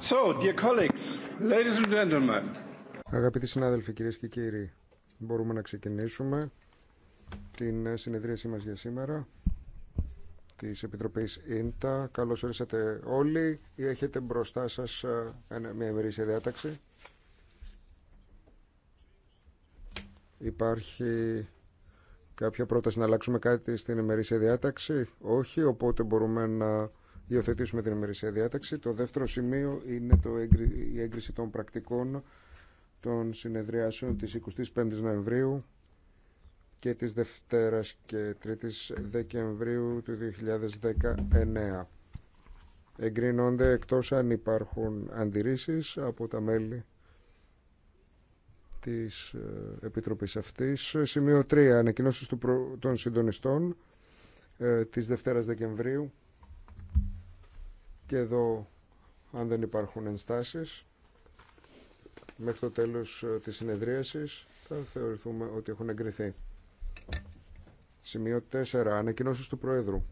So, dear Αγαπητοί συνάδελφοι, κυρίες και κύριοι, μπορούμε να ξεκινήσουμε την συνεδρίασή μας για σήμερα της Επιτροπής ΙΝΤΑ. Καλώς ήρθατε όλοι ή έχετε μπροστά σας ε, μια ημερήσια διάταξη. Υπάρχει κάποια πρόταση να αλλάξουμε κάτι στην ημερήσια διάταξη. Όχι, οπότε μπορούμε να υιοθετήσουμε την ημερησία διάταξη. Το δεύτερο σημείο είναι το η έγκριση των πρακτικών των συνεδριάσεων της 25ης Νοεμβρίου και της Δευτέρας και 3 η Δεκεμβρίου του 2019. Εγκρίνονται εκτός αν υπάρχουν αντιρρήσεις από τα μέλη της ε, Επιτροπής αυτής. Σημείο 3. Ανακοινώσεις των συντονιστών ε, της Δευτέρας Δεκεμβρίου. Και εδώ, αν δεν υπάρχουν ενστάσεις, μέχρι το τέλος ε, της συνεδρίασης θα θεωρηθούμε ότι έχουν εγκριθεί. Σημείο 4. Ανακοινώσεις του Προέδρου.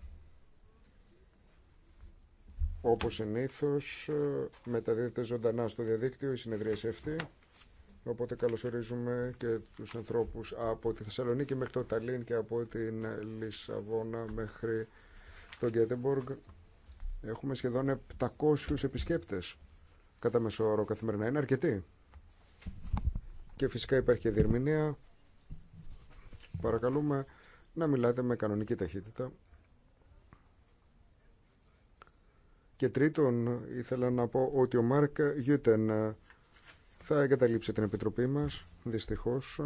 Όπως συνήθως ε, μεταδίδεται ζωντανά στο διαδίκτυο η συνεδρίαση αυτή. Οπότε καλωσορίζουμε και τους ανθρώπους από τη Θεσσαλονίκη μέχρι το Ταλίν και από την Λισαβόνα μέχρι το Γκέτεμποργκ Έχουμε σχεδόν 700 επισκέπτες κατά μέσο όρο καθημερινά. Είναι αρκετοί. Και φυσικά υπάρχει και διερμηνία. Παρακαλούμε να μιλάτε με κανονική ταχύτητα. Και τρίτον, ήθελα να πω ότι ο Μάρκ Γιούτεν θα εγκαταλείψει την Επιτροπή μας, δυστυχώς,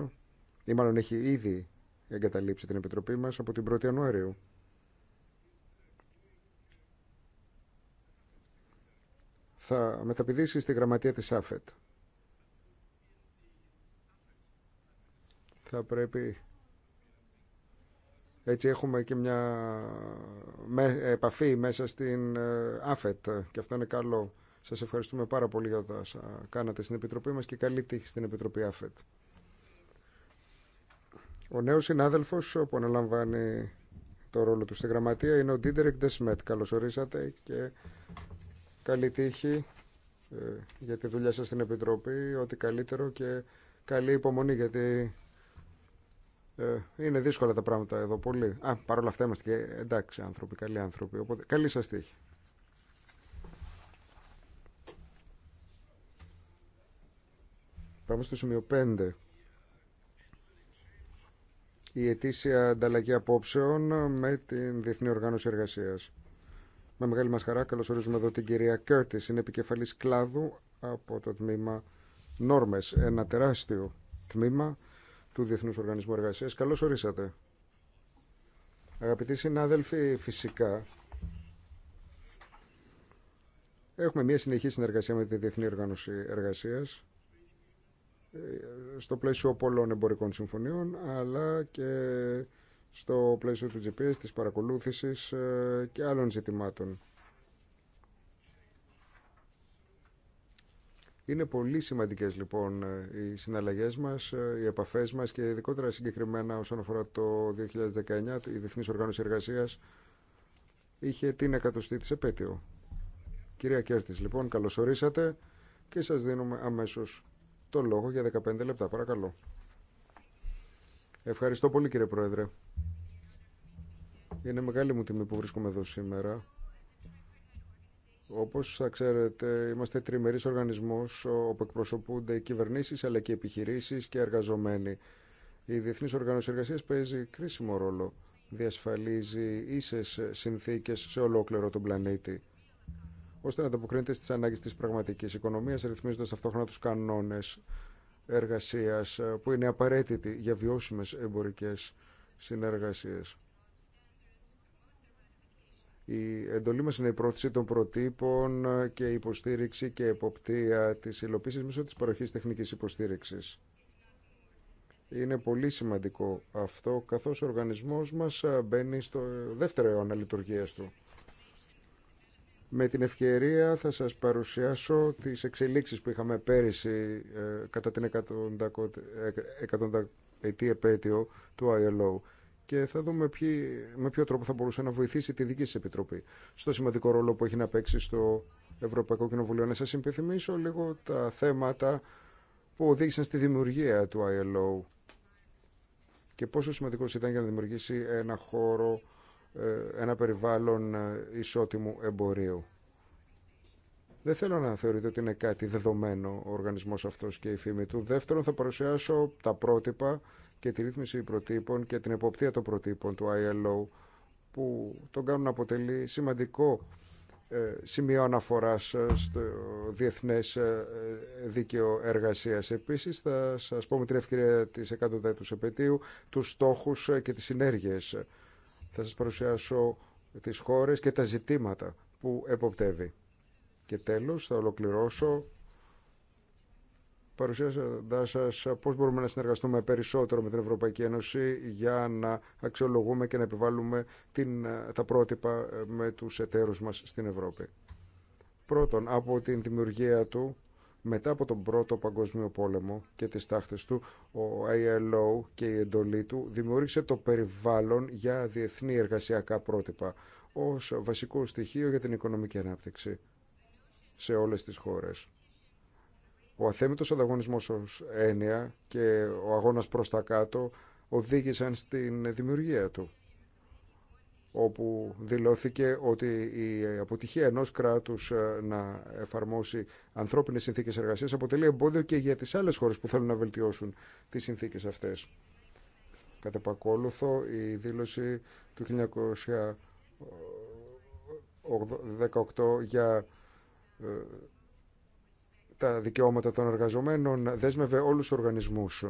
ή μάλλον έχει ήδη εγκαταλείψει την Επιτροπή μας από την 1η Ιανουαρίου. θα μεταπηδήσει στη γραμματεία της ΑΦΕΤ. Θα πρέπει... Έτσι έχουμε και μια επαφή μέσα στην ε, ΑΦΕΤ και αυτό είναι καλό. Σας ευχαριστούμε πάρα πολύ για τα κάνατε στην Επιτροπή μας και καλή τύχη στην Επιτροπή ΑΦΕΤ. Ο νέος συνάδελφος που αναλαμβάνει το ρόλο του στη γραμματεία είναι ο Ντίντερικ Ντεσμέτ. Καλώς ορίσατε και Καλή τύχη ε, για τη δουλειά σας στην Επιτροπή, ό,τι καλύτερο και καλή υπομονή γιατί ε, είναι δύσκολα τα πράγματα εδώ πολύ. Α, παρόλα αυτά είμαστε και εντάξει άνθρωποι, καλοί άνθρωποι, οπότε καλή σας τύχη. Πάμε στο σημείο 5. Η ετήσια ανταλλαγή απόψεων με την Διεθνή Οργάνωση Εργασίας. Με μεγάλη μας χαρά καλωσορίζουμε εδώ την κυρία Κέρτης, είναι επικεφαλής κλάδου από το τμήμα Νόρμες, ένα τεράστιο τμήμα του Διεθνούς Οργανισμού Εργασίας. Καλώς ορίσατε. Αγαπητοί συνάδελφοι, φυσικά έχουμε μια συνεχή συνεργασία με τη Διεθνή Οργάνωση Εργασίας ε, στο πλαίσιο πολλών εμπορικών συμφωνιών αλλά και στο πλαίσιο του GPS, της παρακολούθησης ε, και άλλων ζητημάτων. Είναι πολύ σημαντικές λοιπόν ε, οι συναλλαγές μας, ε, οι επαφές μας και ειδικότερα συγκεκριμένα όσον αφορά το 2019 η Διεθνής Οργάνωση Εργασίας είχε την εκατοστή της επέτειο. Κυρία Κέρτης λοιπόν καλωσορίσατε και σας δίνουμε αμέσως το λόγο για 15 λεπτά παρακαλώ. Ευχαριστώ πολύ κύριε Πρόεδρε. Είναι μεγάλη μου τιμή που βρίσκομαι εδώ σήμερα. Όπως θα ξέρετε, είμαστε τριμερής οργανισμός όπου εκπροσωπούνται οι κυβερνήσεις αλλά και οι επιχειρήσεις και οι εργαζομένοι. Η Διεθνής Οργάνωση εργασία παίζει κρίσιμο ρόλο. Διασφαλίζει ίσες συνθήκες σε ολόκληρο τον πλανήτη ώστε να ανταποκρίνεται στις ανάγκες της πραγματικής οικονομίας, ρυθμίζοντας ταυτόχρονα τους κανόνες εργασίας που είναι απαραίτητοι για βιώσιμες εμπορικές συνεργασίες. Η εντολή μας είναι η πρόθεση των προτύπων και η υποστήριξη και εποπτεία της υλοποίησης μέσω της παροχής τεχνικής υποστήριξης. Είναι πολύ σημαντικό αυτό, καθώς ο οργανισμός μας μπαίνει στο δεύτερο αιώνα λειτουργίας του. Με την ευκαιρία θα σας παρουσιάσω τις εξελίξεις που είχαμε πέρυσι ε, κατά την 100 ε, επέτειο του ILO και θα δούμε με ποιο τρόπο θα μπορούσε να βοηθήσει τη δική σα επιτροπή στο σημαντικό ρόλο που έχει να παίξει στο Ευρωπαϊκό Κοινοβουλίο. Να σα υπενθυμίσω λίγο τα θέματα που οδήγησαν στη δημιουργία του ILO και πόσο σημαντικό ήταν για να δημιουργήσει ένα χώρο, ε, ένα περιβάλλον ε, ισότιμου εμπορίου. Δεν θέλω να θεωρείτε ότι είναι κάτι δεδομένο ο οργανισμός αυτός και η φήμη του. Δεύτερον, θα παρουσιάσω τα πρότυπα και τη ρύθμιση προτύπων και την εποπτεία των προτύπων του ILO που τον κάνουν να αποτελεί σημαντικό ε, σημείο αναφοράς ε, στο διεθνές ε, δίκαιο εργασίας. Επίσης θα σας πω με την ευκαιρία της 100 επαιτίου τους στόχους και τις συνέργειες. Θα σας παρουσιάσω τις χώρες και τα ζητήματα που εποπτεύει. Και τέλος θα ολοκληρώσω Παρουσιάζοντας σα πώ μπορούμε να συνεργαστούμε περισσότερο με την Ευρωπαϊκή Ένωση για να αξιολογούμε και να επιβάλλουμε την, τα πρότυπα ε, με του εταίρου μα στην Ευρώπη. Πρώτον, από την δημιουργία του μετά από τον Πρώτο Παγκόσμιο Πόλεμο και τις τάχτες του, ο ILO και η εντολή του δημιούργησε το περιβάλλον για διεθνή εργασιακά πρότυπα ως βασικό στοιχείο για την οικονομική ανάπτυξη σε όλες τις χώρες. Ο αθέμητος ανταγωνισμός ως έννοια και ο αγώνας προς τα κάτω οδήγησαν στην δημιουργία του όπου δηλώθηκε ότι η αποτυχία ενός κράτους ε, να εφαρμόσει ανθρώπινες συνθήκες εργασίας αποτελεί εμπόδιο και για τις άλλες χώρες που θέλουν να βελτιώσουν τις συνθήκες αυτές. Κατ' επακόλουθο, η δήλωση του 1918 για ε, τα δικαιώματα των εργαζομένων δέσμευε όλους τους οργανισμούς.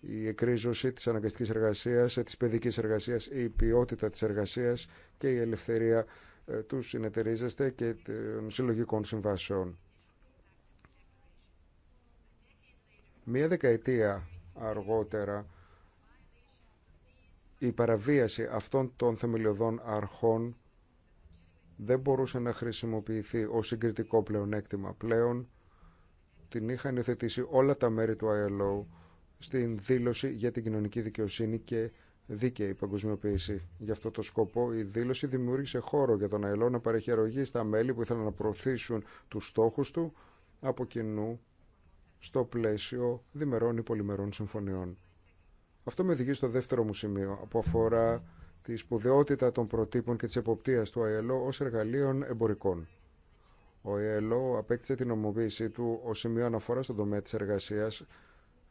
Η εκρίζωση της αναγκαστικής εργασίας, της παιδικής εργασίας, η ποιότητα της εργασίας και η ελευθερία ε, του συνεταιρίζεστε και των συλλογικών συμβάσεων. Μία δεκαετία αργότερα η παραβίαση αυτών των θεμελιωδών αρχών δεν μπορούσε να χρησιμοποιηθεί ως συγκριτικό πλεονέκτημα πλέον την είχαν υιοθετήσει όλα τα μέρη του ILO στην δήλωση για την κοινωνική δικαιοσύνη και δίκαιη παγκοσμιοποίηση. Γι' αυτό το σκοπό η δήλωση δημιούργησε χώρο για τον ILO να παρέχει αρρωγή στα μέλη που ήθελαν να προωθήσουν τους στόχους του από κοινού στο πλαίσιο δημερών ή πολυμερών συμφωνιών. Αυτό με οδηγεί στο δεύτερο μου σημείο που αφορά τη σπουδαιότητα των προτύπων και της εποπτείας του ΑΕΛΟ ως εργαλείων εμπορικών. Ο ΕΛΟ απέκτησε την ομοποίησή του ω σημείο αναφορά στον τομέα τη εργασία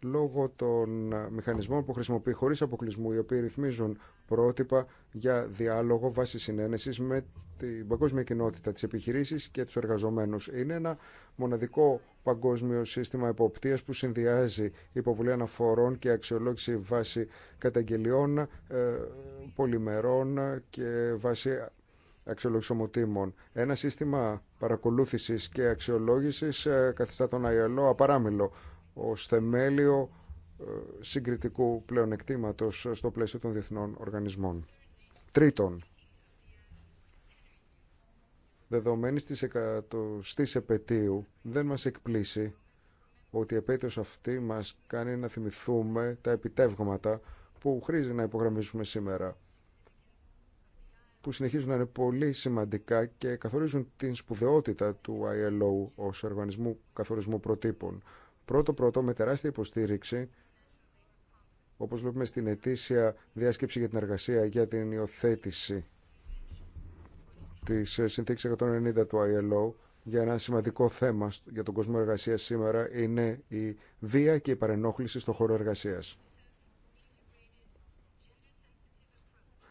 λόγω των μηχανισμών που χρησιμοποιεί χωρί αποκλεισμού, οι οποίοι ρυθμίζουν πρότυπα για διάλογο βάσει συνένεση με την παγκόσμια κοινότητα, τη επιχειρήση και του εργαζομένου. Είναι ένα μοναδικό παγκόσμιο σύστημα εποπτείας που συνδυάζει υποβολή αναφορών και αξιολόγηση βάσει καταγγελιών, ε, πολυμερών και βάσει αξιολόγηση Ένα σύστημα παρακολούθησης και αξιολόγησης ε, καθιστά τον ΑΕΛΟ απαράμιλο ως θεμέλιο ε, συγκριτικού πλεονεκτήματος στο πλαίσιο των διεθνών οργανισμών. Τρίτον, δεδομένης της εκατοστής επαιτίου, δεν μας εκπλήσει ότι η επέτειος αυτή μας κάνει να θυμηθούμε τα επιτεύγματα που χρήζει να υπογραμμίσουμε σήμερα που συνεχίζουν να είναι πολύ σημαντικά και καθορίζουν την σπουδαιότητα του ILO ως οργανισμού καθορισμού προτύπων. Πρώτο-πρώτο με τεράστια υποστήριξη, όπως βλέπουμε στην ετήσια διάσκεψη για την εργασία για την υιοθέτηση της συνθήκης 190 του ILO για ένα σημαντικό θέμα για τον κόσμο εργασίας σήμερα είναι η βία και η παρενόχληση στον χώρο εργασίας.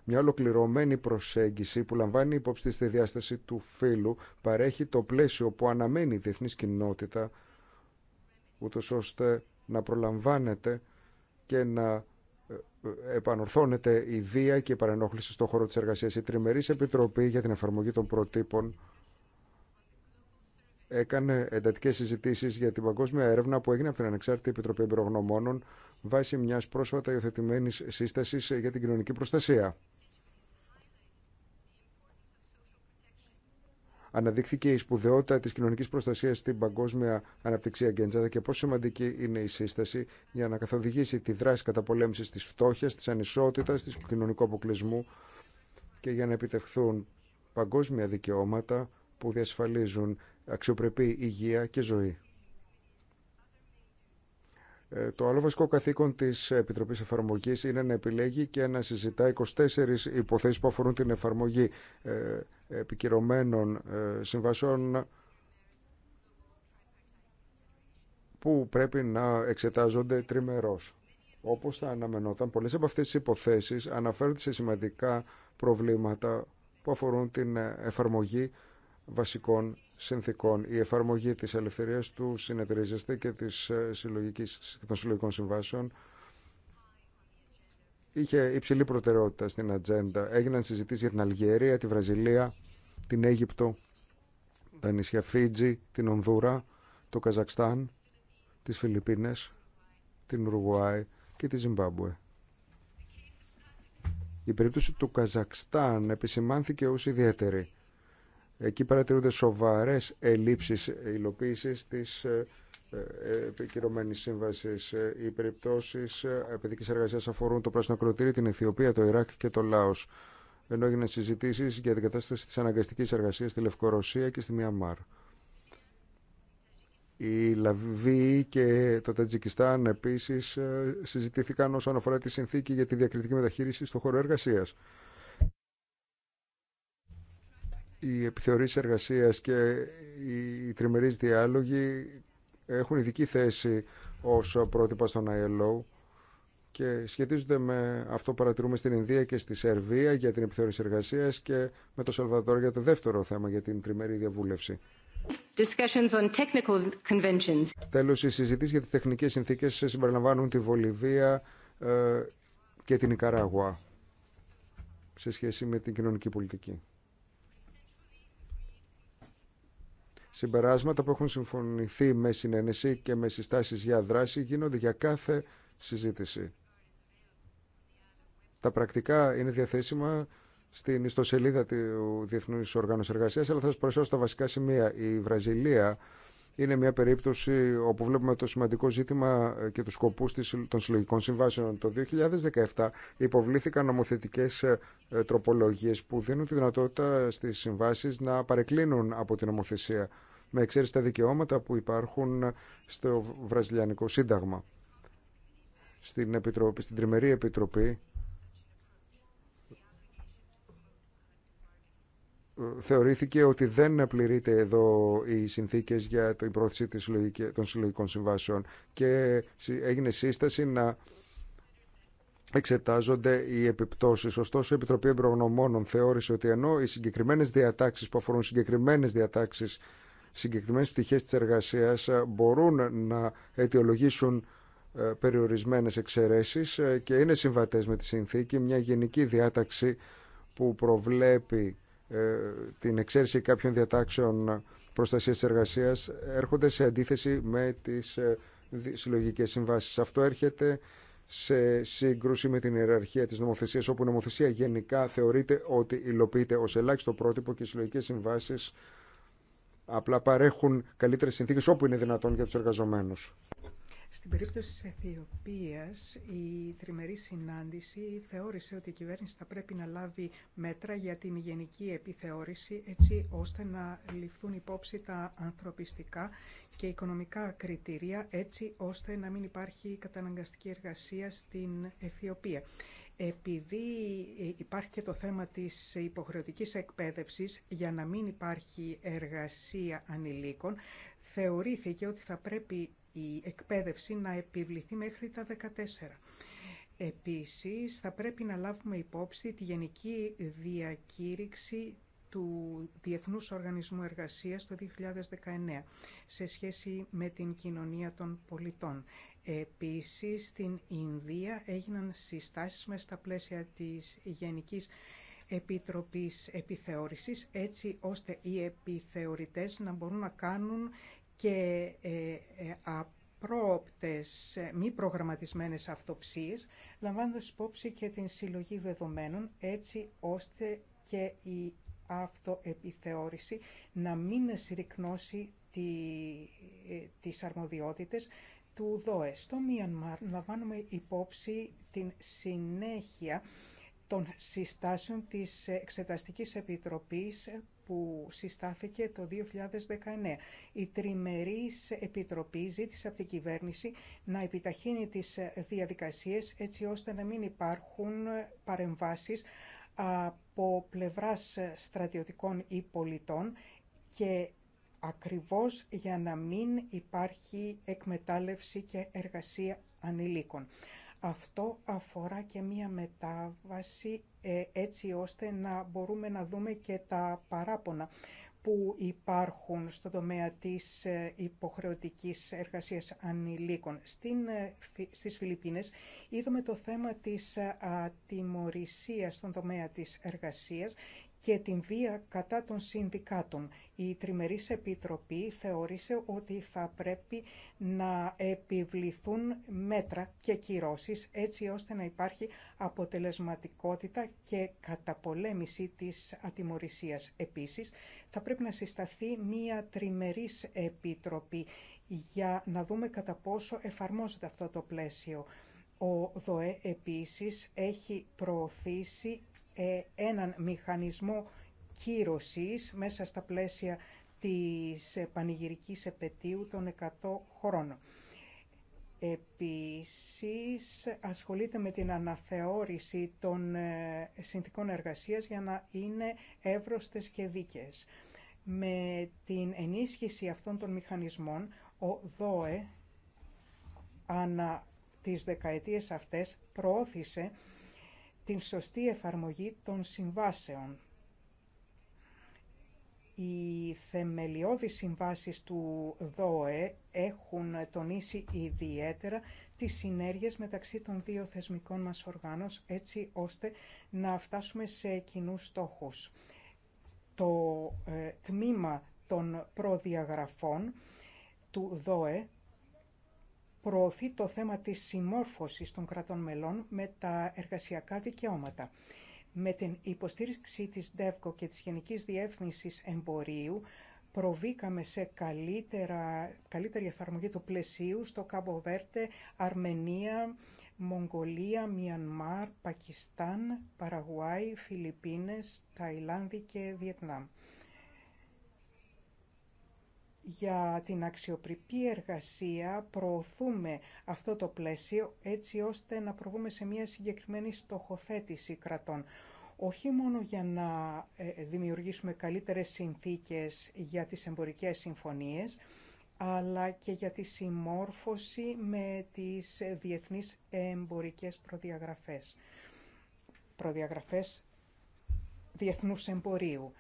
Μια ολοκληρωμένη προσέγγιση που λαμβάνει υπόψη στη διάσταση του φύλου παρέχει το πλαίσιο που αναμένει η διεθνή κοινότητα ούτως ώστε να προλαμβάνεται και να ε, επανορθώνεται η βία και η παρενόχληση στον χώρο της εργασίας. Η Τριμερής Επιτροπή για την Εφαρμογή των Προτύπων έκανε εντατικέ συζητήσει για την παγκόσμια έρευνα που έγινε από την Ανεξάρτητη Επιτροπή Εμπειρογνωμόνων βάσει μια πρόσφατα υιοθετημένη σύσταση για την κοινωνική προστασία. Αναδείχθηκε η σπουδαιότητα τη κοινωνική προστασία στην παγκόσμια αναπτυξία Γκέντζαδα και πόσο σημαντική είναι η σύσταση για να καθοδηγήσει τη δράση καταπολέμηση τη φτώχεια, τη ανισότητα, τη κοινωνικού αποκλεισμού και για να επιτευχθούν παγκόσμια δικαιώματα που διασφαλίζουν αξιοπρεπή υγεία και ζωή. Ε, το άλλο βασικό καθήκον τη Επιτροπή Εφαρμογή είναι να επιλέγει και να συζητά 24 υποθέσει που αφορούν την εφαρμογή ε, επικυρωμένων ε, συμβάσεων που πρέπει να εξετάζονται τριμερώς. Όπως θα αναμενόταν, πολλές από αυτές τις υποθέσεις αναφέρονται σε σημαντικά προβλήματα που αφορούν την εφαρμογή βασικών η εφαρμογή τη ελευθερία του συνεταιρίζεστε και της ε, συλλογικής, των συλλογικών συμβάσεων είχε υψηλή προτεραιότητα στην ατζέντα. Έγιναν συζητήσεις για την Αλγερία, τη Βραζιλία, την Αίγυπτο, τα νησιά Φίτζη, την Ονδούρα, το Καζακστάν, τις Φιλιππίνες, την Ουρουάη και τη Ζιμπάμπουε. Η περίπτωση του Καζακστάν επισημάνθηκε ως ιδιαίτερη Εκεί παρατηρούνται σοβαρές ελλείψεις υλοποίησης της ε, ε, επικυρωμένη σύμβάση. Ε, οι περιπτώσει παιδική εργασία αφορούν το Πράσινο Κροτήρι, την Αιθιοπία, το Ιράκ και το Λάο, Ενώ έγιναν συζητήσει για την κατάσταση τη αναγκαστικής Εργασία στη Λευκορωσία και στη Μιαμάρ. Η Λαβή και το Τατζικιστάν επίση συζητήθηκαν όσον αφορά τη συνθήκη για τη διακριτική μεταχείριση στον χώρο εργασία οι επιθεωρήσεις εργασίας και οι τριμερείς διάλογοι έχουν ειδική θέση ως πρότυπα στον ILO και σχετίζονται με αυτό που παρατηρούμε στην Ινδία και στη Σερβία για την επιθεώρηση εργασία και με το Σαλβαδόρ για το δεύτερο θέμα για την τριμερή διαβούλευση. Τέλο, Τέλος, οι συζητήσεις για τις τεχνικές συνθήκες συμπεριλαμβάνουν τη Βολιβία ε, και την Ικαράγουα σε σχέση με την κοινωνική πολιτική. Συμπεράσματα που έχουν συμφωνηθεί με συνένεση και με συστάσεις για δράση γίνονται για κάθε συζήτηση. Τα πρακτικά είναι διαθέσιμα στην ιστοσελίδα του Διεθνούς Οργάνωσης Εργασίας, αλλά θα σας προσθέσω στα βασικά σημεία. Η Βραζιλία είναι μια περίπτωση όπου βλέπουμε το σημαντικό ζήτημα ε, και τους σκοπούς των συλλογικών συμβάσεων. Το 2017 υποβλήθηκαν νομοθετικές ε, ε, τροπολογίες που δίνουν τη δυνατότητα στις συμβάσεις να παρεκκλίνουν από την νομοθεσία με εξαίρεση τα δικαιώματα που υπάρχουν στο Βραζιλιανικό Σύνταγμα. Στην, Επιτροπή, στην Τριμερή Επιτροπή θεωρήθηκε ότι δεν πληρείται εδώ οι συνθήκες για την πρόθεση των συλλογικών συμβάσεων και έγινε σύσταση να εξετάζονται οι επιπτώσεις. Ωστόσο, η Επιτροπή Εμπρογνωμόνων θεώρησε ότι ενώ οι συγκεκριμένες διατάξεις που αφορούν συγκεκριμένες διατάξεις, συγκεκριμένες πτυχές της εργασίας ε, μπορούν να αιτιολογήσουν ε, περιορισμένες εξαιρέσεις ε, και είναι συμβατές με τη συνθήκη μια γενική διάταξη που προβλέπει ε, την εξαίρεση κάποιων διατάξεων προστασίας της εργασίας έρχονται σε αντίθεση με τις ε, συλλογικές συμβάσεις. Αυτό έρχεται σε σύγκρουση με την ιεραρχία της νομοθεσίας, όπου η νομοθεσία γενικά θεωρείται ότι υλοποιείται ως ελάχιστο πρότυπο και οι συλλογικές συμβάσεις απλά παρέχουν καλύτερες συνθήκες όπου είναι δυνατόν για τους εργαζομένους. Στην περίπτωση της Αιθιοπίας, η τριμερή συνάντηση θεώρησε ότι η κυβέρνηση θα πρέπει να λάβει μέτρα για την γενική επιθεώρηση, έτσι ώστε να ληφθούν υπόψη τα ανθρωπιστικά και οικονομικά κριτήρια, έτσι ώστε να μην υπάρχει καταναγκαστική εργασία στην Αιθιοπία. Επειδή ε, υπάρχει και το θέμα της υποχρεωτικής εκπαίδευσης για να μην υπάρχει εργασία ανηλίκων, θεωρήθηκε ότι θα πρέπει η εκπαίδευση να επιβληθεί μέχρι τα 14. Επίσης, θα πρέπει να λάβουμε υπόψη τη γενική διακήρυξη του Διεθνούς Οργανισμού Εργασίας το 2019 σε σχέση με την κοινωνία των πολιτών. Επίσης, στην Ινδία έγιναν συστάσεις με στα πλαίσια της Γενικής Επιτροπής Επιθεώρησης, έτσι ώστε οι επιθεωρητές να μπορούν να κάνουν και ε, ε, απρόοπτες ε, μη προγραμματισμένες αυτοψίες, λαμβάνοντας υπόψη και την συλλογή δεδομένων, έτσι ώστε και η αυτοεπιθεώρηση να μην συρρυκνώσει τη, τις αρμοδιότητες του ΔΟΕ. Στο Μιανμάρ λαμβάνουμε υπόψη την συνέχεια των συστάσεων της Εξεταστικής Επιτροπής που συστάθηκε το 2019. Η Τριμερής Επιτροπή ζήτησε από την κυβέρνηση να επιταχύνει τις διαδικασίες έτσι ώστε να μην υπάρχουν παρεμβάσεις από πλευράς στρατιωτικών ή πολιτών και ακριβώς για να μην υπάρχει εκμετάλλευση και εργασία ανηλίκων. Αυτό αφορά και μία μετάβαση ε, έτσι ώστε να μπορούμε να δούμε και τα παράπονα που υπάρχουν στον τομέα της ε, υποχρεωτικής εργασίας ανηλίκων. Στην, ε, στις Φιλιππίνες είδαμε το θέμα της ατιμορρησίας στον τομέα της εργασίας και την βία κατά των συνδικάτων. Η Τριμερής Επιτροπή θεώρησε ότι θα πρέπει να επιβληθούν μέτρα και κυρώσεις έτσι ώστε να υπάρχει αποτελεσματικότητα και καταπολέμηση της ατιμορρησίας. Επίσης, θα πρέπει να συσταθεί μία Τριμερής Επιτροπή για να δούμε κατά πόσο εφαρμόζεται αυτό το πλαίσιο. Ο ΔΟΕ επίσης έχει προωθήσει ε, έναν μηχανισμό κύρωσης μέσα στα πλαίσια της πανηγυρικής επαιτίου των 100 χρόνων. Επίσης, ασχολείται με την αναθεώρηση των ε, συνθήκων εργασίας για να είναι εύρωστες και δίκες. Με την ενίσχυση αυτών των μηχανισμών, ο ΔΟΕ, ανά τις δεκαετίες αυτές, προώθησε την σωστή εφαρμογή των συμβάσεων. Οι θεμελιώδεις συμβάσεις του ΔΟΕ έχουν τονίσει ιδιαίτερα τις συνέργειες μεταξύ των δύο θεσμικών μας οργάνων έτσι ώστε να φτάσουμε σε κοινού στόχους. Το ε, τμήμα των προδιαγραφών του ΔΟΕ προωθεί το θέμα της συμμόρφωσης των κρατών μελών με τα εργασιακά δικαιώματα. Με την υποστήριξη της ΔΕΒΚΟ και της Γενικής Διεύθυνσης Εμπορίου προβήκαμε σε καλύτερα, καλύτερη εφαρμογή του πλαισίου στο Κάμπο Βέρτε, Αρμενία, Μογγολία, Μιανμάρ, Πακιστάν, Παραγουάι, Φιλιππίνες, Ταϊλάνδη και Βιετνάμ για την αξιοπρεπή εργασία προωθούμε αυτό το πλαίσιο έτσι ώστε να προβούμε σε μια συγκεκριμένη στοχοθέτηση κρατών. Όχι μόνο για να ε, δημιουργήσουμε καλύτερες συνθήκες για τις εμπορικές συμφωνίες, αλλά και για τη συμμόρφωση με τις διεθνείς εμπορικές προδιαγραφές. Προδιαγραφές διεθνούς εμπορίου.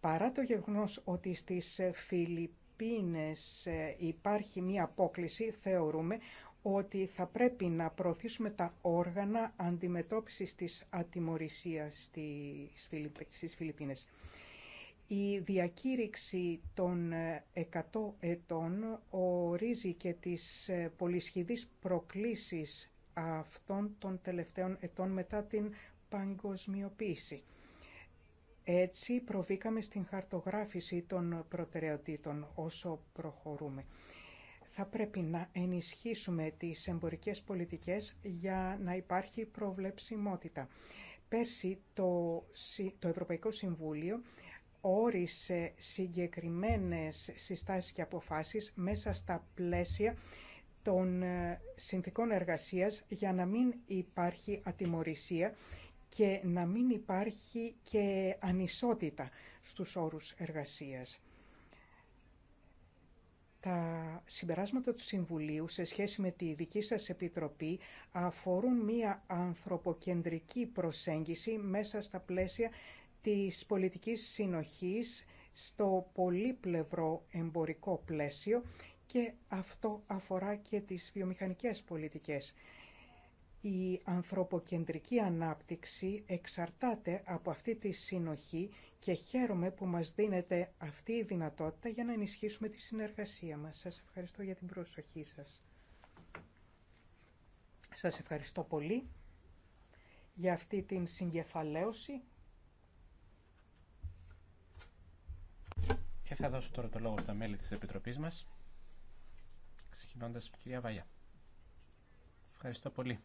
Παρά το γεγονός ότι στις Φιλιππίνες πίνες ε, υπάρχει μία απόκληση, θεωρούμε ότι θα πρέπει να προωθήσουμε τα όργανα αντιμετώπισης της ατιμορρησίας στις, στις Φιλιππίνες. Η διακήρυξη των 100 ε, ετών ορίζει και τις ε, πολυσχηδείς προκλήσεις αυτών των τελευταίων ετών μετά την παγκοσμιοποίηση. Έτσι προβήκαμε στην χαρτογράφηση των προτεραιοτήτων όσο προχωρούμε. Θα πρέπει να ενισχύσουμε τις εμπορικές πολιτικές για να υπάρχει προβλεψιμότητα. Πέρσι το, το Ευρωπαϊκό Συμβούλιο όρισε συγκεκριμένες συστάσεις και αποφάσεις μέσα στα πλαίσια των ε, συνθήκων εργασίας για να μην υπάρχει ατιμορρησία και να μην υπάρχει και ανισότητα στους όρους εργασίας. Τα συμπεράσματα του Συμβουλίου σε σχέση με τη δική σας Επιτροπή αφορούν μία ανθρωποκεντρική προσέγγιση μέσα στα πλαίσια της πολιτικής συνοχής στο πολύπλευρο εμπορικό πλαίσιο και αυτό αφορά και τις βιομηχανικές πολιτικές. Η ανθρωποκεντρική ανάπτυξη εξαρτάται από αυτή τη συνοχή και χαίρομαι που μας δίνεται αυτή η δυνατότητα για να ενισχύσουμε τη συνεργασία μας. Σας ευχαριστώ για την προσοχή σας. Σας ευχαριστώ πολύ για αυτή την συγκεφαλαίωση. Και θα δώσω τώρα το λόγο στα μέλη της Επιτροπής μας, ξεκινώντας κυρία Βαγιά. Ευχαριστώ πολύ.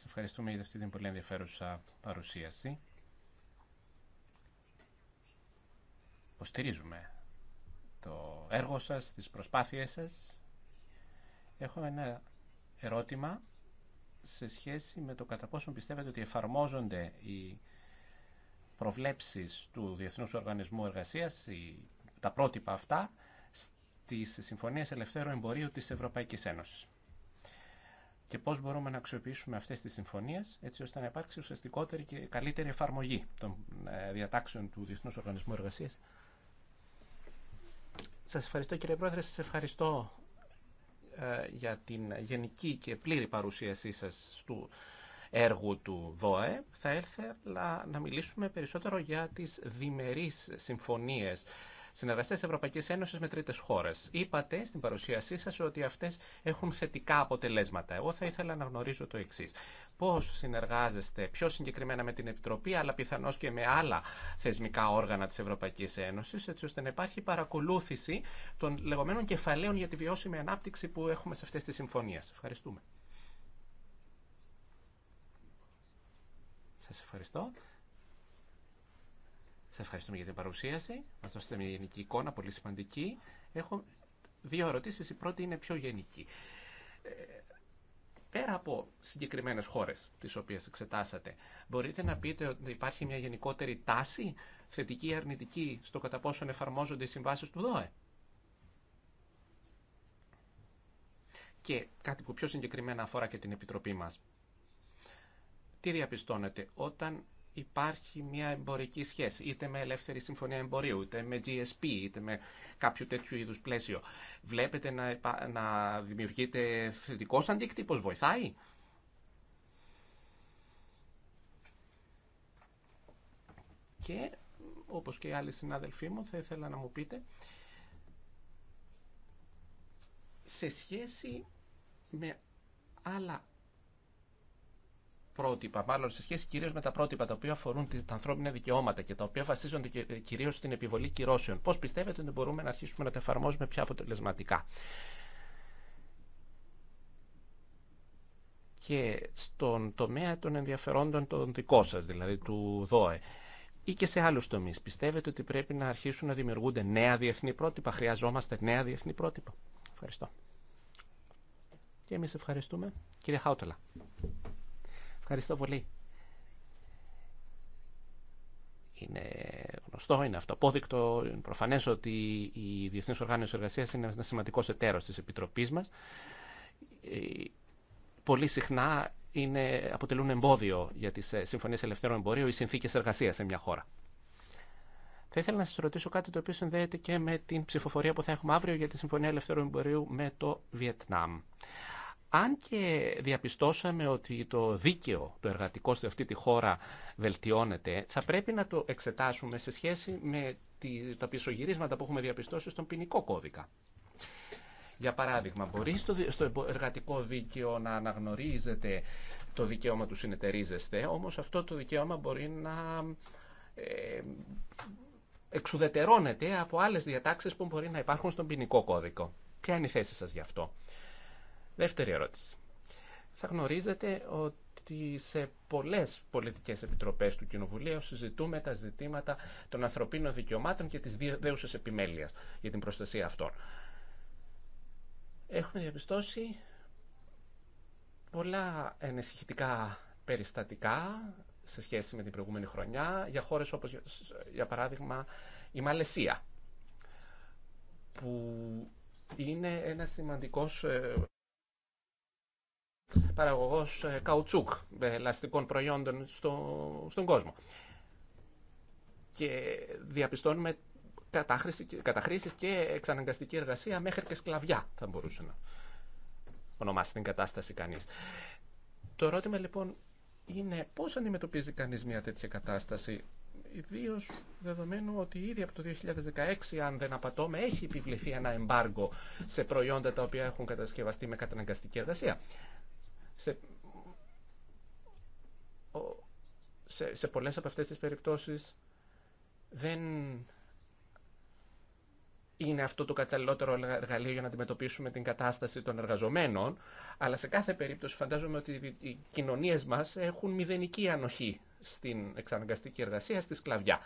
Σας ευχαριστούμε για αυτή την πολύ ενδιαφέρουσα παρουσίαση. Υποστηρίζουμε το έργο σας, τις προσπάθειές σας. Έχω ένα ερώτημα σε σχέση με το κατά πόσο πιστεύετε ότι εφαρμόζονται οι προβλέψεις του Διεθνούς Οργανισμού Εργασίας, τα πρότυπα αυτά, στις Συμφωνίες Ελευθέρου Εμπορίου της Ευρωπαϊκής Ένωσης και πώς μπορούμε να αξιοποιήσουμε αυτές τις συμφωνίες έτσι ώστε να υπάρξει ουσιαστικότερη και καλύτερη εφαρμογή των ε, διατάξεων του Διεθνούς Οργανισμού Εργασίας. Σας ευχαριστώ κύριε Πρόεδρε, σας ευχαριστώ ε, για την γενική και πλήρη παρουσίασή σας του έργου του ΔΟΕ. Θα ήθελα να μιλήσουμε περισσότερο για τις διμερείς συμφωνίες Συνεργαστέ τη Ευρωπαϊκή Ένωση με τρίτε χώρε. Είπατε στην παρουσίασή σα ότι αυτέ έχουν θετικά αποτελέσματα. Εγώ θα ήθελα να γνωρίζω το εξή. Πώ συνεργάζεστε πιο συγκεκριμένα με την Επιτροπή, αλλά πιθανώ και με άλλα θεσμικά όργανα τη Ευρωπαϊκή Ένωση, έτσι ώστε να υπάρχει παρακολούθηση των λεγόμενων κεφαλαίων για τη βιώσιμη ανάπτυξη που έχουμε σε αυτέ τι συμφωνίε. Ευχαριστούμε. Σας ευχαριστώ ευχαριστούμε για την παρουσίαση. Μας δώσετε μια γενική εικόνα, πολύ σημαντική. Έχω δύο ερωτήσεις. Η πρώτη είναι πιο γενική. Ε, πέρα από συγκεκριμένες χώρες τις οποίες εξετάσατε, μπορείτε να πείτε ότι υπάρχει μια γενικότερη τάση θετική ή αρνητική στο κατά πόσον εφαρμόζονται οι συμβάσεις του ΔΟΕ. Και κάτι που πιο συγκεκριμένα αφορά και την Επιτροπή μας. Τι διαπιστώνετε όταν υπάρχει μια εμπορική σχέση, είτε με ελεύθερη συμφωνία εμπορίου, είτε με GSP, είτε με κάποιο τέτοιο είδους πλαίσιο. Βλέπετε να, να δημιουργείται θετικός αντίκτυπος, βοηθάει. Και όπως και οι άλλοι συνάδελφοί μου θα ήθελα να μου πείτε σε σχέση με άλλα πρότυπα, μάλλον σε σχέση κυρίω με τα πρότυπα τα οποία αφορούν τα ανθρώπινα δικαιώματα και τα οποία βασίζονται ε, κυρίω στην επιβολή κυρώσεων. Πώ πιστεύετε ότι μπορούμε να αρχίσουμε να τα εφαρμόζουμε πιο αποτελεσματικά. και στον τομέα των ενδιαφερόντων των δικό σα, δηλαδή του ΔΟΕ ή και σε άλλου τομεί, Πιστεύετε ότι πρέπει να αρχίσουν να δημιουργούνται νέα διεθνή πρότυπα, χρειαζόμαστε νέα διεθνή πρότυπα. Ευχαριστώ. Και εμεί ευχαριστούμε. Κύριε Χάουτελα. Ευχαριστώ πολύ. Είναι γνωστό, είναι αυτοπόδεικτο, είναι προφανές ότι η Διεθνής Οργάνωση Εργασίας είναι ένα σημαντικό εταίρος τη επιτροπή μας. Ε, πολύ συχνά είναι, αποτελούν εμπόδιο για τις ε, συμφωνίες ελευθέρων εμπορίου ή συνθήκε εργασίας σε μια χώρα. Θα ήθελα να σα ρωτήσω κάτι το οποίο συνδέεται και με την ψηφοφορία που θα έχουμε αύριο για τη Συμφωνία Ελευθερών Εμπορίου με το Βιετνάμ. Αν και διαπιστώσαμε ότι το δίκαιο, το εργατικό σε αυτή τη χώρα βελτιώνεται, θα πρέπει να το εξετάσουμε σε σχέση με τα πισωγυρίσματα που έχουμε διαπιστώσει στον ποινικό κώδικα. Για παράδειγμα, μπορεί στο, εργατικό δίκαιο να αναγνωρίζεται το δικαίωμα του συνεταιρίζεστε, όμως αυτό το δικαίωμα μπορεί να ε, εξουδετερώνεται από άλλες διατάξεις που μπορεί να υπάρχουν στον ποινικό κώδικο. Ποια είναι η θέση σας γι' αυτό. Δεύτερη ερώτηση. Θα γνωρίζετε ότι σε πολλές πολιτικές επιτροπές του Κοινοβουλίου συζητούμε τα ζητήματα των ανθρωπίνων δικαιωμάτων και της δέουσας επιμέλειας για την προστασία αυτών. Έχουμε διαπιστώσει πολλά ενισχυτικά περιστατικά σε σχέση με την προηγούμενη χρονιά για χώρες όπως για παράδειγμα η Μαλαισία που είναι ένα σημαντικός ε, παραγωγός ε, καουτσούκ ε, ελαστικών προϊόντων στον κόσμο. Και διαπιστώνουμε καταχρήσεις και εξαναγκαστική εργασία μέχρι και σκλαβιά θα μπορούσε να ονομάσει την κατάσταση κανείς. Το ερώτημα λοιπόν είναι πώς αντιμετωπίζει κανείς μια τέτοια κατάσταση Ιδίω δεδομένου ότι ήδη από το 2016, αν δεν απατώμε, έχει επιβληθεί ένα εμπάργκο σε προϊόντα τα οποία έχουν κατασκευαστεί με καταναγκαστική εργασία σε, σε, σε πολλές από αυτές τις περιπτώσεις δεν είναι αυτό το καταλληλότερο εργαλείο για να αντιμετωπίσουμε την κατάσταση των εργαζομένων, αλλά σε κάθε περίπτωση φαντάζομαι ότι οι κοινωνίες μας έχουν μηδενική ανοχή στην εξαναγκαστική εργασία, στη σκλαβιά.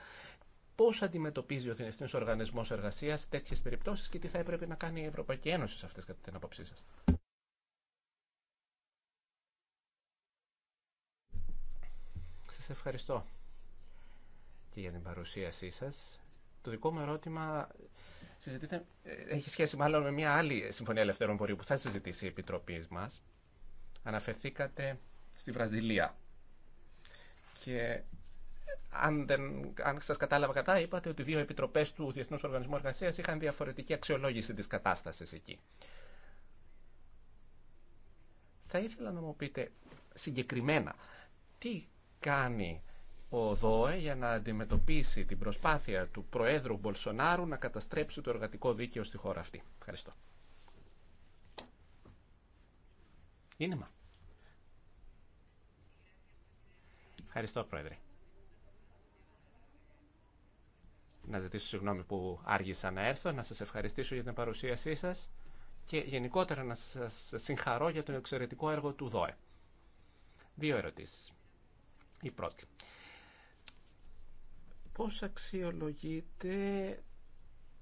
Πώς αντιμετωπίζει ο Διεθνής Οργανισμός Εργασίας τέτοιες περιπτώσεις και τι θα έπρεπε να κάνει η Ευρωπαϊκή Ένωση σε αυτές κατά την απόψή σας. Σας ευχαριστώ και για την παρουσίασή σας. Το δικό μου ερώτημα συζητείτε, έχει σχέση μάλλον με μια άλλη συμφωνία ελευθερών πορείου που θα συζητήσει η Επιτροπή μας. Αναφερθήκατε στη Βραζιλία. Και αν, δεν, αν σας κατάλαβα κατά, είπατε ότι δύο επιτροπές του Διεθνούς Οργανισμού Εργασίας είχαν διαφορετική αξιολόγηση της κατάστασης εκεί. Θα ήθελα να μου πείτε συγκεκριμένα τι κάνει ο ΔΟΕ για να αντιμετωπίσει την προσπάθεια του Προέδρου Μπολσονάρου να καταστρέψει το εργατικό δίκαιο στη χώρα αυτή. Ευχαριστώ. Είναι Ευχαριστώ, Πρόεδρε. Να ζητήσω συγγνώμη που άργησα να έρθω, να σας ευχαριστήσω για την παρουσίασή σας και γενικότερα να σας συγχαρώ για τον εξαιρετικό έργο του ΔΟΕ. Δύο ερωτήσεις. Η πρώτη. Πώς αξιολογείται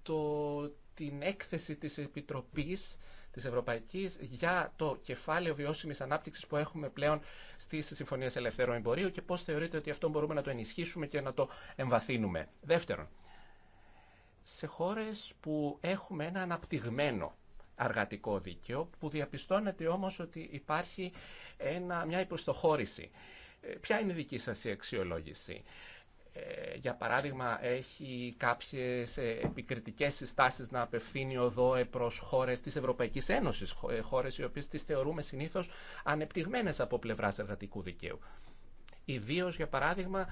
το, την έκθεση της Επιτροπής της Ευρωπαϊκής για το κεφάλαιο βιώσιμης ανάπτυξης που έχουμε πλέον στις συμφωνίες ελευθερών εμπορίου και πώς θεωρείτε ότι αυτό μπορούμε να το ενισχύσουμε και να το εμβαθύνουμε. Δεύτερον, σε χώρες που έχουμε ένα αναπτυγμένο αργατικό δίκαιο που διαπιστώνεται όμως ότι υπάρχει ένα, μια υποστοχώρηση Ποια είναι η δική σας η αξιολόγηση. Ε, για παράδειγμα, έχει κάποιες ε, επικριτικές συστάσεις να απευθύνει ο ΔΟΕ προς χώρες της Ευρωπαϊκής Ένωσης, ε, χώρες οι οποίες τις θεωρούμε συνήθως ανεπτυγμένες από πλευράς εργατικού δικαίου. Ιδίω, για παράδειγμα,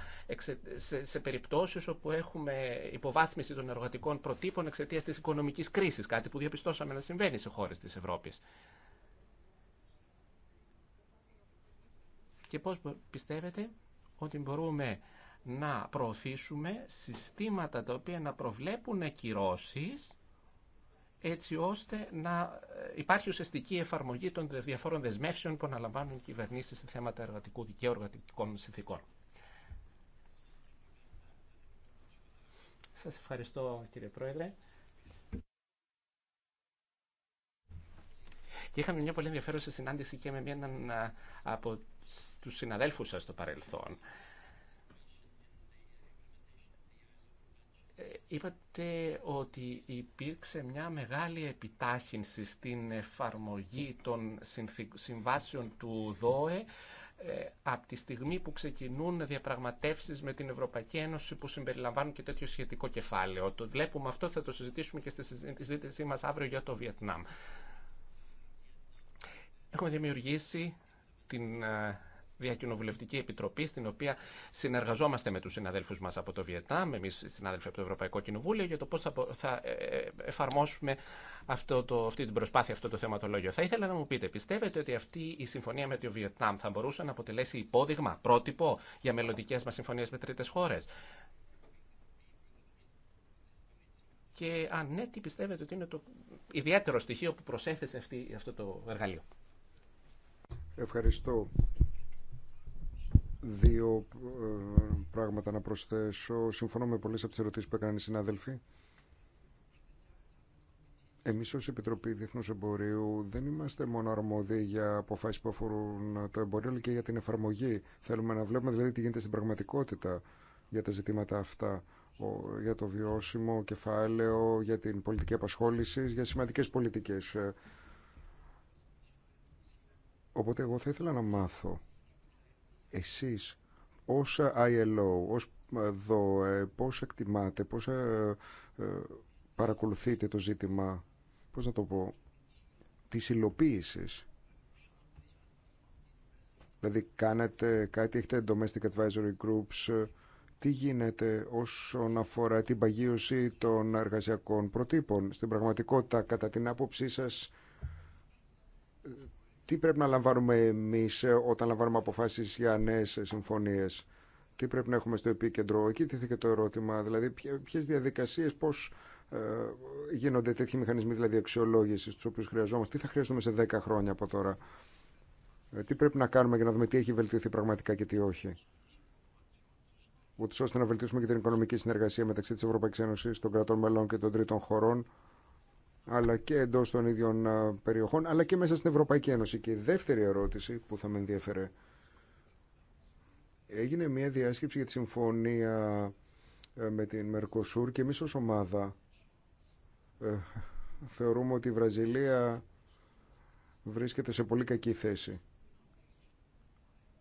σε περιπτώσεις όπου έχουμε υποβάθμιση των εργατικών προτύπων εξαιτία της οικονομικής κρίσης, κάτι που διαπιστώσαμε να συμβαίνει σε χώρες της Ευρώπης. και πώς πιστεύετε ότι μπορούμε να προωθήσουμε συστήματα τα οποία να προβλέπουν ακυρώσει έτσι ώστε να ε, υπάρχει ουσιαστική εφαρμογή των διαφόρων δεσμεύσεων που αναλαμβάνουν οι κυβερνήσεις σε θέματα εργατικού δικαίου, εργατικών συνθήκων. Σας ευχαριστώ κύριε Πρόεδρε. Και είχαμε μια πολύ ενδιαφέρουσα συνάντηση και με έναν ε, από στους συναδέλφους σας στο παρελθόν. Ε, είπατε ότι υπήρξε μια μεγάλη επιτάχυνση στην εφαρμογή των συμβάσεων του ΔΟΕ ε, από τη στιγμή που ξεκινούν διαπραγματεύσεις με την Ευρωπαϊκή Ένωση που συμπεριλαμβάνουν και τέτοιο σχετικό κεφάλαιο. Το βλέπουμε αυτό, θα το συζητήσουμε και στη συζήτησή μας αύριο για το Βιετνάμ. Έχουμε δημιουργήσει την ε, Διακοινοβουλευτική Επιτροπή, στην οποία συνεργαζόμαστε με του συναδέλφου μα από το Βιετνάμ, εμεί οι συνάδελφοι από το Ευρωπαϊκό Κοινοβούλιο, για το πώ θα, ε, ε, εφαρμόσουμε αυτό το, αυτή την προσπάθεια, αυτό το θεματολόγιο. Θα ήθελα να μου πείτε, πιστεύετε ότι αυτή η συμφωνία με το Βιετνάμ θα μπορούσε να αποτελέσει υπόδειγμα, πρότυπο για μελλοντικέ μα συμφωνίε με τρίτε χώρε. Και αν ναι, τι πιστεύετε ότι είναι το ιδιαίτερο στοιχείο που προσέθεσε αυτό το εργαλείο. Ευχαριστώ. Δύο ε, πράγματα να προσθέσω. Συμφωνώ με πολλές από τις ερωτήσεις που έκαναν οι συνάδελφοι. Εμείς ως Επιτροπή Διεθνού Εμπορίου δεν είμαστε μόνο αρμόδιοι για αποφάσεις που αφορούν το εμπορίο, αλλά και για την εφαρμογή. Θέλουμε να βλέπουμε δηλαδή τι γίνεται στην πραγματικότητα για τα ζητήματα αυτά, για το βιώσιμο κεφάλαιο, για την πολιτική απασχόληση, για σημαντικέ πολιτικές. Οπότε εγώ θα ήθελα να μάθω εσείς ως ILO, ως ΔΟΕ, ε, πώς εκτιμάτε, πώς ε, ε, παρακολουθείτε το ζήτημα, πώς να το πω, της υλοποίησης. Δηλαδή κάνετε κάτι, έχετε domestic advisory groups, τι γίνεται όσον αφορά την παγίωση των εργασιακών προτύπων. Στην πραγματικότητα, κατά την άποψή σας, τι πρέπει να λαμβάνουμε εμείς ε, όταν λαμβάνουμε αποφάσεις για νέες συμφωνίες. Τι πρέπει να έχουμε στο επίκεντρο. Εκεί τίθεται το ερώτημα. Δηλαδή, ποιε διαδικασίε, πώ ε, γίνονται τέτοιοι μηχανισμοί δηλαδή αξιολόγηση, του οποίου χρειαζόμαστε, τι θα χρειαστούμε σε 10 χρόνια από τώρα. Ε, τι πρέπει να κάνουμε για να δούμε τι έχει βελτιωθεί πραγματικά και τι όχι. Ούτω ώστε να βελτιώσουμε και την οικονομική συνεργασία μεταξύ τη Ευρωπαϊκή Ένωση, των κρατών μελών και των τρίτων χωρών αλλά και εντός των ίδιων περιοχών, αλλά και μέσα στην Ευρωπαϊκή Ένωση. Και η δεύτερη ερώτηση που θα με ενδιαφέρε. Έγινε μια διάσκεψη για τη συμφωνία ε, με την Μερκοσούρ και εμείς ως ομάδα ε, θεωρούμε ότι η Βραζιλία βρίσκεται σε πολύ κακή θέση.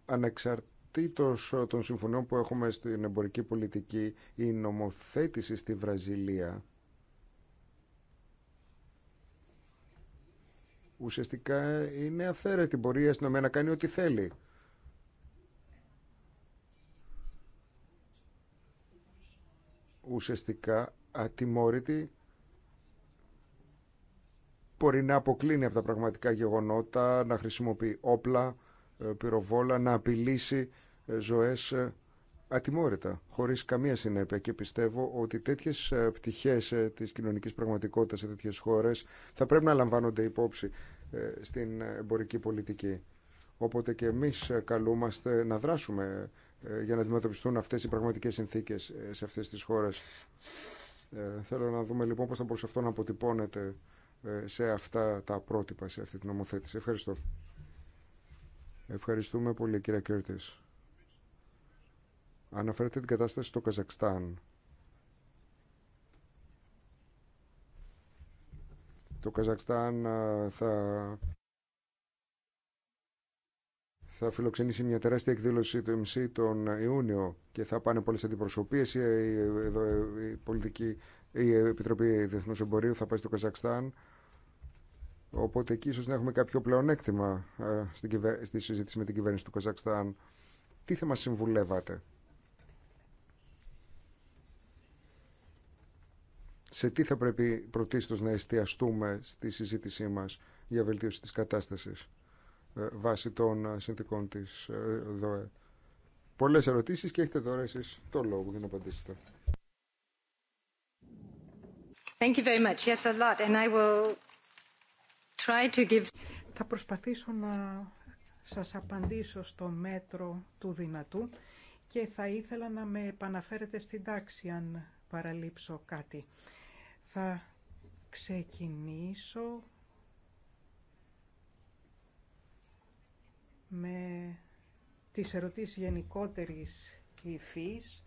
Ανεξαρτήτως ε, των συμφωνιών που έχουμε στην εμπορική πολιτική, η νομοθέτηση στη Βραζιλία ουσιαστικά είναι αυθαίρετη. Μπορεί η αστυνομία να κάνει ό,τι θέλει. Ουσιαστικά ατιμόρυτη μπορεί να αποκλίνει από τα πραγματικά γεγονότα, να χρησιμοποιεί όπλα, ε, πυροβόλα, να απειλήσει ε, ζωές ε, ατιμόρυτα, χωρίς καμία συνέπεια και πιστεύω ότι τέτοιες ε, πτυχές ε, της κοινωνικής πραγματικότητας σε τέτοιες χώρες θα πρέπει να λαμβάνονται υπόψη ε, στην εμπορική πολιτική. Οπότε και εμείς καλούμαστε να δράσουμε για να αντιμετωπιστούν αυτές οι πραγματικές συνθήκες σε αυτές τις χώρες. Θέλω να δούμε λοιπόν πώς θα μπορούσε αυτό να αποτυπώνεται σε αυτά τα πρότυπα, σε αυτή την νομοθέτηση. Ευχαριστώ. Ευχαριστούμε πολύ κύριε Κέρτης. Αναφέρεται την κατάσταση στο Καζακστάν. Το Καζακστάν θα, θα φιλοξενήσει μια τεράστια εκδήλωση του MC τον Ιούνιο και θα πάνε πολλές αντιπροσωπείες. Η, η, πολιτική, η Επιτροπή Διεθνούς Εμπορίου θα πάει στο Καζακστάν. Οπότε εκεί ίσως να έχουμε κάποιο πλεονέκτημα στη συζήτηση με την κυβέρνηση του Καζακστάν. Τι θα μας συμβουλεύατε. σε τι θα πρέπει πρωτίστως να εστιαστούμε στη συζήτησή μας για βελτίωση της κατάστασης ε, βάσει των ε, συνθήκων της ε, ΔΟΕ. Πολλές ερωτήσεις και έχετε τώρα εσείς το λόγο για να απαντήσετε. Θα προσπαθήσω να σας απαντήσω στο μέτρο του δυνατού και θα ήθελα να με επαναφέρετε στην τάξη αν παραλείψω κάτι. Θα ξεκινήσω με τις ερωτήσεις γενικότερης υφής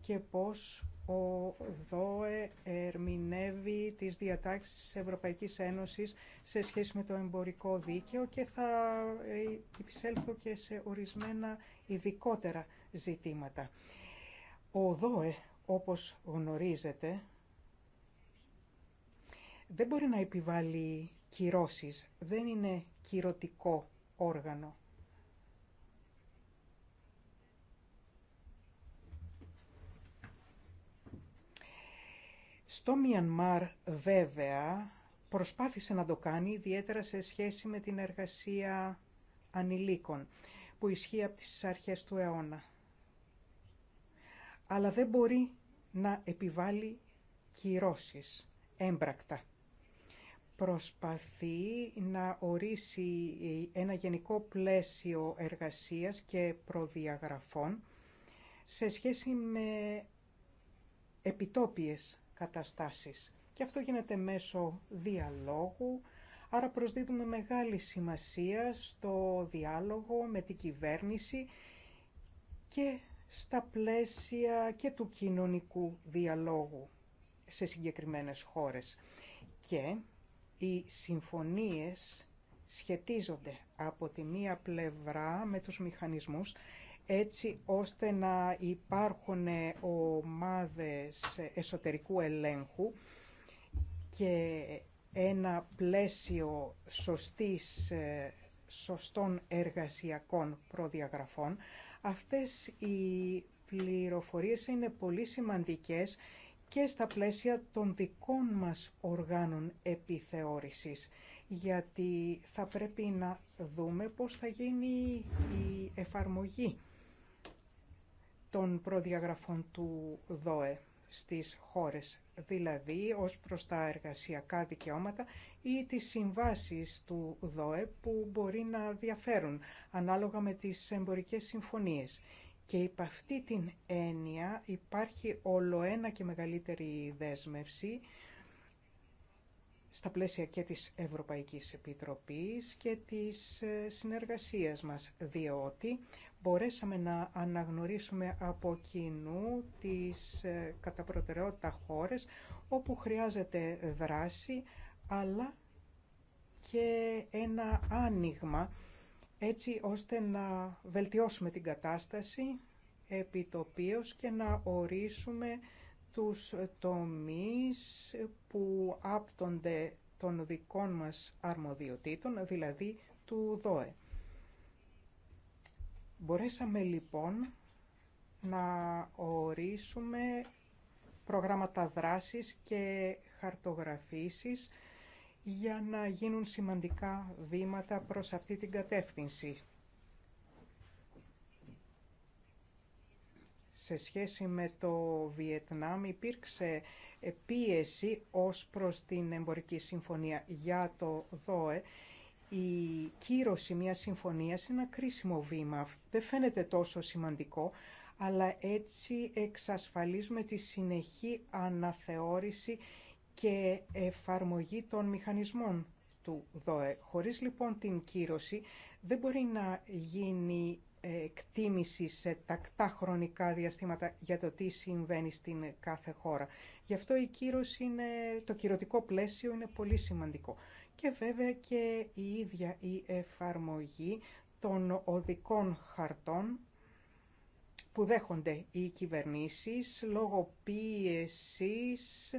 και πώς ο ΔΟΕ ερμηνεύει τις διατάξεις της Ευρωπαϊκής Ένωσης σε σχέση με το εμπορικό δίκαιο και θα ε, επισέλθω και σε ορισμένα ειδικότερα ζητήματα. Ο ΔΟΕ, όπως γνωρίζετε, δεν μπορεί να επιβάλλει κυρώσεις, δεν είναι κυρωτικό όργανο. Στο Μιανμάρ βέβαια προσπάθησε να το κάνει ιδιαίτερα σε σχέση με την εργασία ανηλίκων που ισχύει από τις αρχές του αιώνα. Αλλά δεν μπορεί να επιβάλλει κυρώσεις έμπρακτα προσπαθεί να ορίσει ένα γενικό πλαίσιο εργασίας και προδιαγραφών σε σχέση με επιτόπιες καταστάσεις. Και αυτό γίνεται μέσω διαλόγου, άρα προσδίδουμε μεγάλη σημασία στο διάλογο με την κυβέρνηση και στα πλαίσια και του κοινωνικού διαλόγου σε συγκεκριμένες χώρες. Και οι συμφωνίες σχετίζονται από τη μία πλευρά με τους μηχανισμούς έτσι ώστε να υπάρχουν ομάδες εσωτερικού ελέγχου και ένα πλαίσιο σωστής, σωστών εργασιακών προδιαγραφών. Αυτές οι πληροφορίες είναι πολύ σημαντικές και στα πλαίσια των δικών μας οργάνων επιθεώρησης, γιατί θα πρέπει να δούμε πώς θα γίνει η εφαρμογή των προδιαγραφών του ΔΟΕ στις χώρες, δηλαδή ως προς τα εργασιακά δικαιώματα ή τις συμβάσεις του ΔΟΕ που μπορεί να διαφέρουν ανάλογα με τις εμπορικές συμφωνίες. Και υπ' αυτή την έννοια υπάρχει ολοένα και μεγαλύτερη δέσμευση στα πλαίσια και της Ευρωπαϊκής Επιτροπής και της ε, συνεργασίας μας, διότι μπορέσαμε να αναγνωρίσουμε από κοινού τις ε, κατά προτεραιότητα χώρες όπου χρειάζεται δράση αλλά και ένα άνοιγμα έτσι ώστε να βελτιώσουμε την κατάσταση επιτοπίως και να ορίσουμε τους τομείς που άπτονται των δικών μας αρμοδιοτήτων, δηλαδή του ΔΟΕ. Μπορέσαμε λοιπόν να ορίσουμε προγράμματα δράσης και χαρτογραφήσεις για να γίνουν σημαντικά βήματα προς αυτή την κατεύθυνση. Σε σχέση με το Βιετνάμ υπήρξε πίεση ως προς την εμπορική συμφωνία για το ΔΟΕ. Η κύρωση μιας συμφωνίας είναι ένα κρίσιμο βήμα. Δεν φαίνεται τόσο σημαντικό, αλλά έτσι εξασφαλίζουμε τη συνεχή αναθεώρηση και εφαρμογή των μηχανισμών του ΔΟΕ. Χωρίς λοιπόν την κύρωση δεν μπορεί να γίνει εκτίμηση σε τακτά χρονικά διαστήματα για το τι συμβαίνει στην κάθε χώρα. Γι' αυτό η κύρωση είναι, το κυρωτικό πλαίσιο είναι πολύ σημαντικό. Και βέβαια και η ίδια η εφαρμογή των οδικών χαρτών που δέχονται οι κυβερνήσεις λόγω πίεσης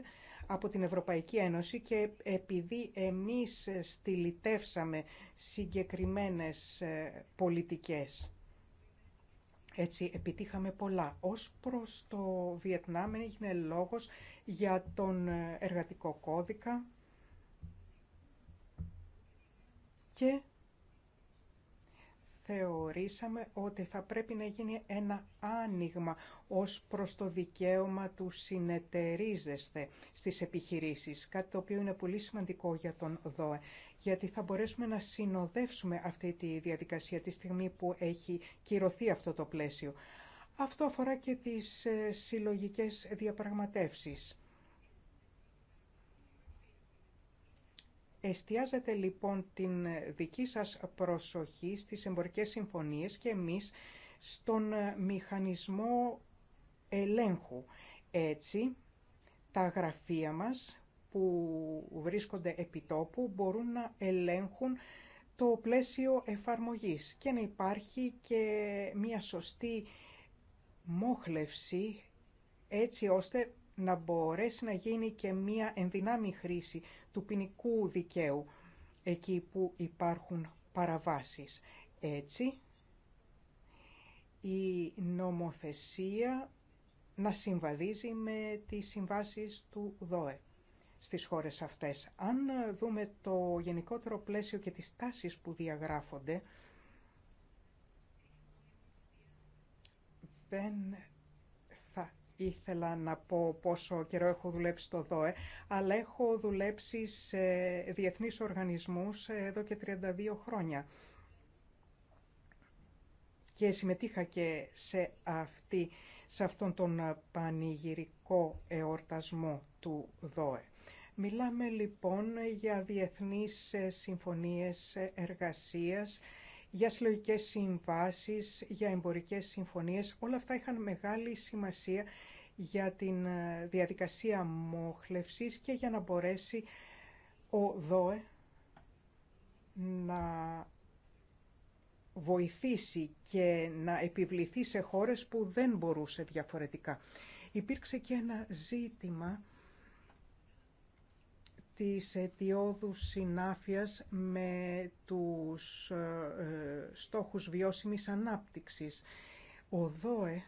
από την Ευρωπαϊκή Ένωση και επειδή εμείς στυλιτεύσαμε συγκεκριμένες ε, πολιτικές. Έτσι επιτύχαμε πολλά. Ως προς το Βιετνάμ έγινε λόγος για τον ε, εργατικό κώδικα και θεωρήσαμε ότι θα πρέπει να γίνει ένα άνοιγμα ως προς το δικαίωμα του συνεταιρίζεστε στις επιχειρήσεις, κάτι το οποίο είναι πολύ σημαντικό για τον ΔΟΕ, γιατί θα μπορέσουμε να συνοδεύσουμε αυτή τη διαδικασία τη στιγμή που έχει κυρωθεί αυτό το πλαίσιο. Αυτό αφορά και τις ε, συλλογικές διαπραγματεύσεις Εστιάζετε λοιπόν την δική σας προσοχή στις εμπορικές συμφωνίες και εμείς στον μηχανισμό ελέγχου. Έτσι, τα γραφεία μας που βρίσκονται επί τόπου μπορούν να ελέγχουν το πλαίσιο εφαρμογής και να υπάρχει και μια σωστή μόχλευση έτσι ώστε να μπορέσει να γίνει και μια ενδυνάμει χρήση του ποινικού δικαίου εκεί που υπάρχουν παραβάσεις. Έτσι, η νομοθεσία να συμβαδίζει με τις συμβάσεις του ΔΟΕ στις χώρες αυτές. Αν δούμε το γενικότερο πλαίσιο και τις τάσεις που διαγράφονται, δεν ήθελα να πω πόσο καιρό έχω δουλέψει στο ΔΟΕ, αλλά έχω δουλέψει σε διεθνείς οργανισμούς εδώ και 32 χρόνια. Και συμμετείχα και σε, αυτή, σε αυτόν τον πανηγυρικό εορτασμό του ΔΟΕ. Μιλάμε λοιπόν για διεθνείς συμφωνίες εργασίας, για συλλογικές συμβάσεις, για εμπορικές συμφωνίες. Όλα αυτά είχαν μεγάλη σημασία για την ε, διαδικασία μόχλευσης και για να μπορέσει ο ΔΟΕ να βοηθήσει και να επιβληθεί σε χώρες που δεν μπορούσε διαφορετικά. Υπήρξε και ένα ζήτημα της αιτιόδου συνάφειας με τους ε, ε, στόχους βιώσιμης ανάπτυξης. Ο ΔΟΕ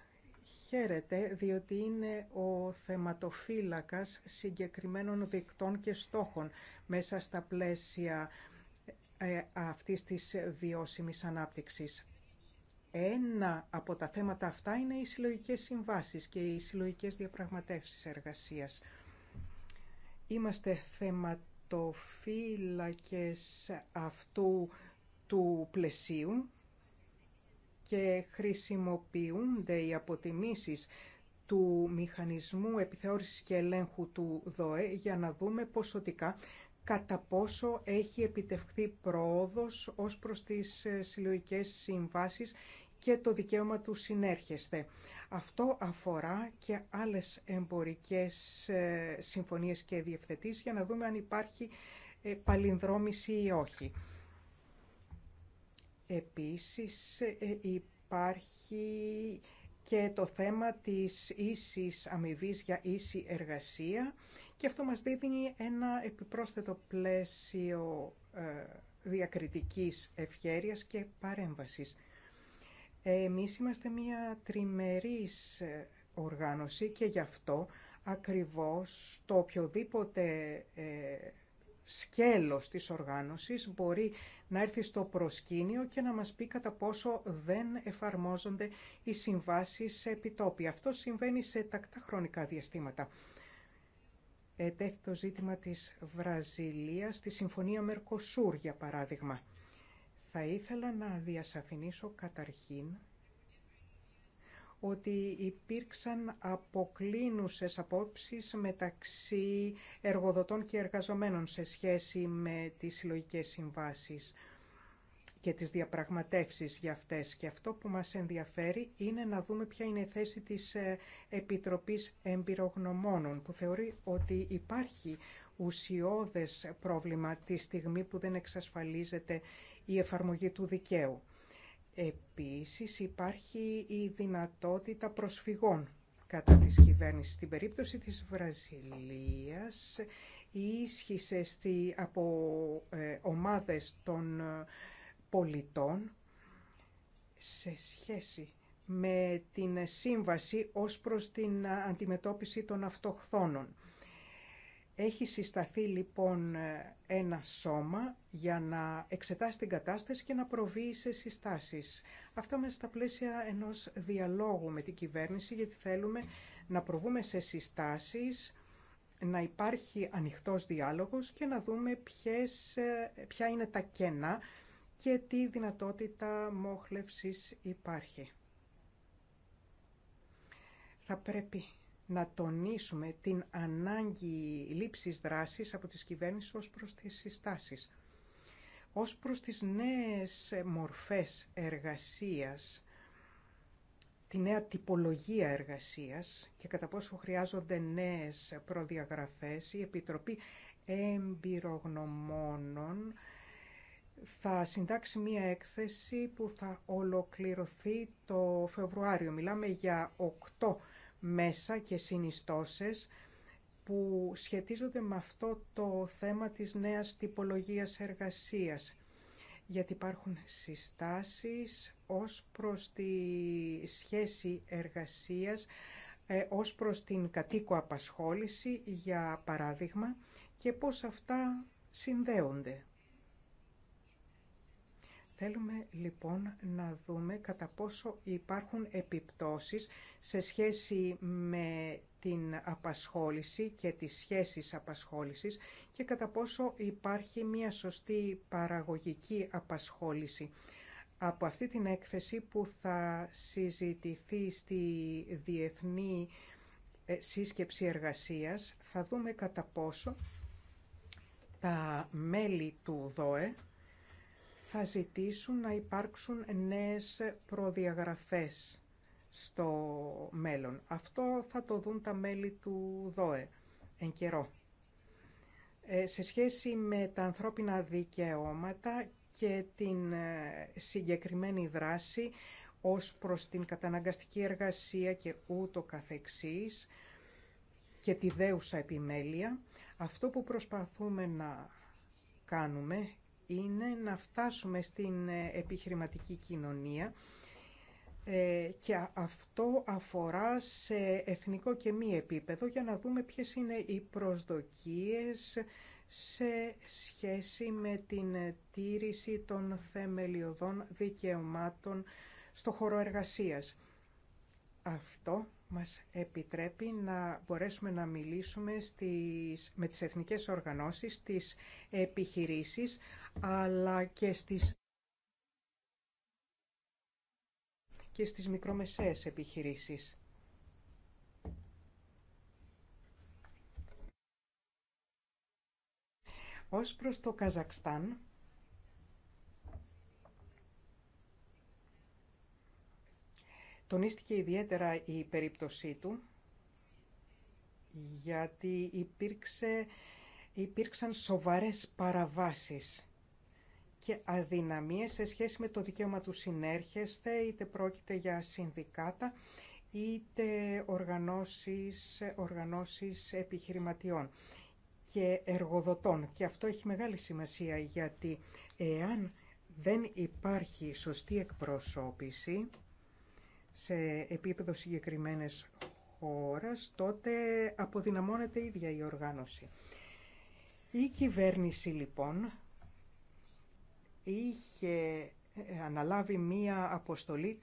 χαίρεται διότι είναι ο θεματοφύλακας συγκεκριμένων δικτών και στόχων μέσα στα πλαίσια ε, αυτής της βιώσιμης ανάπτυξης. Ένα από τα θέματα αυτά είναι οι συλλογικές συμβάσεις και οι συλλογικές διαπραγματεύσεις εργασίας. Είμαστε θεματοφύλακες αυτού του πλαισίου και χρησιμοποιούνται οι αποτιμήσεις του Μηχανισμού Επιθεώρησης και Ελέγχου του ΔΟΕ για να δούμε ποσοτικά κατά πόσο έχει επιτευχθεί πρόοδος ως προς τις ε, συλλογικές συμβάσεις και το δικαίωμα του συνέρχεστε. Αυτό αφορά και άλλες εμπορικές ε, συμφωνίες και διευθετήσεις για να δούμε αν υπάρχει ε, παλινδρόμηση ή όχι. Επίσης ε, υπάρχει και το θέμα της ίσης αμοιβή για ίση εργασία και αυτό μας δίνει ένα επιπρόσθετο πλαίσιο ε, διακριτικής ευχέρειας και παρέμβασης. Εμείς είμαστε μια τριμερής ε, οργάνωση και γι' αυτό ακριβώς το οποιοδήποτε σκέλος της οργάνωσης μπορεί να έρθει στο προσκήνιο και να μας πει κατά πόσο δεν εφαρμόζονται οι συμβάσεις σε επιτόπια. Αυτό συμβαίνει σε τακτά χρονικά διαστήματα. Ετέθη το ζήτημα της Βραζιλίας στη Συμφωνία Μερκοσούρ, για παράδειγμα. Θα ήθελα να διασαφηνίσω καταρχήν ότι υπήρξαν αποκλίνουσες απόψεις μεταξύ εργοδοτών και εργαζομένων σε σχέση με τις συλλογικέ συμβάσεις και τις διαπραγματεύσεις για αυτές. Και αυτό που μας ενδιαφέρει είναι να δούμε ποια είναι η θέση της ε, Επιτροπής Εμπειρογνωμόνων, που θεωρεί ότι υπάρχει ουσιώδες πρόβλημα τη στιγμή που δεν εξασφαλίζεται η εφαρμογή του δικαίου. Επίσης υπάρχει η δυνατότητα προσφυγών κατά της κυβέρνησης. Στην περίπτωση της Βραζιλίας ίσχυσε στη, από ε, ομάδες των ε, πολιτών σε σχέση με την σύμβαση ως προς την ε, αντιμετώπιση των αυτοχθόνων. Έχει συσταθεί λοιπόν ένα σώμα για να εξετάσει την κατάσταση και να προβεί σε συστάσεις. Αυτά μέσα στα πλαίσια ενός διαλόγου με την κυβέρνηση γιατί θέλουμε να προβούμε σε συστάσεις, να υπάρχει ανοιχτός διάλογος και να δούμε ποια είναι τα κένα και τι δυνατότητα μόχλευσης υπάρχει. Θα πρέπει να τονίσουμε την ανάγκη λήψης δράσης από τις κυβέρνησεις ως προς τις συστάσεις. Ως προς τις νέες μορφές εργασίας, τη νέα τυπολογία εργασίας και κατά πόσο χρειάζονται νέες προδιαγραφές, η Επιτροπή Εμπειρογνωμόνων θα συντάξει μία έκθεση που θα ολοκληρωθεί το Φεβρουάριο. Μιλάμε για οκτώ μέσα και συνιστώσεις που σχετίζονται με αυτό το θέμα της νέας τυπολογίας εργασίας γιατί υπάρχουν συστάσεις ως προς τη σχέση εργασίας, ε, ως προς την κατοίκο απασχόληση, για παράδειγμα, και πώς αυτά συνδέονται. Θέλουμε λοιπόν να δούμε κατά πόσο υπάρχουν επιπτώσεις σε σχέση με την απασχόληση και τις σχέσεις απασχόλησης και κατά πόσο υπάρχει μια σωστή παραγωγική απασχόληση. Από αυτή την έκθεση που θα συζητηθεί στη Διεθνή ε, Σύσκεψη Εργασίας θα δούμε κατά πόσο τα μέλη του ΔΟΕ θα ζητήσουν να υπάρξουν νέες προδιαγραφές στο μέλλον. Αυτό θα το δουν τα μέλη του ΔΟΕ εν καιρό. Ε, σε σχέση με τα ανθρώπινα δικαιώματα και την ε, συγκεκριμένη δράση ως προς την καταναγκαστική εργασία και ούτω καθεξής και τη δέουσα επιμέλεια, αυτό που προσπαθούμε να κάνουμε είναι να φτάσουμε στην ε, επιχειρηματική κοινωνία ε, και αυτό αφορά σε εθνικό και μη επίπεδο για να δούμε ποιες είναι οι προσδοκίες σε σχέση με την ε, τήρηση των θεμελιωδών δικαιωμάτων στο χώρο εργασίας. Αυτό μας επιτρέπει να μπορέσουμε να μιλήσουμε στις, με τις εθνικές οργανώσεις, τις επιχειρήσεις, αλλά και στις, και στις μικρομεσαίες επιχειρήσεις. Ως προς το Καζακστάν, Τονίστηκε ιδιαίτερα η περίπτωσή του, γιατί υπήρξε, υπήρξαν σοβαρές παραβάσεις και αδυναμίες σε σχέση με το δικαίωμα του συνέρχεστε, είτε πρόκειται για συνδικάτα, είτε οργανώσεις, οργανώσεις επιχειρηματιών και εργοδοτών. Και αυτό έχει μεγάλη σημασία γιατί εάν δεν υπάρχει σωστή εκπροσώπηση, σε επίπεδο συγκεκριμένες χώρας, τότε αποδυναμώνεται η ίδια η οργάνωση. Η κυβέρνηση λοιπόν είχε ε, αναλάβει μία αποστολή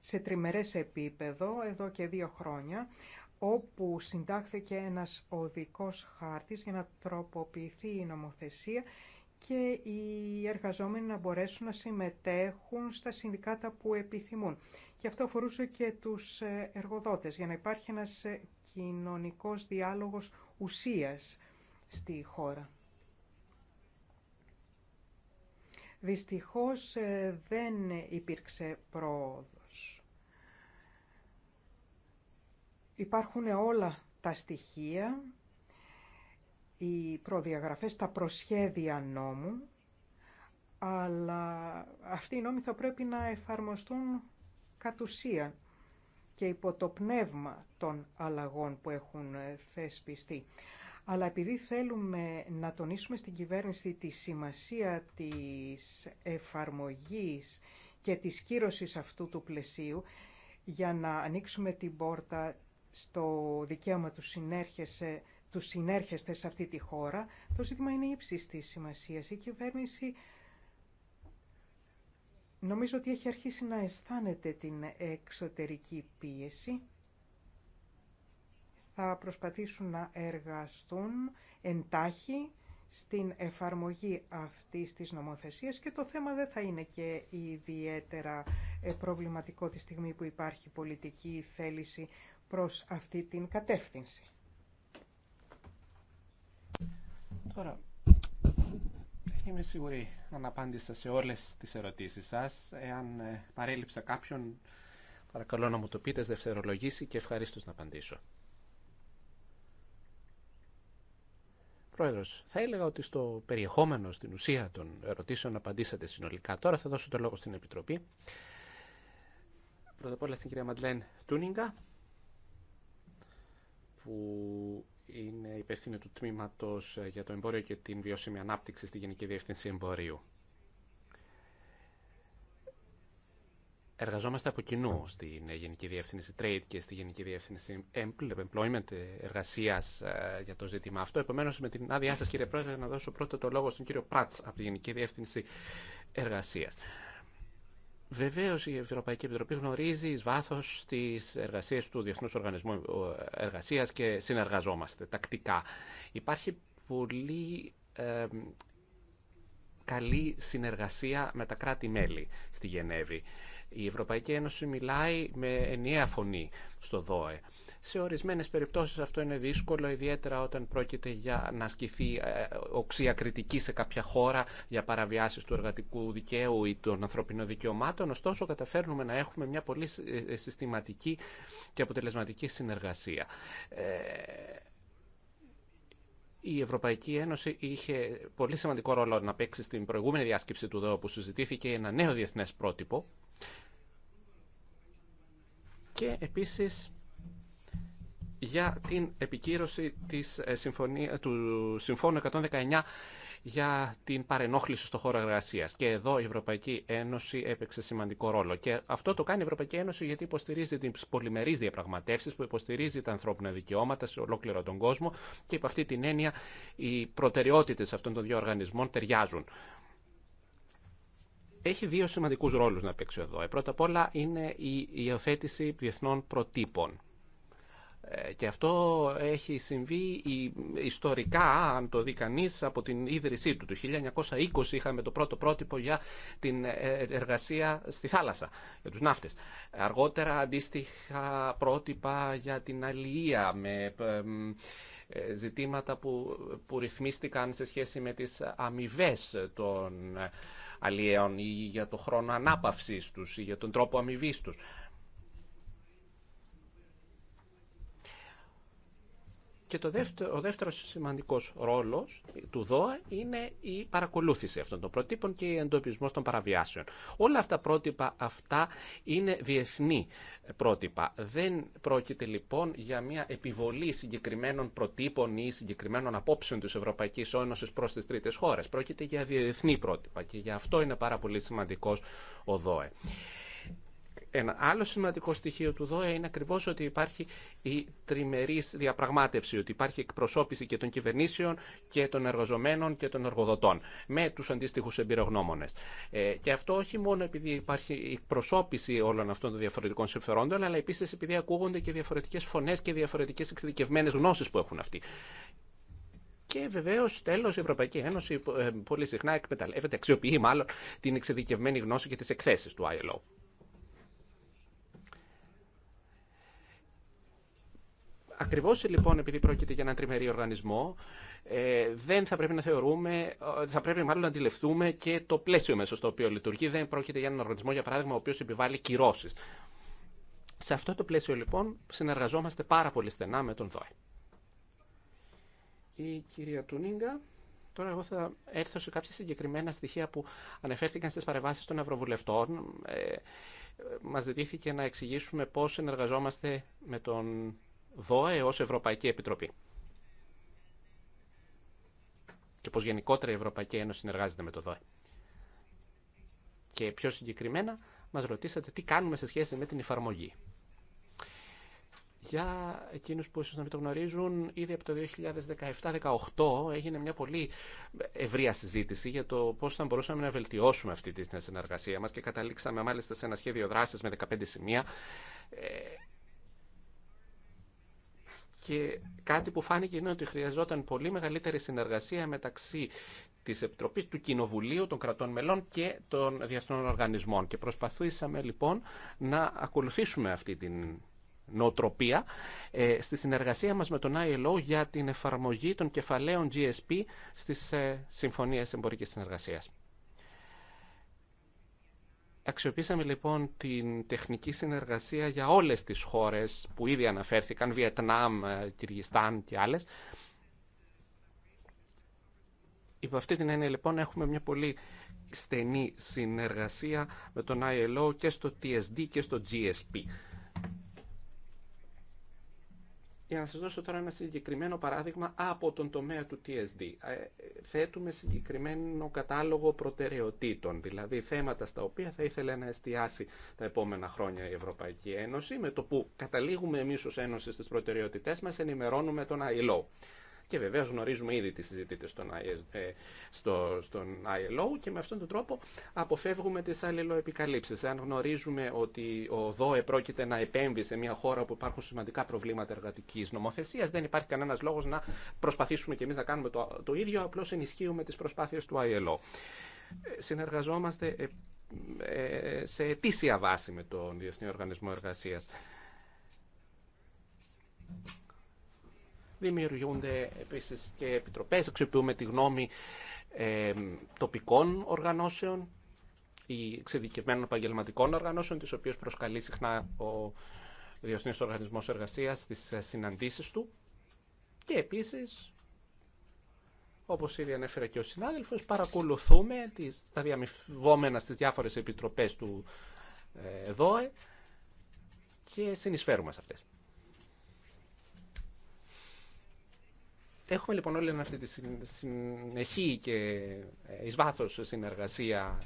σε τριμερές επίπεδο εδώ και δύο χρόνια, όπου συντάχθηκε ένας οδικός χάρτης για να τροποποιηθεί η νομοθεσία και οι εργαζόμενοι να μπορέσουν να συμμετέχουν στα συνδικάτα που επιθυμούν και αυτό αφορούσε και τους ε, εργοδότες για να υπάρχει ένας ε, κοινωνικός διάλογος ουσίας στη χώρα. Δυστυχώς ε, δεν υπήρξε πρόοδος. Υπάρχουν όλα τα στοιχεία, οι προδιαγραφές, τα προσχέδια νόμου, αλλά αυτοί οι νόμοι θα πρέπει να εφαρμοστούν κατ' και υπό το πνεύμα των αλλαγών που έχουν ε, θεσπιστεί. Αλλά επειδή θέλουμε να τονίσουμε στην κυβέρνηση τη σημασία της εφαρμογής και της κύρωσης αυτού του πλαισίου για να ανοίξουμε την πόρτα στο δικαίωμα του συνέρχεσε του συνέρχεστε σε αυτή τη χώρα, το ζήτημα είναι ύψης της σημασίας. Η κυβέρνηση Νομίζω ότι έχει αρχίσει να αισθάνεται την εξωτερική πίεση. Θα προσπαθήσουν να εργαστούν εντάχει στην εφαρμογή αυτής της νομοθεσίας και το θέμα δεν θα είναι και ιδιαίτερα ε, προβληματικό τη στιγμή που υπάρχει πολιτική θέληση προς αυτή την κατεύθυνση. Τώρα, Είμαι σίγουρη αν απάντησα σε όλες τις ερωτήσεις σας. Εάν ε, παρέλειψα κάποιον, παρακαλώ να μου το πείτε, δευτερολογήσει και ευχαριστώ να απαντήσω. Πρόεδρος, θα έλεγα ότι στο περιεχόμενο, στην ουσία των ερωτήσεων απαντήσατε συνολικά. Τώρα θα δώσω το λόγο στην Επιτροπή. Πρώτα απ' όλα στην κυρία Μαντλέν Τούνιγκα, που είναι υπεύθυνη του τμήματος ε, για το εμπόριο και την βιώσιμη ανάπτυξη στη Γενική Διεύθυνση Εμπορίου. Εργαζόμαστε από κοινού στην ε, Γενική Διεύθυνση Trade και στη Γενική Διεύθυνση Employment ε, εργασία για το ζήτημα αυτό. Επομένω, με την άδειά σα, κύριε Πρόεδρε, να δώσω πρώτα το λόγο στον κύριο Πράτ από τη Γενική Διεύθυνση Εργασία. Βεβαίω η Ευρωπαϊκή Επιτροπή γνωρίζει ει βάθο τι εργασίε του Διεθνού Οργανισμού ε, Εργασία και συνεργαζόμαστε τακτικά. Υπάρχει πολύ ε, καλή συνεργασία με τα κράτη-μέλη στη Γενέβη. Η Ευρωπαϊκή Ένωση μιλάει με ενιαία φωνή στο ΔΟΕ. Σε ορισμένες περιπτώσεις αυτό είναι δύσκολο, ιδιαίτερα όταν πρόκειται για να ασκηθεί ε, οξία κριτική σε κάποια χώρα για παραβιάσεις του εργατικού δικαίου ή των ανθρωπινών δικαιωμάτων. Ωστόσο, καταφέρνουμε να έχουμε μια πολύ ε, ε, συστηματική και αποτελεσματική συνεργασία. Η Ευρωπαϊκή Ένωση είχε πολύ σημαντικό ρόλο να παίξει στην προηγούμενη διάσκεψη του ΔΕΟ που συζητήθηκε ένα νέο διεθνές πρότυπο και επίσης για την επικύρωση της ε, συμφωνία, του Συμφώνου 119 για την παρενόχληση στον χώρο εργασία. Και εδώ η Ευρωπαϊκή Ένωση έπαιξε σημαντικό ρόλο. Και αυτό το κάνει η Ευρωπαϊκή Ένωση γιατί υποστηρίζει τι πολυμερεί διαπραγματεύσει, που υποστηρίζει τα ανθρώπινα δικαιώματα σε ολόκληρο τον κόσμο και υπ' αυτή την έννοια οι προτεραιότητε αυτών των δύο οργανισμών ταιριάζουν. Έχει δύο σημαντικούς ρόλους να παίξει εδώ. Ε, πρώτα απ' όλα είναι η υιοθέτηση διεθνών προτύπων ε, και αυτό έχει συμβεί ιστορικά, αν το δει κανεί, από την ίδρυσή του. Το 1920 είχαμε το πρώτο πρότυπο για την ε, εργασία στη θάλασσα, για τους ναύτες. Αργότερα αντίστοιχα πρότυπα για την αλληλεία με ε, ζητήματα που, που ρυθμίστηκαν σε σχέση με τις αμοιβέ των αλλιέων ή για το χρόνο ανάπαυσής τους ή για τον τρόπο αμοιβή τους. Και το δεύτερο, ο δεύτερος σημαντικός ρόλος του ΔΟΑ είναι η παρακολούθηση αυτών των προτύπων και η εντοπισμό των παραβιάσεων. Όλα αυτά πρότυπα αυτά είναι διεθνή πρότυπα. Δεν πρόκειται λοιπόν για μια επιβολή συγκεκριμένων προτύπων ή συγκεκριμένων απόψεων της Ευρωπαϊκής Ένωσης προς τις τρίτες χώρες. Πρόκειται για διεθνή πρότυπα και γι' αυτό είναι πάρα πολύ σημαντικός ο ΔΟΕ. Ένα άλλο σημαντικό στοιχείο του ΔΟΕ είναι ακριβώ ότι υπάρχει η τριμερή διαπραγμάτευση, ότι υπάρχει εκπροσώπηση και των κυβερνήσεων και των εργαζομένων και των εργοδοτών με του αντίστοιχου εμπειρογνώμονε. Ε, και αυτό όχι μόνο επειδή υπάρχει εκπροσώπηση όλων αυτών των διαφορετικών συμφερόντων, αλλά επίση επειδή ακούγονται και διαφορετικέ φωνέ και διαφορετικέ εξειδικευμένε γνώσει που έχουν αυτοί. Και βεβαίω, τέλο, η Ευρωπαϊκή Ένωση ε, πολύ συχνά εκμεταλλεύεται, αξιοποιεί μάλλον την εξειδικευμένη γνώση και τι εκθέσει του ILO. Ακριβώ, λοιπόν επειδή πρόκειται για ένα τριμερή οργανισμό, ε, δεν θα πρέπει να θεωρούμε, ε, θα πρέπει μάλλον να αντιληφθούμε και το πλαίσιο μέσα στο οποίο λειτουργεί. Δεν πρόκειται για έναν οργανισμό, για παράδειγμα, ο οποίο επιβάλλει κυρώσει. Σε αυτό το πλαίσιο λοιπόν συνεργαζόμαστε πάρα πολύ στενά με τον ΔΟΕ. Η κυρία Τούνιγκα, τώρα εγώ θα έρθω σε κάποια συγκεκριμένα στοιχεία που αναφέρθηκαν στις παρεμβάσεις των Ευρωβουλευτών. Ε, ε, μας ζητήθηκε να εξηγήσουμε πώς συνεργαζόμαστε με τον ΔΟΕ ως Ευρωπαϊκή Επιτροπή. Και πως γενικότερα η Ευρωπαϊκή Ένωση συνεργάζεται με το ΔΟΕ. Και πιο συγκεκριμένα μας ρωτήσατε τι κάνουμε σε σχέση με την εφαρμογή. Για εκείνους που ίσως να μην το γνωρίζουν, ήδη από το 2017-2018 έγινε μια πολύ ευρία συζήτηση για το πώς θα μπορούσαμε να βελτιώσουμε αυτή τη συνεργασία μας και καταλήξαμε μάλιστα σε ένα σχέδιο δράσης με 15 σημεία ε, και κάτι που φάνηκε είναι ότι χρειαζόταν πολύ μεγαλύτερη συνεργασία μεταξύ τη Επιτροπής, του Κοινοβουλίου, των κρατών μελών και των διεθνών οργανισμών. Και προσπαθήσαμε λοιπόν να ακολουθήσουμε αυτή την νοοτροπία ε, στη συνεργασία μας με τον ILO για την εφαρμογή των κεφαλαίων GSP στις ε, συμφωνίες εμπορικής συνεργασίας. Αξιοποίησαμε λοιπόν την τεχνική συνεργασία για όλες τις χώρες που ήδη αναφέρθηκαν, Βιετνάμ, ε, Κυργιστάν και άλλες. Υπό αυτή την έννοια λοιπόν έχουμε μια πολύ στενή συνεργασία με τον ILO και στο TSD και στο GSP. Για να σας δώσω τώρα ένα συγκεκριμένο παράδειγμα από τον τομέα του TSD. Ε, θέτουμε συγκεκριμένο κατάλογο προτεραιοτήτων, δηλαδή θέματα στα οποία θα ήθελε να εστιάσει τα επόμενα χρόνια η Ευρωπαϊκή Ένωση, με το που καταλήγουμε εμείς ως Ένωση στις προτεραιότητές μας, ενημερώνουμε τον ILO. Και βεβαίως γνωρίζουμε ήδη τι συζητήτες στον, ε, στο, στον ILO και με αυτόν τον τρόπο αποφεύγουμε τις αλληλοεπικαλύψεις. Αν γνωρίζουμε ότι ο ΔΟΕ πρόκειται να επέμβει σε μια χώρα όπου υπάρχουν σημαντικά προβλήματα εργατικής νομοθεσίας, δεν υπάρχει κανένας λόγος να προσπαθήσουμε και εμείς να κάνουμε το, το ίδιο, απλώς ενισχύουμε τις προσπάθειες του ILO. Ε, συνεργαζόμαστε ε, σε αιτήσια βάση με τον Διεθνή Οργανισμό Εργασίας δημιουργούνται επίσης και επιτροπές, αξιοποιούμε τη γνώμη ε, τοπικών οργανώσεων ή εξειδικευμένων επαγγελματικών οργανώσεων, τις οποίες προσκαλεί συχνά ο Διεθνής Οργανισμός Εργασίας στις ε, συναντήσεις του. Και επίσης, όπως ήδη ανέφερε και ο συνάδελφος, παρακολουθούμε τις, τα διαμοιβόμενα στις διάφορες επιτροπές του ε, ΔΟΕ και συνεισφέρουμε σε αυτές. Έχουμε λοιπόν όλη αυτή τη συνεχή και ε, εις βάθος συνεργασία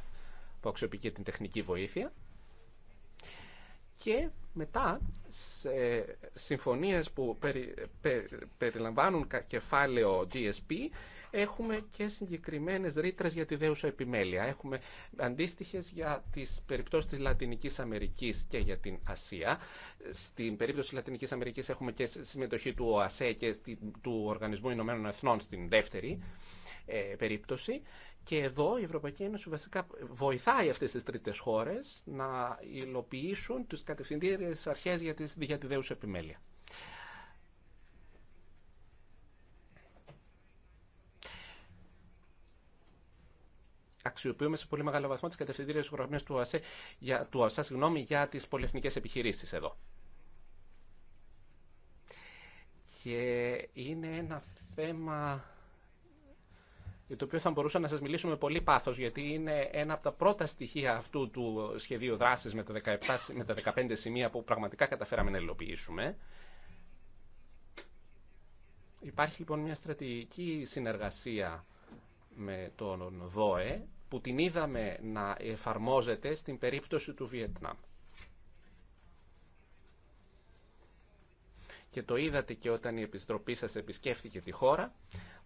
που αξιοποιεί την τεχνική βοήθεια και μετά σε συμφωνίες που περιλαμβάνουν κεφάλαιο GSP έχουμε και συγκεκριμένε ρήτρε για τη δέουσα επιμέλεια. Έχουμε αντίστοιχε για τι περιπτώσει τη Λατινική Αμερική και για την Ασία. Στην περίπτωση τη Λατινική Αμερική έχουμε και συμμετοχή του ΟΑΣΕ και του Οργανισμού Ηνωμένων Εθνών στην δεύτερη ε, περίπτωση. Και εδώ η Ευρωπαϊκή Ένωση βασικά βοηθάει αυτές τις τρίτες χώρες να υλοποιήσουν τις κατευθυντήριες αρχές για τη δέουσα επιμέλεια. αξιοποιούμε σε πολύ μεγάλο βαθμό τι κατευθυντήριε γραμμέ του ΟΑΣΕ για, του ΟΑΣΑ, για τι πολυεθνικέ επιχειρήσει εδώ. Και είναι ένα θέμα για το οποίο θα μπορούσα να σας μιλήσουμε πολύ πάθος, γιατί είναι ένα από τα πρώτα στοιχεία αυτού του σχεδίου δράσης με τα, 17, με τα 15 σημεία που πραγματικά καταφέραμε να υλοποιήσουμε. Υπάρχει λοιπόν μια στρατηγική συνεργασία με τον ΔΟΕ που την είδαμε να εφαρμόζεται στην περίπτωση του Βιετνάμ. Και το είδατε και όταν η Επιστροπή σας επισκέφθηκε τη χώρα,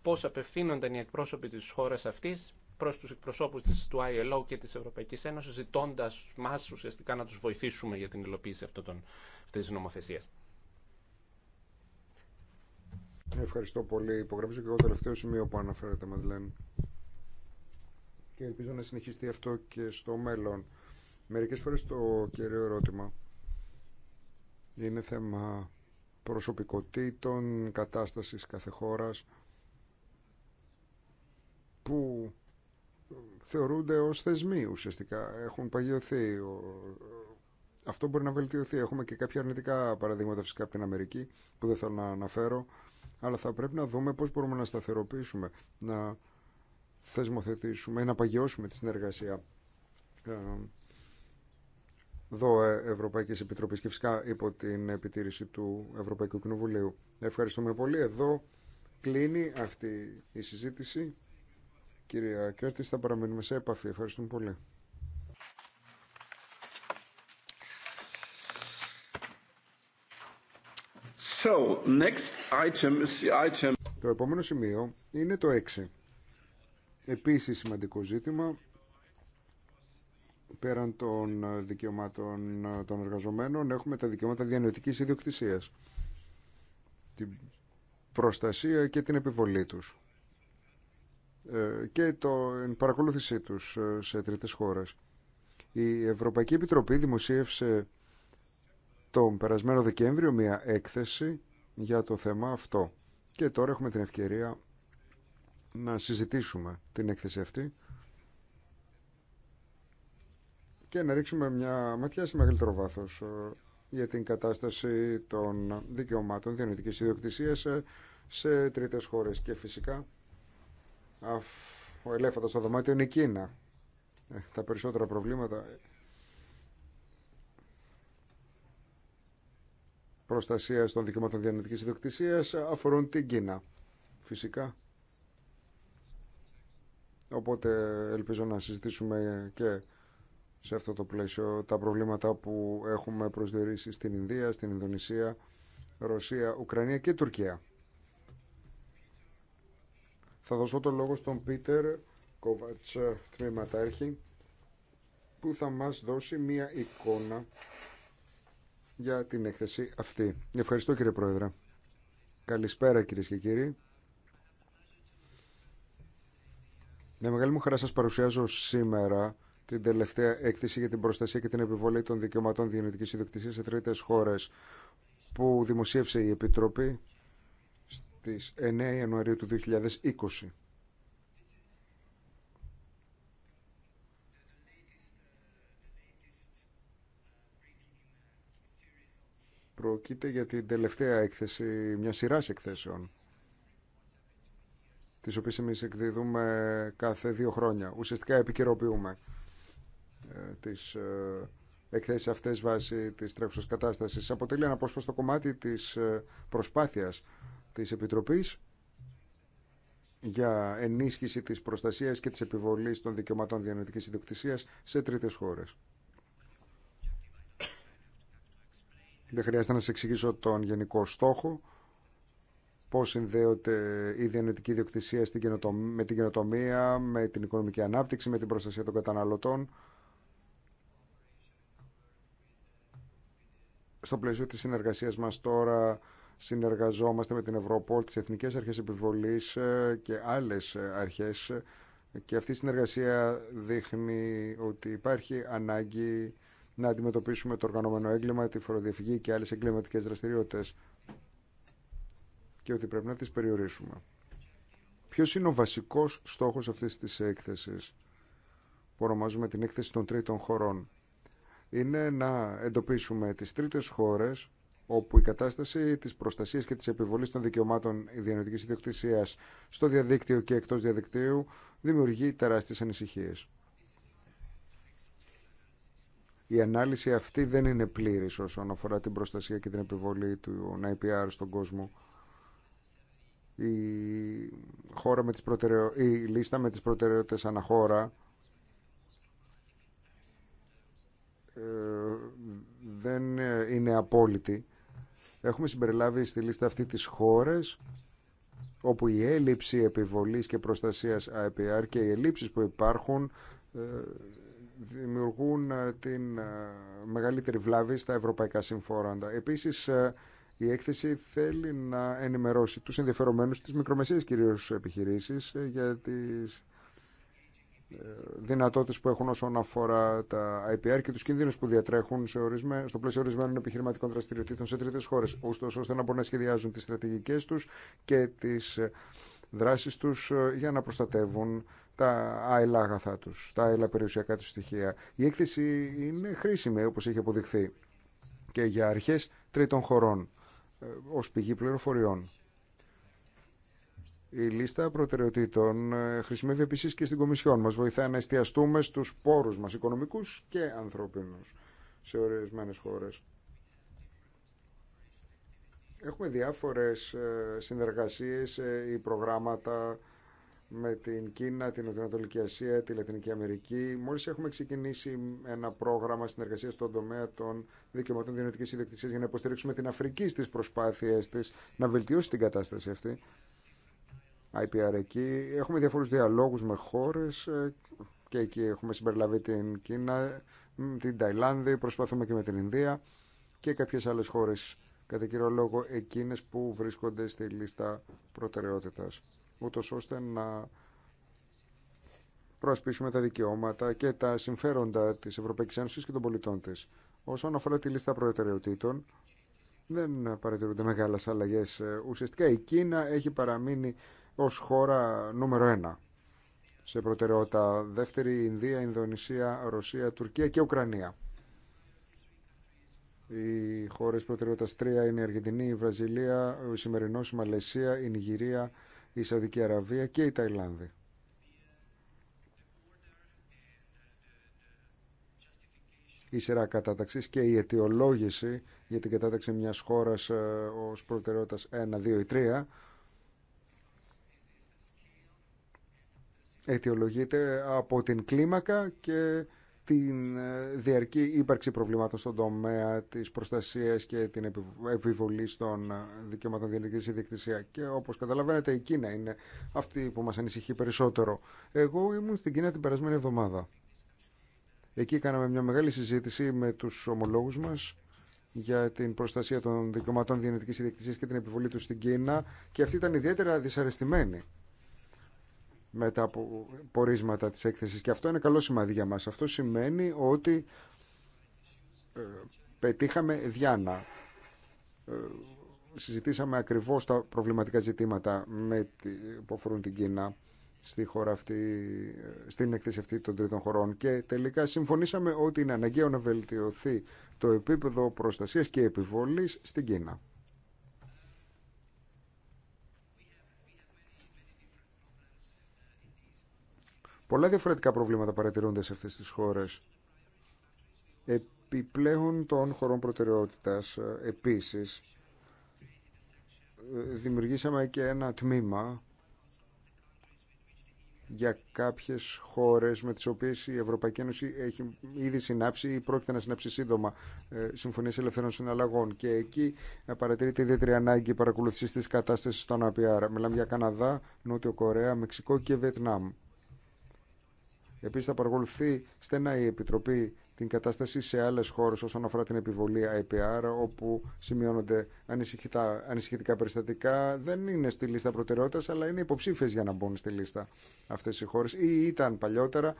πώς απευθύνονταν οι εκπρόσωποι της χώρας αυτής προς τους εκπροσώπους της, του ILO και της Ευρωπαϊκής Ένωσης, ζητώντας μας ουσιαστικά να τους βοηθήσουμε για την υλοποίηση αυτών των, αυτής της νομοθεσίας. Ευχαριστώ πολύ. Υπογραμμίζω και εγώ το τελευταίο σημείο που αναφέρατε, Μαδλέν και ελπίζω να συνεχιστεί αυτό και στο μέλλον. Μερικές φορές το κύριο ερώτημα είναι θέμα προσωπικότητων, κατάστασης κάθε χώρας που θεωρούνται ως θεσμοί ουσιαστικά, έχουν παγιωθεί. Αυτό μπορεί να βελτιωθεί. Έχουμε και κάποια αρνητικά παραδείγματα φυσικά από την Αμερική που δεν θέλω να αναφέρω, αλλά θα πρέπει να δούμε πώς μπορούμε να σταθεροποιήσουμε, να θεσμοθετήσουμε ή να παγιώσουμε τη συνεργασία ε, εδώ ε, Ευρωπαϊκή Επιτροπή και φυσικά υπό την επιτήρηση του Ευρωπαϊκού Κοινοβουλίου. Ευχαριστούμε πολύ. Εδώ κλείνει αυτή η συζήτηση. Κυρία Κέρτη, θα παραμείνουμε σε επαφή. Ευχαριστούμε πολύ. So, next item is the item. Το επόμενο σημείο είναι το 6 Επίσης σημαντικό ζήτημα, πέραν των δικαιωμάτων των εργαζομένων, έχουμε τα δικαιώματα διανοητικής ιδιοκτησίας, την προστασία και την επιβολή τους ε, και την παρακολούθησή τους ε, σε τρίτες χώρες. Η Ευρωπαϊκή Επιτροπή δημοσίευσε τον περασμένο Δεκέμβριο μια έκθεση για το θέμα αυτό. Και τώρα έχουμε την ευκαιρία να συζητήσουμε την έκθεση αυτή και να ρίξουμε μια ματιά σε μεγαλύτερο βάθος ε, για την κατάσταση των δικαιωμάτων διανοητικής ιδιοκτησίας ε, σε τρίτες χώρες και φυσικά ο ελέφαντας στο δωμάτιο είναι η Κίνα ε, τα περισσότερα προβλήματα προστασίας των δικαιωμάτων διανοητικής ιδιοκτησίας αφορούν την Κίνα φυσικά Οπότε ελπίζω να συζητήσουμε και σε αυτό το πλαίσιο τα προβλήματα που έχουμε προσδιορίσει στην Ινδία, στην Ινδονησία, Ρωσία, Ουκρανία και Τουρκία. Θα δώσω το λόγο στον Πίτερ Κόβατς, τμήματάρχη, που θα μας δώσει μία εικόνα για την έκθεση αυτή. Ευχαριστώ κύριε Πρόεδρε. Καλησπέρα κυρίε και κύριοι. Με μεγάλη μου χαρά σας παρουσιάζω σήμερα την τελευταία έκθεση για την προστασία και την επιβολή των δικαιωμάτων διανοητικής ιδιοκτησίας σε τρίτες χώρες που δημοσίευσε η Επιτροπή στις 9 Ιανουαρίου του 2020. Πρόκειται για την τελευταία έκθεση μια σειράς εκθέσεων τις οποίες εμείς εκδίδουμε κάθε δύο χρόνια. Ουσιαστικά επικαιροποιούμε ε, τις ε, εκθέσεις αυτές βάσει της τρέχουσας κατάστασης. Αποτελεί ένα το κομμάτι της ε, προσπάθειας της Επιτροπής για ενίσχυση της προστασίας και της επιβολής των δικαιωμάτων διανοητικής ιδιοκτησίας σε τρίτες χώρες. Δεν χρειάζεται να σας εξηγήσω τον γενικό στόχο πώς συνδέονται η διανοητική ιδιοκτησία στην με την καινοτομία, με την οικονομική ανάπτυξη, με την προστασία των καταναλωτών. Στο πλαίσιο της συνεργασίας μας τώρα συνεργαζόμαστε με την Ευρωπόλ, τις Εθνικές Αρχές Επιβολής ε, και άλλες ε, αρχές και αυτή η συνεργασία δείχνει ότι υπάρχει ανάγκη να αντιμετωπίσουμε το οργανωμένο έγκλημα, τη φοροδιαφυγή και άλλες εγκληματικές δραστηριότητες και ότι πρέπει να τις περιορίσουμε. Ποιος είναι ο βασικός στόχος αυτής της έκθεσης που ονομάζουμε την έκθεση των τρίτων χωρών. Είναι να εντοπίσουμε τις τρίτες χώρες όπου η κατάσταση της προστασίας και της επιβολής των δικαιωμάτων ιδιωτικής ιδιοκτησίας στο διαδίκτυο και εκτός διαδικτύου δημιουργεί τεράστιες ανησυχίες. Η ανάλυση αυτή δεν είναι πλήρης όσον αφορά την προστασία και την επιβολή του IPR στον κόσμο η, χώρα με τις προτεραιο... η λίστα με τις προτεραιότητες αναχώρα ε, δεν είναι απόλυτη. Έχουμε συμπεριλάβει στη λίστα αυτή τις χώρες όπου η έλλειψη επιβολής και προστασίας IPR και οι ελλείψεις που υπάρχουν ε, δημιουργούν ε, την μεγαλύτερη βλάβη στα ευρωπαϊκά συμφόραντα. Επίσης, η έκθεση θέλει να ενημερώσει τους ενδιαφερομένους της μικρομεσαίες κυρίως επιχειρήσεις ε, για τις ε, δυνατότητες που έχουν όσον αφορά τα IPR και τους κινδύνους που διατρέχουν σε ορισμέ, στο πλαίσιο ορισμένων επιχειρηματικών δραστηριοτήτων σε τρίτες χώρες, ωστόσο ώστε να μπορούν να σχεδιάζουν τις στρατηγικές τους και τις ε, δράσεις τους για να προστατεύουν τα άειλα αγαθά τους, τα άειλα περιουσιακά τους στοιχεία. Η έκθεση είναι χρήσιμη όπως έχει αποδειχθεί και για αρχές τρίτων χωρών. Ε, ως πηγή πληροφοριών. Η λίστα προτεραιοτήτων ε, χρησιμεύει επίσης και στην Κομισιόν. Μας βοηθάει να εστιαστούμε στους πόρους μας, οικονομικούς και ανθρώπινους, σε ορισμένε χώρες. Έχουμε διάφορες ε, συνεργασίες ή προγράμματα με την Κίνα, την Νοτιοανατολική Ασία, τη Λατινική Αμερική. Μόλι έχουμε ξεκινήσει ένα πρόγραμμα συνεργασία στον τομέα των δικαιωμάτων διανοητικής ιδιοκτησία για να υποστηρίξουμε την Αφρική στι προσπάθειε τη να βελτιώσει την κατάσταση αυτή. IPR εκεί. Έχουμε διάφορου διαλόγου με χώρε ε, και εκεί έχουμε συμπεριλαβεί την Κίνα, την Ταϊλάνδη, προσπαθούμε και με την Ινδία και κάποιε άλλε χώρε κατά κύριο λόγο εκείνες που βρίσκονται στη λίστα προτεραιότητας ούτω ώστε να προασπίσουμε τα δικαιώματα και τα συμφέροντα της Ευρωπαϊκής Ένωσης και των πολιτών της. Όσον αφορά τη λίστα προτεραιοτήτων, δεν παρατηρούνται μεγάλες αλλαγές. Ε, ουσιαστικά η Κίνα έχει παραμείνει ως χώρα νούμερο ένα σε προτεραιότητα. Δεύτερη Ινδία, Ινδονησία, Ρωσία, Τουρκία και Ουκρανία. Οι χώρες προτεραιότητας τρία είναι η Αργεντινή, η Βραζιλία, ο Σημερινός, η Μαλαισία, η Νιγηρία η Σαουδική Αραβία και η Ταϊλάνδη. Η σειρά κατάταξης και η αιτιολόγηση για την κατάταξη μιας χώρας ε, ως προτεραιότητας 1, 2 ή 3 αιτιολογείται από την κλίμακα και την ε, διαρκή ύπαρξη προβλημάτων στον τομέα της προστασίας και την επιβολή των ε, δικαιωμάτων διανοητικής διεκτησία. Και όπως καταλαβαίνετε η Κίνα είναι αυτή που μας ανησυχεί περισσότερο. Εγώ ήμουν στην Κίνα την περασμένη εβδομάδα. Εκεί κάναμε μια μεγάλη συζήτηση με τους ομολόγους μας για την προστασία των δικαιωμάτων διανοητικής ιδιοκτησίας και την επιβολή του στην Κίνα και αυτή ήταν ιδιαίτερα δυσαρεστημένη με τα πορίσματα της έκθεσης και αυτό είναι καλό σημάδι για μας. Αυτό σημαίνει ότι ε, πετύχαμε διάνα. Ε, συζητήσαμε ακριβώς τα προβληματικά ζητήματα με, που αφορούν την Κίνα στη χώρα αυτή, ε, στην έκθεση αυτή των τρίτων χωρών και τελικά συμφωνήσαμε ότι είναι αναγκαίο να βελτιωθεί το επίπεδο προστασίας και επιβολής στην Κίνα. Πολλά διαφορετικά προβλήματα παρατηρούνται σε αυτές τις χώρες. Επιπλέον των χωρών προτεραιότητας, ε, επίσης, ε, δημιουργήσαμε και ένα τμήμα για κάποιες χώρες με τις οποίες η Ευρωπαϊκή Ένωση έχει ήδη συνάψει ή πρόκειται να συνάψει σύντομα ε, συμφωνίες ελευθερών συναλλαγών και εκεί παρατηρείται ιδιαίτερη ανάγκη παρακολουθήσης της κατάστασης των ΑΠΙΑΡ. Μιλάμε για Καναδά, Νότιο Κορέα, Μεξικό και Βιετνάμ. Επίση, θα παρακολουθεί στενά η Επιτροπή την κατάσταση σε άλλε χώρε όσον αφορά την επιβολή IPR όπου σημειώνονται ανησυχητικά περιστατικά. Δεν είναι στη λίστα προτεραιότητα, αλλά είναι υποψήφιε για να μπουν στη λίστα αυτέ οι χώρε ή ήταν παλιότερα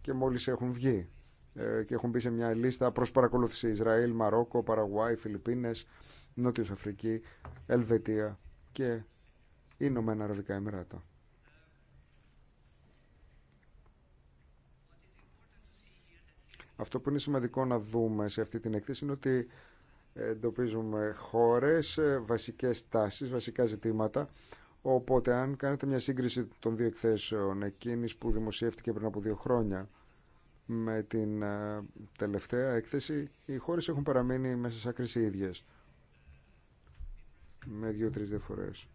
και μόλι έχουν βγει ε, και έχουν μπει σε μια λίστα Προ παρακολούθηση Ισραήλ, Μαρόκο, Παραγουάη, Φιλιππίνες, Νότιο Αφρική, Ελβετία και Ηνωμένα Αραβικά Εμμυράτα. Αυτό που είναι σημαντικό να δούμε σε αυτή την εκθέση είναι ότι εντοπίζουμε χώρες, ε, βασικές τάσεις, βασικά ζητήματα. Οπότε αν κάνετε μια σύγκριση των δύο εκθέσεων, εκείνης που δημοσιεύτηκε πριν από δύο χρόνια με την ε, τελευταία έκθεση, οι χώρες έχουν παραμείνει μέσα σε κρίση ίδιες. Με δύο-τρεις διαφορές.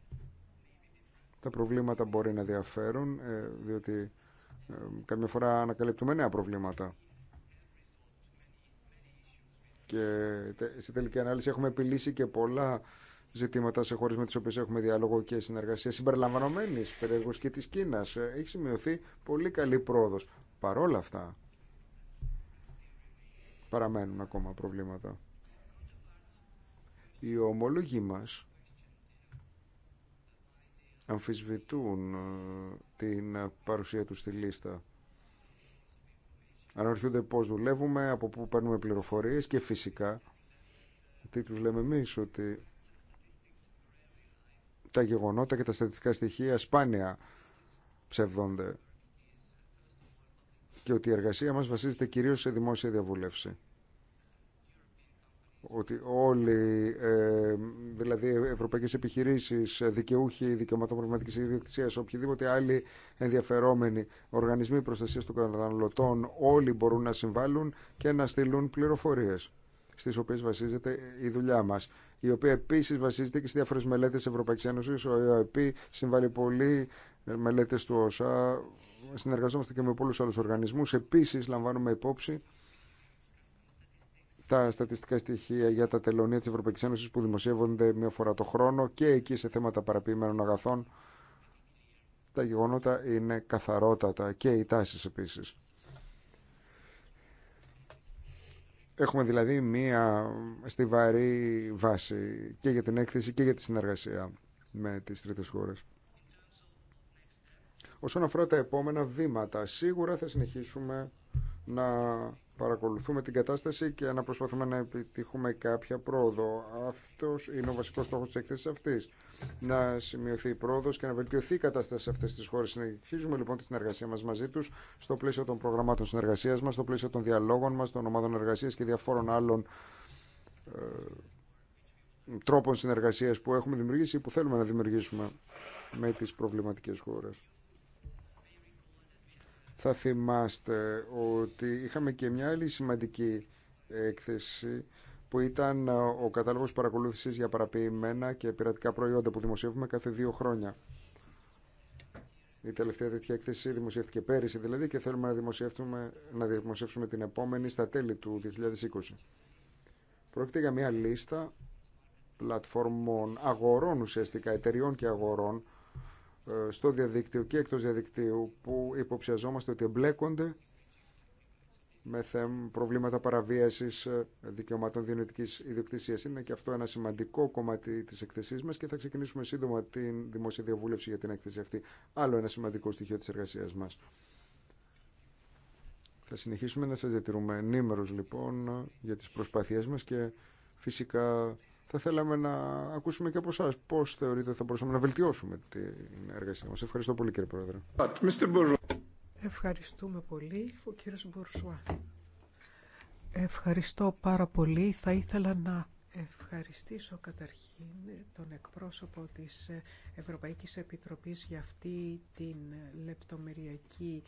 Τα προβλήματα μπορεί να διαφέρουν, ε, διότι καμιά φορά ανακαλύπτουμε νέα προβλήματα και στη τελική ανάλυση έχουμε επιλύσει και πολλά ζητήματα σε χώρε με τι οποίε έχουμε διάλογο και συνεργασία συμπεριλαμβανομένη περίεργω και τη Κίνα. Ε, έχει σημειωθεί πολύ καλή πρόοδο. Παρόλα αυτά, παραμένουν ακόμα προβλήματα. Οι ομολογοί μας αμφισβητούν ε, την παρουσία του στη λίστα Αναρωτιούνται πώς δουλεύουμε, από πού παίρνουμε πληροφορίες και φυσικά τι τους λέμε εμείς ότι τα γεγονότα και τα στατιστικά στοιχεία σπάνια ψευδόνται και ότι η εργασία μας βασίζεται κυρίως σε δημόσια διαβούλευση ότι όλοι, ε, δηλαδή ευρωπαϊκές επιχειρήσεις, δικαιούχοι δικαιωμάτων ιδιοκτησίας, οποιοδήποτε άλλοι ενδιαφερόμενοι οργανισμοί προστασίας των καταναλωτών, όλοι μπορούν να συμβάλλουν και να στείλουν πληροφορίες στις οποίες βασίζεται η δουλειά μας, η οποία επίσης βασίζεται και σε διάφορες μελέτες της Ευρωπαϊκής Ένωσης. Ο ΕΟΕΠΗ συμβάλλει πολύ ε, μελέτες του ΩΣΑ, συνεργαζόμαστε και με πολλούς άλλους οργανισμούς. Επίσης λαμβάνουμε υπόψη τα στατιστικά στοιχεία για τα τελωνία της Ευρωπαϊκής Ένωσης που δημοσιεύονται μία φορά το χρόνο και εκεί σε θέματα παραποιημένων αγαθών τα γεγονότα είναι καθαρότατα και οι τάσει επίσης. Έχουμε δηλαδή μία στιβαρή βάση και για την έκθεση και για τη συνεργασία με τις τρίτες χώρες. Όσον αφορά τα επόμενα βήματα, σίγουρα θα συνεχίσουμε να παρακολουθούμε την κατάσταση και να προσπαθούμε να επιτύχουμε κάποια πρόοδο. Αυτό είναι ο βασικό στόχο τη εκθέση αυτή, Να σημειωθεί η πρόοδο και να βελτιωθεί η κατάσταση σε αυτές τις Συνεχίζουμε λοιπόν τη συνεργασία μας μαζί του, στο πλαίσιο των προγραμμάτων συνεργασία μα, στο πλαίσιο των διαλόγων μα, των ομάδων εργασία και διαφόρων άλλων ε, τρόπων συνεργασίας που έχουμε δημιουργήσει ή που θέλουμε να δημιουργήσουμε με τις προβληματικές χώρες θα θυμάστε ότι είχαμε και μια άλλη σημαντική έκθεση που ήταν ο κατάλογος παρακολούθησης για παραποιημένα και πειρατικά προϊόντα που δημοσιεύουμε κάθε δύο χρόνια. Η τελευταία τέτοια έκθεση δημοσιεύτηκε πέρυσι δηλαδή και θέλουμε να δημοσιεύσουμε, να δημοσιεύσουμε την επόμενη στα τέλη του 2020. Πρόκειται για μια λίστα πλατφόρμων αγορών ουσιαστικά, εταιριών και αγορών στο διαδίκτυο και εκτός διαδικτύου που υποψιαζόμαστε ότι εμπλέκονται με θέμ, προβλήματα παραβίασης ε, δικαιωμάτων διανοητικής ιδιοκτησίας. Είναι και αυτό ένα σημαντικό κομμάτι της εκθεσής μας και θα ξεκινήσουμε σύντομα την δημόσια διαβούλευση για την έκθεση αυτή. Άλλο ένα σημαντικό στοιχείο της εργασίας μας. Θα συνεχίσουμε να σας διατηρούμε ενήμερους λοιπόν για τις προσπάθειές μας και φυσικά θα θέλαμε να ακούσουμε και από εσά πώ θεωρείτε θα μπορούσαμε να βελτιώσουμε την εργασία μα. Ευχαριστώ πολύ, κύριε Πρόεδρε. Ευχαριστούμε πολύ, ο κύριο Μπορσουά. Ευχαριστώ πάρα πολύ. Θα ήθελα να ευχαριστήσω καταρχήν τον εκπρόσωπο της Ευρωπαϊκής Επιτροπής για αυτή την λεπτομεριακή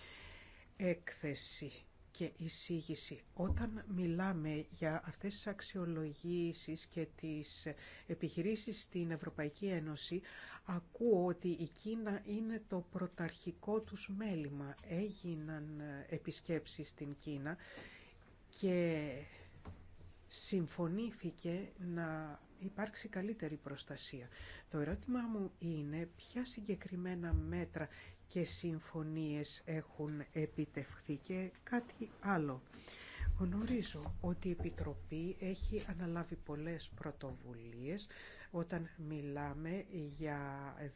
έκθεση και εισήγηση. Όταν μιλάμε για αυτές τις αξιολογήσεις και τις επιχειρήσεις στην Ευρωπαϊκή Ένωση, ακούω ότι η Κίνα είναι το πρωταρχικό τους μέλημα. Έγιναν ε, επισκέψεις στην Κίνα και συμφωνήθηκε να υπάρξει καλύτερη προστασία. Το ερώτημά μου είναι ποια συγκεκριμένα μέτρα και συμφωνίες έχουν επιτευχθεί και κάτι άλλο. Γνωρίζω ότι η Επιτροπή έχει αναλάβει πολλές πρωτοβουλίες όταν μιλάμε για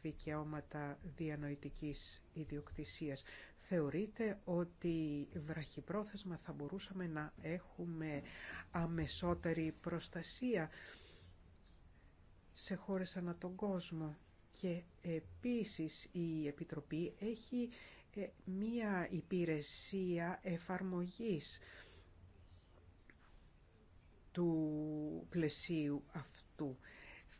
δικαιώματα διανοητικής ιδιοκτησίας. Θεωρείτε ότι βραχυπρόθεσμα θα μπορούσαμε να έχουμε αμεσότερη προστασία σε χώρες ανά τον κόσμο. Και επίσης η Επιτροπή έχει ε, μία υπηρεσία εφαρμογής του πλαισίου αυτού.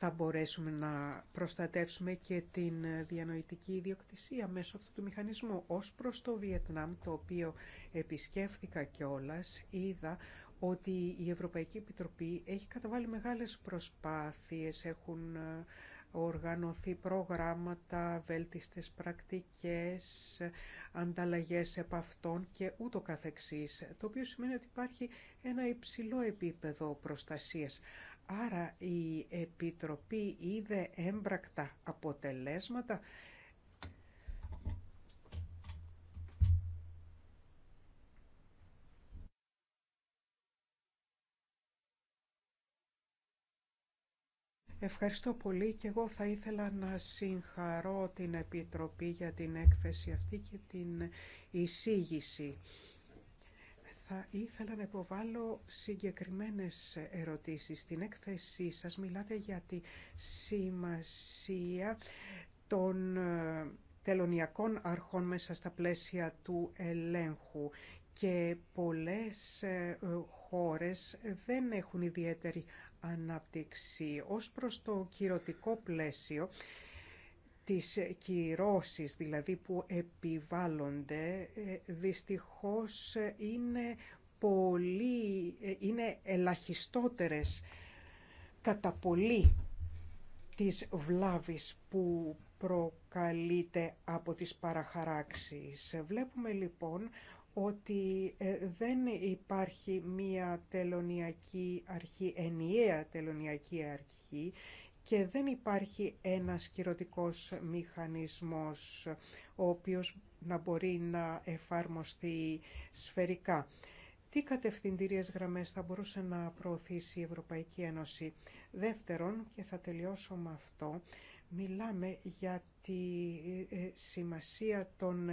Θα μπορέσουμε να προστατεύσουμε και την διανοητική ιδιοκτησία μέσω αυτού του μηχανισμού. Ως προς το Βιετνάμ, το οποίο επισκέφθηκα όλας, είδα ότι η Ευρωπαϊκή Επιτροπή έχει καταβάλει μεγάλες προσπάθειες, έχουν ε, οργανωθεί προγράμματα, βέλτιστες πρακτικές, ανταλλαγές επ' αυτών και ούτω καθεξής, το οποίο σημαίνει ότι υπάρχει ένα υψηλό επίπεδο προστασίας. Άρα η Επιτροπή είδε έμπρακτα αποτελέσματα Ευχαριστώ πολύ και εγώ θα ήθελα να συγχαρώ την Επιτροπή για την έκθεση αυτή και την εισήγηση. Θα ήθελα να υποβάλω συγκεκριμένες ερωτήσεις. Στην έκθεσή σας μιλάτε για τη σημασία των ε, τελωνιακών αρχών μέσα στα πλαίσια του ελέγχου και πολλές ε, χώρες δεν έχουν ιδιαίτερη ανάπτυξη. Ως προς το κυρωτικό πλαίσιο, τις κυρώσεις δηλαδή που επιβάλλονται, ε, δυστυχώς ε, είναι πολύ, ε, είναι ελαχιστότερες κατά πολύ της βλάβης που προκαλείται από τις παραχαράξεις. Βλέπουμε λοιπόν ότι ε, δεν υπάρχει μία τελωνιακή αρχή, ενιαία τελωνιακή αρχή και δεν υπάρχει ένας κυρωτικός μηχανισμός ο οποίος να μπορεί να εφαρμοστεί σφαιρικά. Τι κατευθυντήριες γραμμές θα μπορούσε να προωθήσει η Ευρωπαϊκή Ένωση. Δεύτερον, και θα τελειώσω με αυτό, μιλάμε για τη ε, ε, σημασία των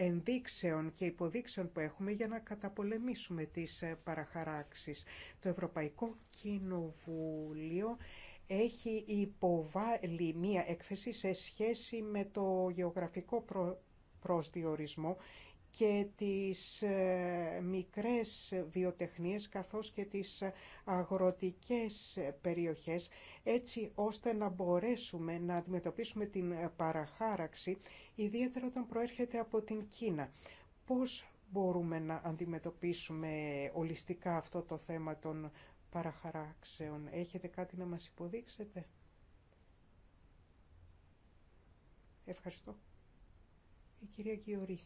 ενδείξεων και υποδείξεων που έχουμε για να καταπολεμήσουμε τις ε, παραχαράξεις. Το Ευρωπαϊκό Κοινοβούλιο έχει υποβάλει μία έκθεση σε σχέση με το γεωγραφικό προσδιορισμό και τις ε, μικρές βιοτεχνίες καθώς και τις αγροτικές περιοχές έτσι ώστε να μπορέσουμε να αντιμετωπίσουμε την παραχάραξη ιδιαίτερα όταν προέρχεται από την Κίνα. Πώς μπορούμε να αντιμετωπίσουμε ολιστικά αυτό το θέμα των παραχαράξεων. Έχετε κάτι να μας υποδείξετε. Ευχαριστώ. Η κυρία Κιωρή.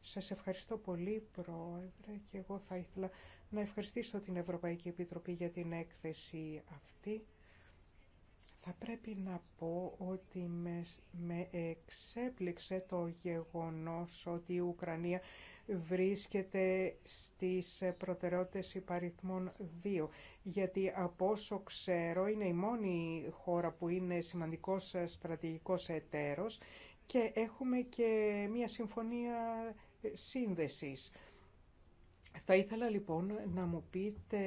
Σας ευχαριστώ πολύ, Πρόεδρε, και εγώ θα ήθελα να ευχαριστήσω την Ευρωπαϊκή Επιτροπή για την έκθεση αυτή. Θα πρέπει να πω ότι με, με εξέπληξε το γεγονός ότι η Ουκρανία βρίσκεται στις προτεραιότητες υπαριθμών 2, γιατί από όσο ξέρω είναι η μόνη χώρα που είναι σημαντικός στρατηγικός εταίρος και έχουμε και μια συμφωνία σύνδεσης. Θα ήθελα λοιπόν να μου πείτε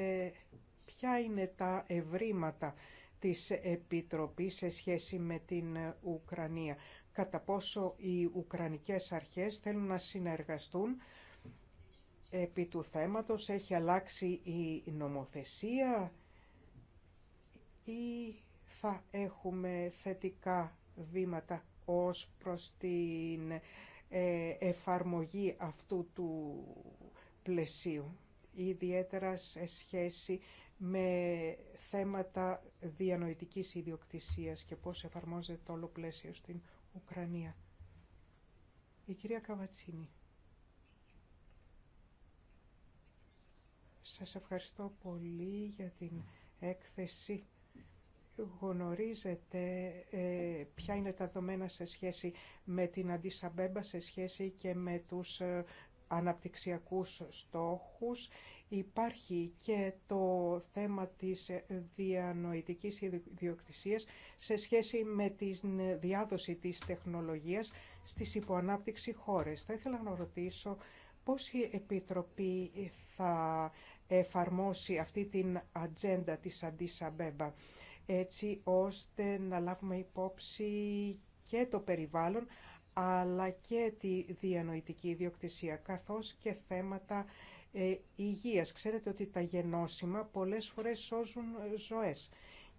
ποια είναι τα ευρήματα της Επιτροπής σε σχέση με την Ουκρανία. Κατά πόσο οι Ουκρανικές αρχές θέλουν να συνεργαστούν επί του θέματος, έχει αλλάξει η νομοθεσία ή θα έχουμε θετικά βήματα ως προς την ε, εφαρμογή αυτού του πλαισίου, ιδιαίτερα σε σχέση με θέματα διανοητικής ιδιοκτησίας και πώς εφαρμόζεται το όλο πλαίσιο στην Ουκρανία. Η κυρία Καβατσίνη. Σας ευχαριστώ πολύ για την έκθεση. Γνωρίζετε ε, ποια είναι τα δεδομένα σε σχέση με την Αντισαμπέμπα, σε σχέση και με τους ε, αναπτυξιακούς στόχους Υπάρχει και το θέμα της διανοητικής ιδιοκτησίας σε σχέση με τη διάδοση της τεχνολογίας στις υποανάπτυξη χώρες. Θα ήθελα να ρωτήσω πώς η Επιτροπή θα εφαρμόσει αυτή την ατζέντα της Μπέμπα έτσι ώστε να λάβουμε υπόψη και το περιβάλλον αλλά και τη διανοητική ιδιοκτησία καθώς και θέματα ε, υγείας. Ξέρετε ότι τα γενώσιμα πολλές φορές σώζουν ε, ζωές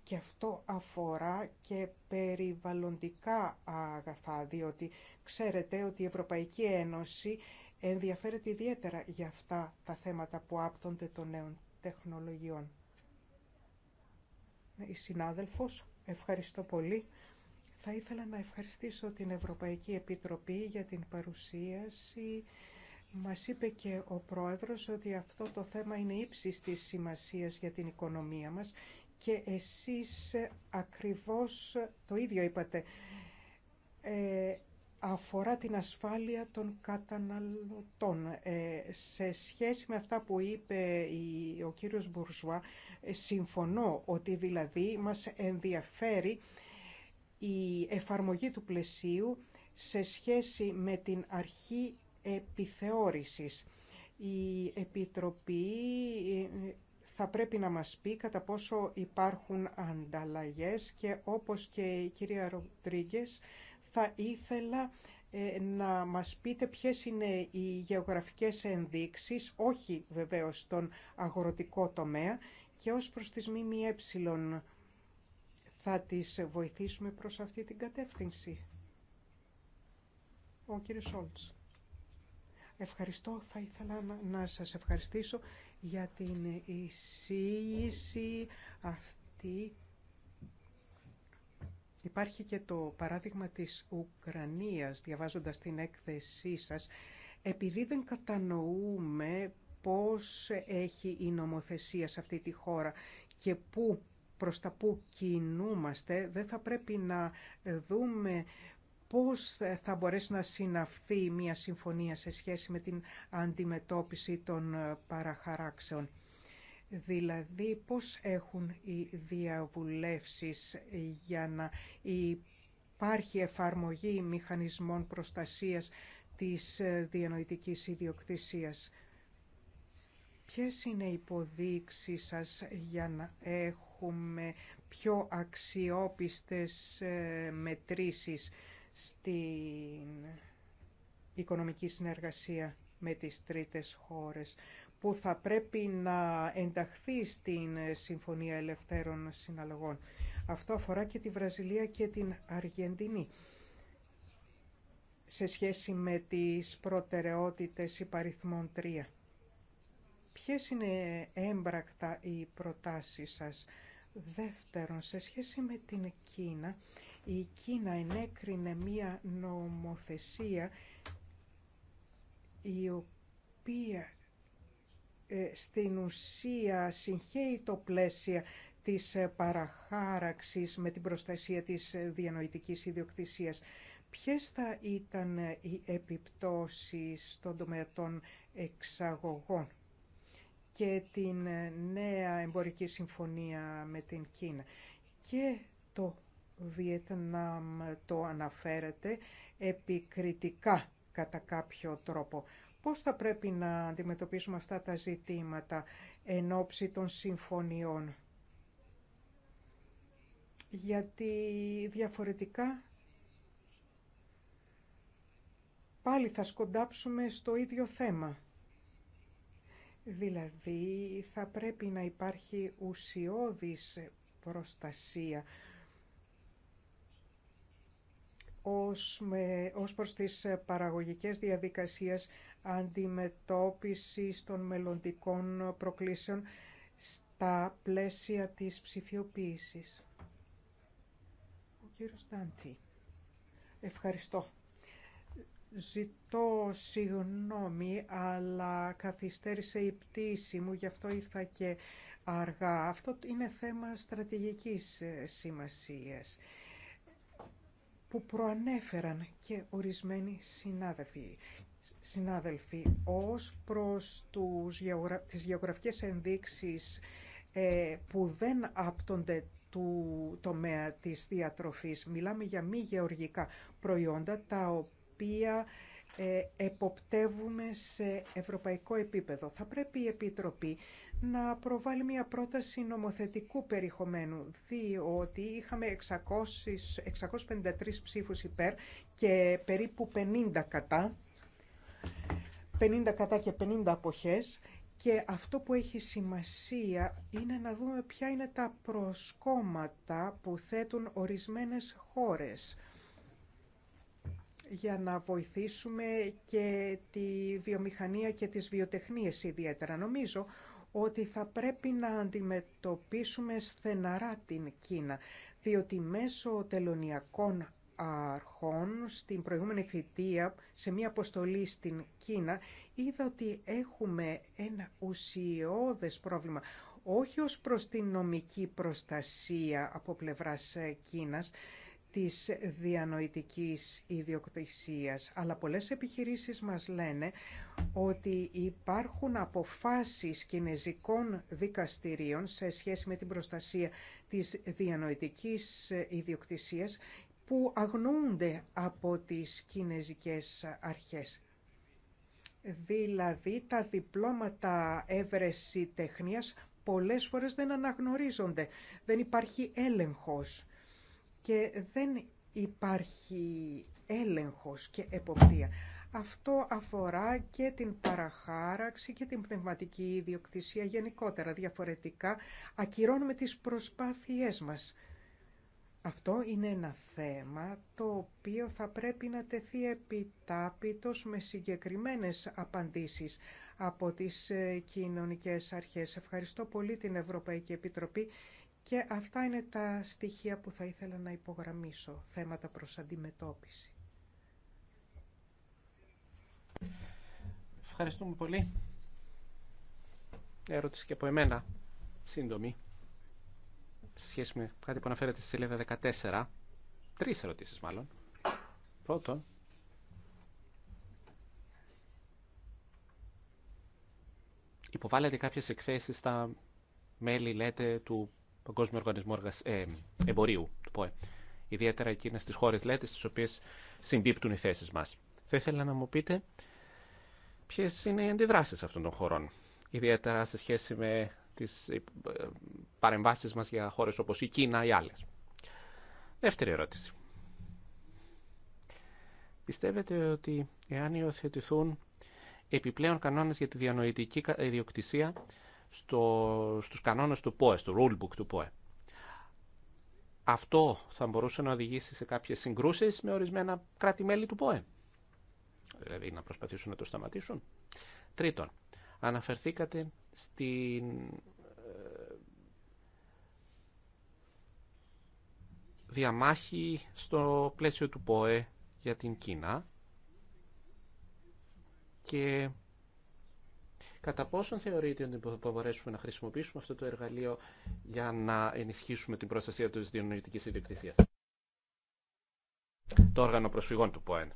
και αυτό αφορά και περιβαλλοντικά αγαθά, διότι ξέρετε ότι η Ευρωπαϊκή Ένωση ενδιαφέρεται ιδιαίτερα για αυτά τα θέματα που άπτονται των νέων τεχνολογιών. Ε, η συνάδελφος, ευχαριστώ πολύ. Θα ήθελα να ευχαριστήσω την Ευρωπαϊκή Επιτροπή για την παρουσίαση μας είπε και ο Πρόεδρος ότι αυτό το θέμα είναι ύψης της σημασίας για την οικονομία μας και εσείς ε, ακριβώς ε, το ίδιο είπατε. Ε, αφορά την ασφάλεια των καταναλωτών. σε σχέση με αυτά που είπε ο κύριος Μπουρζουά, συμφωνώ ότι δηλαδή μας ενδιαφέρει η εφαρμογή του πλαισίου σε σχέση με την αρχή επιθεώρησης. Η Επιτροπή ε, θα πρέπει να μας πει κατά πόσο υπάρχουν ανταλλαγές και όπως και η κυρία Ροντρίγκε, θα ήθελα ε, να μας πείτε ποιες είναι οι γεωγραφικές ενδείξεις, όχι βεβαίως στον αγροτικό τομέα και ως προς τις ΜΜΕ θα τις βοηθήσουμε προς αυτή την κατεύθυνση. Ο κύριος Σόλτς. Ευχαριστώ. Θα ήθελα να σας ευχαριστήσω για την εισήγηση αυτή. Υπάρχει και το παράδειγμα της Ουκρανίας, διαβάζοντας την έκθεσή σας. Επειδή δεν κατανοούμε πώς έχει η νομοθεσία σε αυτή τη χώρα και πού προς τα που κινούμαστε, δεν θα πρέπει να δούμε πώς θα μπορέσει να συναυθεί μια συμφωνία σε σχέση με την αντιμετώπιση των ε, παραχαράξεων. Δηλαδή, πώς έχουν οι διαβουλεύσεις για να υπάρχει εφαρμογή μηχανισμών προστασίας της ε, διανοητικής ιδιοκτησίας. Ποιες είναι οι υποδείξεις σας για να έχουμε πιο αξιόπιστες ε, μετρήσεις στην οικονομική συνεργασία με τις τρίτες χώρες που θα πρέπει να ενταχθεί στην Συμφωνία Ελευθέρων Συναλλαγών. Αυτό αφορά και τη Βραζιλία και την Αργεντινή σε σχέση με τις προτεραιότητες υπαριθμών 3. Ποιες είναι έμπρακτα οι προτάσεις σας. Δεύτερον, σε σχέση με την Κίνα, η Κίνα ενέκρινε μία νομοθεσία η οποία ε, στην ουσία συγχαίει το πλαίσιο της παραχάραξης με την προστασία της διανοητικής ιδιοκτησίας. Ποιες θα ήταν οι επιπτώσεις στον τομέα των εξαγωγών και την νέα εμπορική συμφωνία με την Κίνα. Και το Βιετνάμ το αναφέρεται επικριτικά κατά κάποιο τρόπο. Πώς θα πρέπει να αντιμετωπίσουμε αυτά τα ζητήματα εν ώψη των συμφωνιών. Γιατί διαφορετικά πάλι θα σκοντάψουμε στο ίδιο θέμα. Δηλαδή θα πρέπει να υπάρχει ουσιώδης προστασία ως, με, ως προς τις παραγωγικές διαδικασίες αντιμετώπισης των μελλοντικών προκλήσεων στα πλαίσια της ψηφιοποίησης. Ο κύριος Ντάντη. Ευχαριστώ. Ζητώ συγγνώμη, αλλά καθυστέρησε η πτήση μου, γι' αυτό ήρθα και αργά. Αυτό είναι θέμα στρατηγικής ε, σημασίας που προανέφεραν και ορισμένοι συνάδελφοι, συνάδελφοι ως προς τους, τις γεωγραφικές ενδείξεις ε, που δεν άπτονται του τομέα της διατροφής. Μιλάμε για μη γεωργικά προϊόντα τα οποία ε, εποπτεύουμε σε ευρωπαϊκό επίπεδο. Θα πρέπει η Επιτροπή να προβάλλει μια πρόταση νομοθετικού περιεχομένου, διότι είχαμε 600, 653 ψήφους υπέρ και περίπου 50 κατά, 50 κατά και 50 αποχές και αυτό που έχει σημασία είναι να δούμε ποια είναι τα προσκόμματα που θέτουν ορισμένες χώρες για να βοηθήσουμε και τη βιομηχανία και τις βιοτεχνίες ιδιαίτερα. Νομίζω ότι θα πρέπει να αντιμετωπίσουμε στεναρά την Κίνα, διότι μέσω τελωνιακών αρχών στην προηγούμενη θητεία σε μια αποστολή στην Κίνα είδα ότι έχουμε ένα ουσιώδες πρόβλημα όχι ως προς την νομική προστασία από πλευράς ε, Κίνας της διανοητικής ιδιοκτησίας. Αλλά πολλές επιχειρήσεις μας λένε ότι υπάρχουν αποφάσεις κινέζικων δικαστηρίων σε σχέση με την προστασία της διανοητικής ιδιοκτησίας που αγνοούνται από τις κινέζικες αρχές. Δηλαδή τα διπλώματα έβρεση τεχνίας πολλές φορές δεν αναγνωρίζονται, δεν υπάρχει έλεγχος και δεν υπάρχει έλεγχος και εποπτεία. Αυτό αφορά και την παραχάραξη και την πνευματική ιδιοκτησία γενικότερα. Διαφορετικά ακυρώνουμε τις προσπάθειές μας. Αυτό είναι ένα θέμα το οποίο θα πρέπει να τεθεί επιτάπητος με συγκεκριμένες απαντήσεις από τις ε, κοινωνικές αρχές. Ευχαριστώ πολύ την Ευρωπαϊκή Επιτροπή και αυτά είναι τα στοιχεία που θα ήθελα να υπογραμμίσω, θέματα προς αντιμετώπιση. Ευχαριστούμε πολύ. Ερώτηση και από εμένα, σύντομη, σε σχέση με κάτι που αναφέρεται στη σελίδα 14. Τρεις ερωτήσεις μάλλον. Πρώτον, Υποβάλλετε κάποιες εκθέσεις στα μέλη, λέτε, του Παγκόσμιο Οργανισμό ε, Εμπορίου, του ΠΟΕ. Ιδιαίτερα εκείνε τι χώρε, λέτε, στι οποίε συμπίπτουν οι θέσει μα. Θα ήθελα να μου πείτε ποιε είναι οι αντιδράσει αυτών των χωρών, ιδιαίτερα σε σχέση με τι ε, παρεμβάσει μα για χώρε όπω η Κίνα ή άλλε. Δεύτερη ερώτηση. Πιστεύετε ότι εάν υιοθετηθούν επιπλέον κανόνες για τη διανοητική ιδιοκτησία, στο, στους κανόνες του ΠΟΕ, στο rulebook του ΠΟΕ. Αυτό θα μπορούσε να οδηγήσει σε κάποιες συγκρούσεις με ορισμένα κράτη-μέλη του ΠΟΕ. Δηλαδή να προσπαθήσουν να το σταματήσουν. Τρίτον, αναφερθήκατε στην ε, διαμάχη στο πλαίσιο του ΠΟΕ για την Κίνα και Κατά πόσον θεωρείτε ότι θα μπορέσουμε να χρησιμοποιήσουμε αυτό το εργαλείο για να ενισχύσουμε την προστασία της διανοητικής ιδιοκτησίας. Το όργανο προσφυγών του ΠΟΕΝ.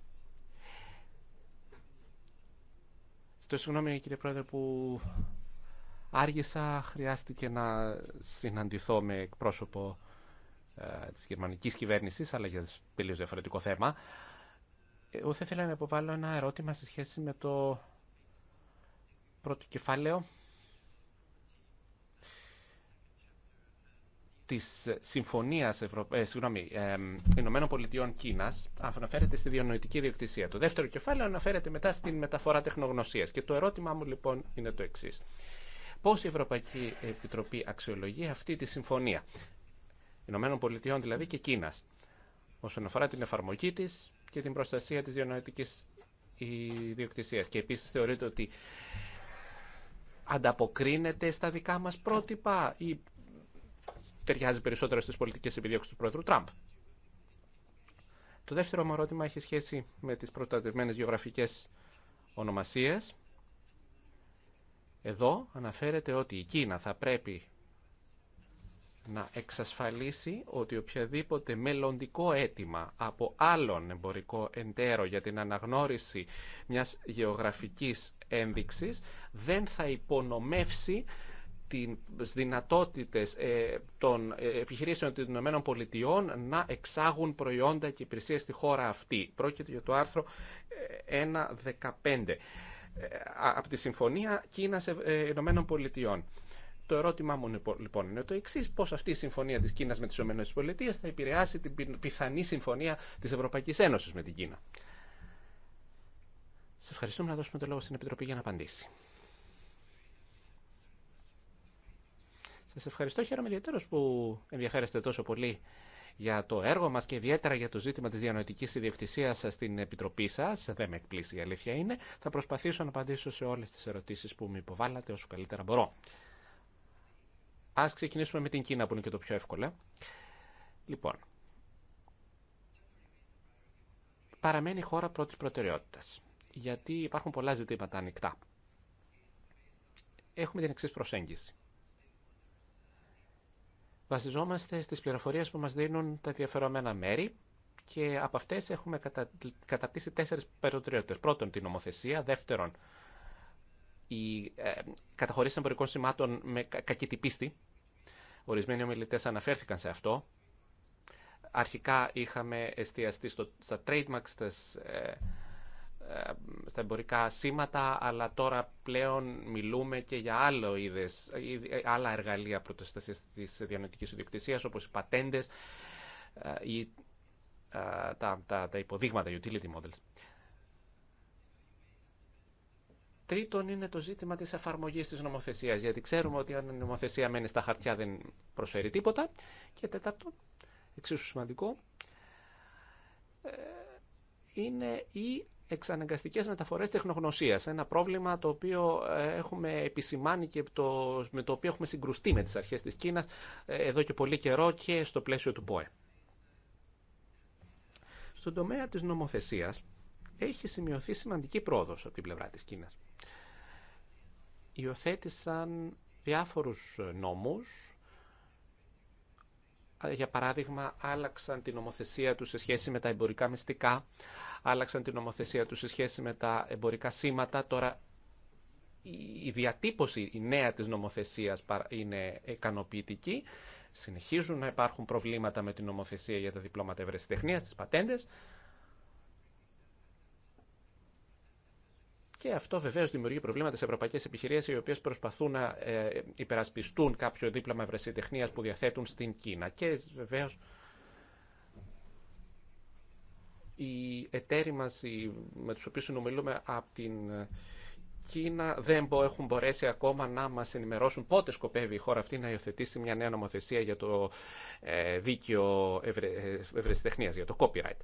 Στο συγγνώμη κύριε Πρόεδρε που άργησα, χρειάστηκε να συναντηθώ με εκπρόσωπο ε, της γερμανικής κυβέρνησης, αλλά για πολύ διαφορετικό θέμα. Ε, εγώ θα ήθελα να υποβάλω ένα ερώτημα σε σχέση με το πρώτο κεφάλαιο της Συμφωνίας Ευρω... ε, συγγνώμη, ε, Ηνωμένων Πολιτειών Κίνας αναφέρεται στη διανοητική διοκτησία. Το δεύτερο κεφάλαιο αναφέρεται μετά στην μεταφορά τεχνογνωσίας. Και το ερώτημά μου λοιπόν είναι το εξής. Πώς η Ευρωπαϊκή Επιτροπή αξιολογεί αυτή τη συμφωνία Ηνωμένων Πολιτειών δηλαδή και Κίνας όσον αφορά την εφαρμογή της και την προστασία της διανοητικής ιδιοκτησίας. Ε, και επίσης θεωρείται ότι ανταποκρίνεται στα δικά μας πρότυπα ή ταιριάζει περισσότερο στις πολιτικές επιδιώξεις του Πρόεδρου Τραμπ. Το δεύτερο μου ερώτημα έχει σχέση με τις προστατευμένες γεωγραφικές ονομασίες. Εδώ αναφέρεται ότι η Κίνα θα πρέπει να εξασφαλίσει ότι οποιαδήποτε μελλοντικό αίτημα από άλλον εμπορικό εντέρο για την αναγνώριση μιας γεωγραφικής ένδειξης δεν θα υπονομεύσει τις δυνατότητες ε, των ε, επιχειρήσεων των Ηνωμένων Πολιτειών να εξάγουν προϊόντα και υπηρεσίες στη χώρα αυτή. Πρόκειται για το άρθρο 1.15 ε, από τη Συμφωνία Κίνας Ηνωμένων Πολιτειών. Το ερώτημά μου λοιπόν είναι το εξή: Πώ αυτή η συμφωνία τη Κίνα με τι ΗΠΑ θα επηρεάσει την πιθανή συμφωνία τη Ευρωπαϊκή Ένωση με την Κίνα. Σα ευχαριστούμε να δώσουμε το λόγο στην Επιτροπή για να απαντήσει. Σας ευχαριστώ. Χαίρομαι ιδιαίτερως που ενδιαφέρεστε τόσο πολύ για το έργο μας και ιδιαίτερα για το ζήτημα της διανοητικής ιδιοκτησίας στην Επιτροπή σας. Δεν με εκπλήσει η αλήθεια είναι. Θα προσπαθήσω να απαντήσω σε όλες τις ερωτήσεις που μου υποβάλλατε όσο καλύτερα μπορώ. Ας ξεκινήσουμε με την Κίνα που είναι και το πιο εύκολο. Λοιπόν, παραμένει η χώρα πρώτης προτεραιότητας, γιατί υπάρχουν πολλά ζητήματα ανοιχτά. Έχουμε την εξή προσέγγιση. Βασιζόμαστε στις πληροφορίες που μας δίνουν τα ενδιαφερομένα μέρη και από αυτές έχουμε καταπτύσσει τέσσερις προτεραιότητες. Πρώτον, την νομοθεσία. Δεύτερον, η ε, καταχωρήση εμπορικών σημάτων με κακή τυπίστη. Ορισμένοι ομιλητέ αναφέρθηκαν σε αυτό. Αρχικά είχαμε εστιαστεί στο, στα trademarks, ε, ε, στα εμπορικά σήματα, αλλά τώρα πλέον μιλούμε και για άλλο είδες, ε, άλλα εργαλεία πρωτοστασία της διανοητικής ιδιοκτησία, όπως οι πατέντες ή τα, τα, τα υποδείγματα, utility models. Τρίτον είναι το ζήτημα της εφαρμογής της νομοθεσίας, γιατί ξέρουμε ότι αν η νομοθεσία μένει στα χαρτιά δεν προσφέρει τίποτα. Και τέταρτον, εξίσου σημαντικό, ε, είναι η εξαναγκαστικές μεταφορές τεχνογνωσίας. Ένα πρόβλημα το οποίο ε, έχουμε επισημάνει και με το οποίο έχουμε συγκρουστεί με τις αρχές της Κίνας ε, εδώ και πολύ καιρό και στο πλαίσιο του ΠΟΕ. Στον τομέα της νομοθεσίας έχει σημειωθεί σημαντική πρόοδος από την πλευρά της Κίνας. Υιοθέτησαν διάφορους νόμους, για παράδειγμα άλλαξαν την νομοθεσία του σε σχέση με τα εμπορικά μυστικά, άλλαξαν την νομοθεσία του σε σχέση με τα εμπορικά σήματα, τώρα η διατύπωση, η νέα της νομοθεσίας είναι ικανοποιητική. Συνεχίζουν να υπάρχουν προβλήματα με την νομοθεσία για τα διπλώματα ευρεσιτεχνίας, τις πατέντες. Και αυτό βεβαίω δημιουργεί προβλήματα σε ευρωπαϊκέ επιχειρήσει οι οποίε προσπαθούν να ε, υπερασπιστούν κάποιο δίπλωμα ευρεσιτεχνία που διαθέτουν στην Κίνα. Και βεβαίω οι εταίροι μα με του οποίου συνομιλούμε από την Κίνα δεν έχουν μπορέσει ακόμα να μα ενημερώσουν πότε σκοπεύει η χώρα αυτή να υιοθετήσει μια νέα νομοθεσία για το ε, δίκαιο ευρεσιτεχνία, για το copyright.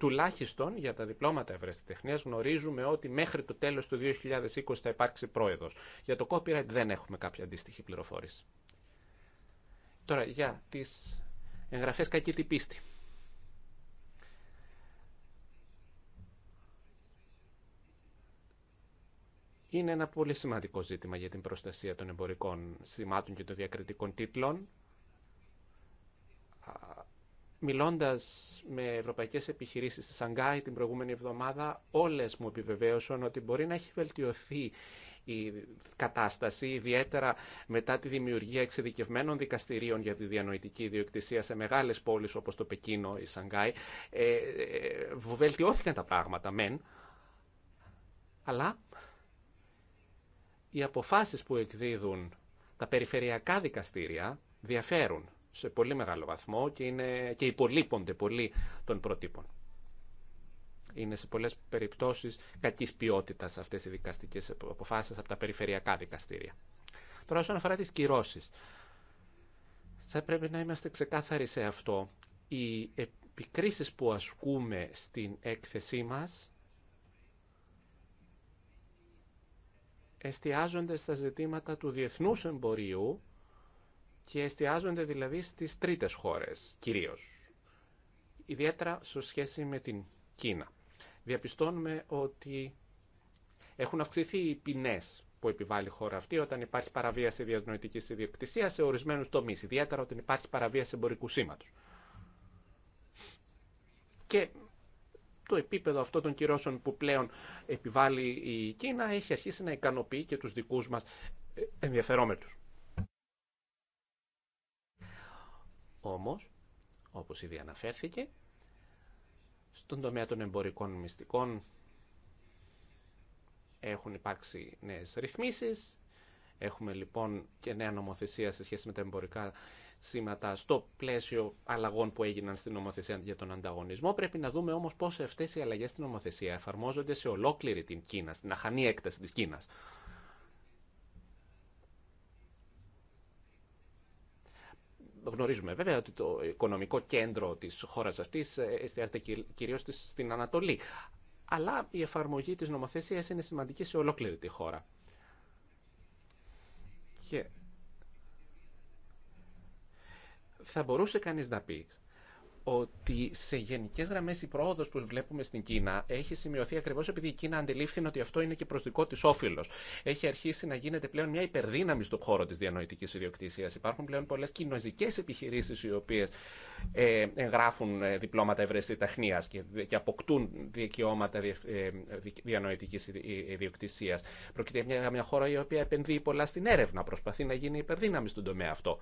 τουλάχιστον για τα διπλώματα ευρεσιτεχνία γνωρίζουμε ότι μέχρι το τέλο του 2020 θα υπάρξει πρόεδρο. Για το copyright δεν έχουμε κάποια αντίστοιχη πληροφόρηση. Τώρα για τι εγγραφέ κακή την πίστη. Είναι ένα πολύ σημαντικό ζήτημα για την προστασία των εμπορικών σημάτων και των διακριτικών τίτλων Μιλώντας με ευρωπαϊκές επιχειρήσεις στη Σανγκάη την προηγούμενη εβδομάδα, όλες μου επιβεβαίωσαν ότι μπορεί να έχει βελτιωθεί η κατάσταση, ιδιαίτερα μετά τη δημιουργία εξειδικευμένων δικαστηρίων για τη διανοητική ιδιοκτησία σε μεγάλες πόλεις όπως το Πεκίνο, η Σανγκάη. Ε, ε βελτιώθηκαν τα πράγματα, μεν, αλλά οι αποφάσεις που εκδίδουν τα περιφερειακά δικαστήρια διαφέρουν σε πολύ μεγάλο βαθμό και, είναι, και υπολείπονται πολύ των προτύπων. Είναι σε πολλές περιπτώσεις κακής ποιότητας αυτές οι δικαστικές αποφάσεις από τα περιφερειακά δικαστήρια. Τώρα όσον αφορά τις κυρώσεις, θα πρέπει να είμαστε ξεκάθαροι σε αυτό. Οι επικρίσεις που ασκούμε στην έκθεσή μας εστιάζονται στα ζητήματα του διεθνούς εμπορίου και εστιάζονται δηλαδή στις τρίτες χώρες κυρίως, ιδιαίτερα σε σχέση με την Κίνα. Διαπιστώνουμε ότι έχουν αυξηθεί οι ποινές που επιβάλλει η χώρα αυτή όταν υπάρχει παραβίαση διανοητικής ιδιοκτησία σε ορισμένους τομείς, ιδιαίτερα όταν υπάρχει παραβίαση εμπορικού σήματος. Και το επίπεδο αυτών των κυρώσεων που πλέον επιβάλλει η Κίνα έχει αρχίσει να ικανοποιεί και τους δικούς μας ε, ενδιαφερόμενους. Όμως, όπως ήδη αναφέρθηκε, στον τομέα των εμπορικών μυστικών έχουν υπάρξει νέες ρυθμίσεις. Έχουμε λοιπόν και νέα νομοθεσία σε σχέση με τα εμπορικά σήματα στο πλαίσιο αλλαγών που έγιναν στην νομοθεσία για τον ανταγωνισμό. Πρέπει να δούμε όμως πώς αυτές οι αλλαγές στην νομοθεσία εφαρμόζονται σε ολόκληρη την Κίνα, στην αχανή έκταση της Κίνας. γνωρίζουμε βέβαια ότι το οικονομικό κέντρο της χώρας αυτής ε, εστιάζεται κυρίως στην Ανατολή. Αλλά η εφαρμογή της νομοθεσίας είναι σημαντική σε ολόκληρη τη χώρα. Και θα μπορούσε κανείς να πει ότι σε γενικέ γραμμέ η πρόοδο που βλέπουμε στην Κίνα έχει σημειωθεί ακριβώ επειδή η Κίνα αντιλήφθη ότι αυτό είναι και προς δικό τη όφελο. Έχει αρχίσει να γίνεται πλέον μια υπερδύναμη στον χώρο τη διανοητική ιδιοκτησία. Υπάρχουν πλέον πολλέ κινοζικές επιχειρήσει οι οποίε ε, γράφουν ε, διπλώματα ευρεσιτεχνίας και, και αποκτούν δικαιώματα ε, διανοητική ε, ιδιοκτησία. Πρόκειται μια, μια χώρα η οποία επενδύει πολλά στην έρευνα, προσπαθεί να γίνει υπερδύναμη στον τομέα αυτό.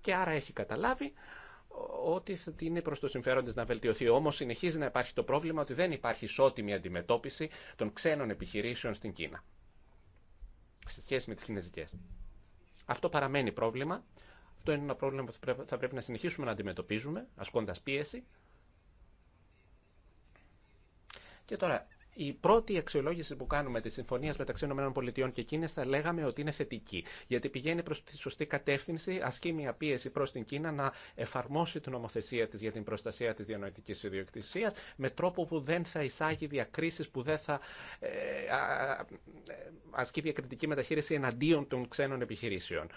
Και άρα έχει καταλάβει ότι είναι προ το συμφέρον τη να βελτιωθεί. Όμω συνεχίζει να υπάρχει το πρόβλημα ότι δεν υπάρχει ισότιμη αντιμετώπιση των ξένων επιχειρήσεων στην Κίνα σε σχέση με τι κινέζικε. Αυτό παραμένει πρόβλημα. Αυτό είναι ένα πρόβλημα που θα πρέπει να συνεχίσουμε να αντιμετωπίζουμε ασκώντα πίεση. Και τώρα, η πρώτη αξιολόγηση που κάνουμε τη συμφωνία μεταξύ ΗΠΑ και Κίνα θα λέγαμε ότι είναι θετική. Γιατί πηγαίνει προ τη σωστή κατεύθυνση, ασκεί μια πίεση προ την Κίνα να εφαρμόσει την νομοθεσία τη για την προστασία τη διανοητική ιδιοκτησία με τρόπο που δεν θα εισάγει διακρίσει, που δεν θα ε, ε, ασκεί διακριτική μεταχείριση εναντίον των ξένων επιχειρήσεων.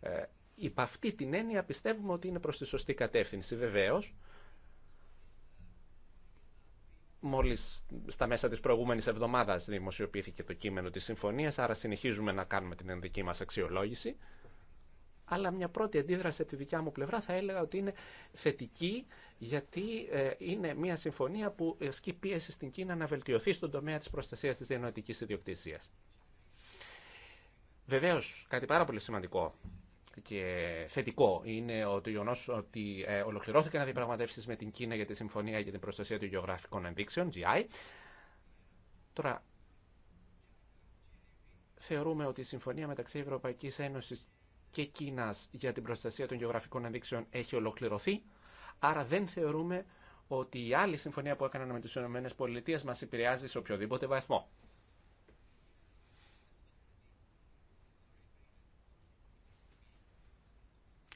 Ε, υπ' αυτή την έννοια πιστεύουμε ότι είναι προ τη σωστή κατεύθυνση. Βεβαίω, Μόλις στα μέσα της προηγούμενης εβδομάδας δημοσιοποιήθηκε το κείμενο της συμφωνίας, άρα συνεχίζουμε να κάνουμε την ενδική μας αξιολόγηση. Αλλά μια πρώτη αντίδραση από τη δικιά μου πλευρά θα έλεγα ότι είναι θετική, γιατί ε, είναι μια συμφωνία που ασκεί πίεση στην Κίνα να βελτιωθεί στον τομέα της προστασίας της διανοητικής ιδιοκτησίας. Βεβαίως, κάτι πάρα πολύ σημαντικό και θετικό είναι ότι γεγονό ότι ε, ολοκληρώθηκαν διαπραγματεύσει με την Κίνα για τη Συμφωνία για την Προστασία των Γεωγραφικών Ενδείξεων, GI. Τώρα, θεωρούμε ότι η συμφωνία μεταξύ Ευρωπαϊκή Ένωση και Κίνα για την προστασία των γεωγραφικών ενδείξεων έχει ολοκληρωθεί. Άρα δεν θεωρούμε ότι η άλλη συμφωνία που έκαναν με τι ΗΠΑ μα επηρεάζει σε οποιοδήποτε βαθμό.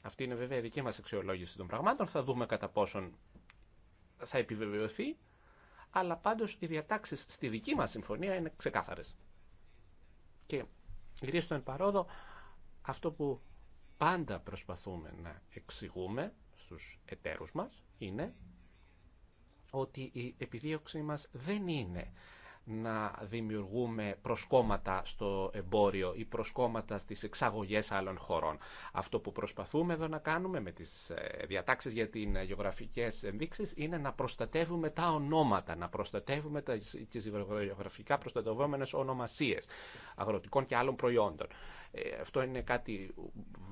Αυτή είναι βέβαια η δική μας αξιολόγηση των πραγμάτων. Θα δούμε κατά πόσον θα επιβεβαιωθεί. Αλλά πάντως οι διατάξεις στη δική μας συμφωνία είναι ξεκάθαρες. Και γυρίζω στον παρόδο αυτό που πάντα προσπαθούμε να εξηγούμε στους εταίρους μας είναι ότι η επιδίωξή μας δεν είναι να δημιουργούμε προσκόμματα στο εμπόριο ή προσκόμματα στις εξαγωγές άλλων χωρών. Αυτό που προσπαθούμε εδώ να κάνουμε με τις ε, διατάξεις για τις ε, γεωγραφικές ενδείξεις είναι να προστατεύουμε τα ονόματα, να προστατεύουμε τις γεωγραφικά προστατευόμενες ονομασίες αγροτικών και άλλων προϊόντων. Ε, αυτό είναι κάτι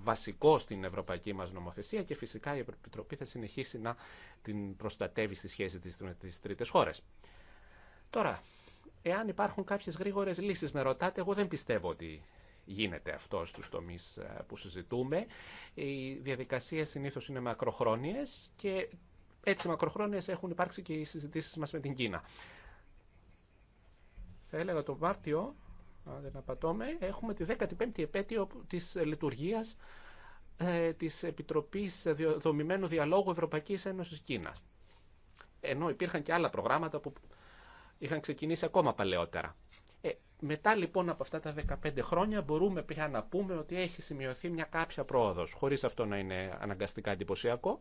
βασικό στην ευρωπαϊκή μας νομοθεσία και φυσικά η Επιτροπή θα συνεχίσει να την προστατεύει στη σχέση της με τις τρίτες χώρες. Τώρα, Εάν υπάρχουν κάποιες γρήγορες λύσεις, με ρωτάτε, εγώ δεν πιστεύω ότι γίνεται αυτό στους τομείς ε, που συζητούμε. Οι διαδικασίες συνήθως είναι μακροχρόνιες και έτσι μακροχρόνιες έχουν υπάρξει και οι συζητήσεις μας με την Κίνα. Θα έλεγα το Μάρτιο, αν δεν απατώμε, έχουμε τη 15η επέτειο της λειτουργίας ε, της Επιτροπής Δομημένου Διαλόγου Ευρωπαϊκής Ένωσης Κίνας. Ενώ υπήρχαν και άλλα προγράμματα που είχαν ξεκινήσει ακόμα παλαιότερα. Ε, μετά λοιπόν από αυτά τα 15 χρόνια μπορούμε πια να πούμε ότι έχει σημειωθεί μια κάποια πρόοδος, χωρίς αυτό να είναι αναγκαστικά εντυπωσιακό,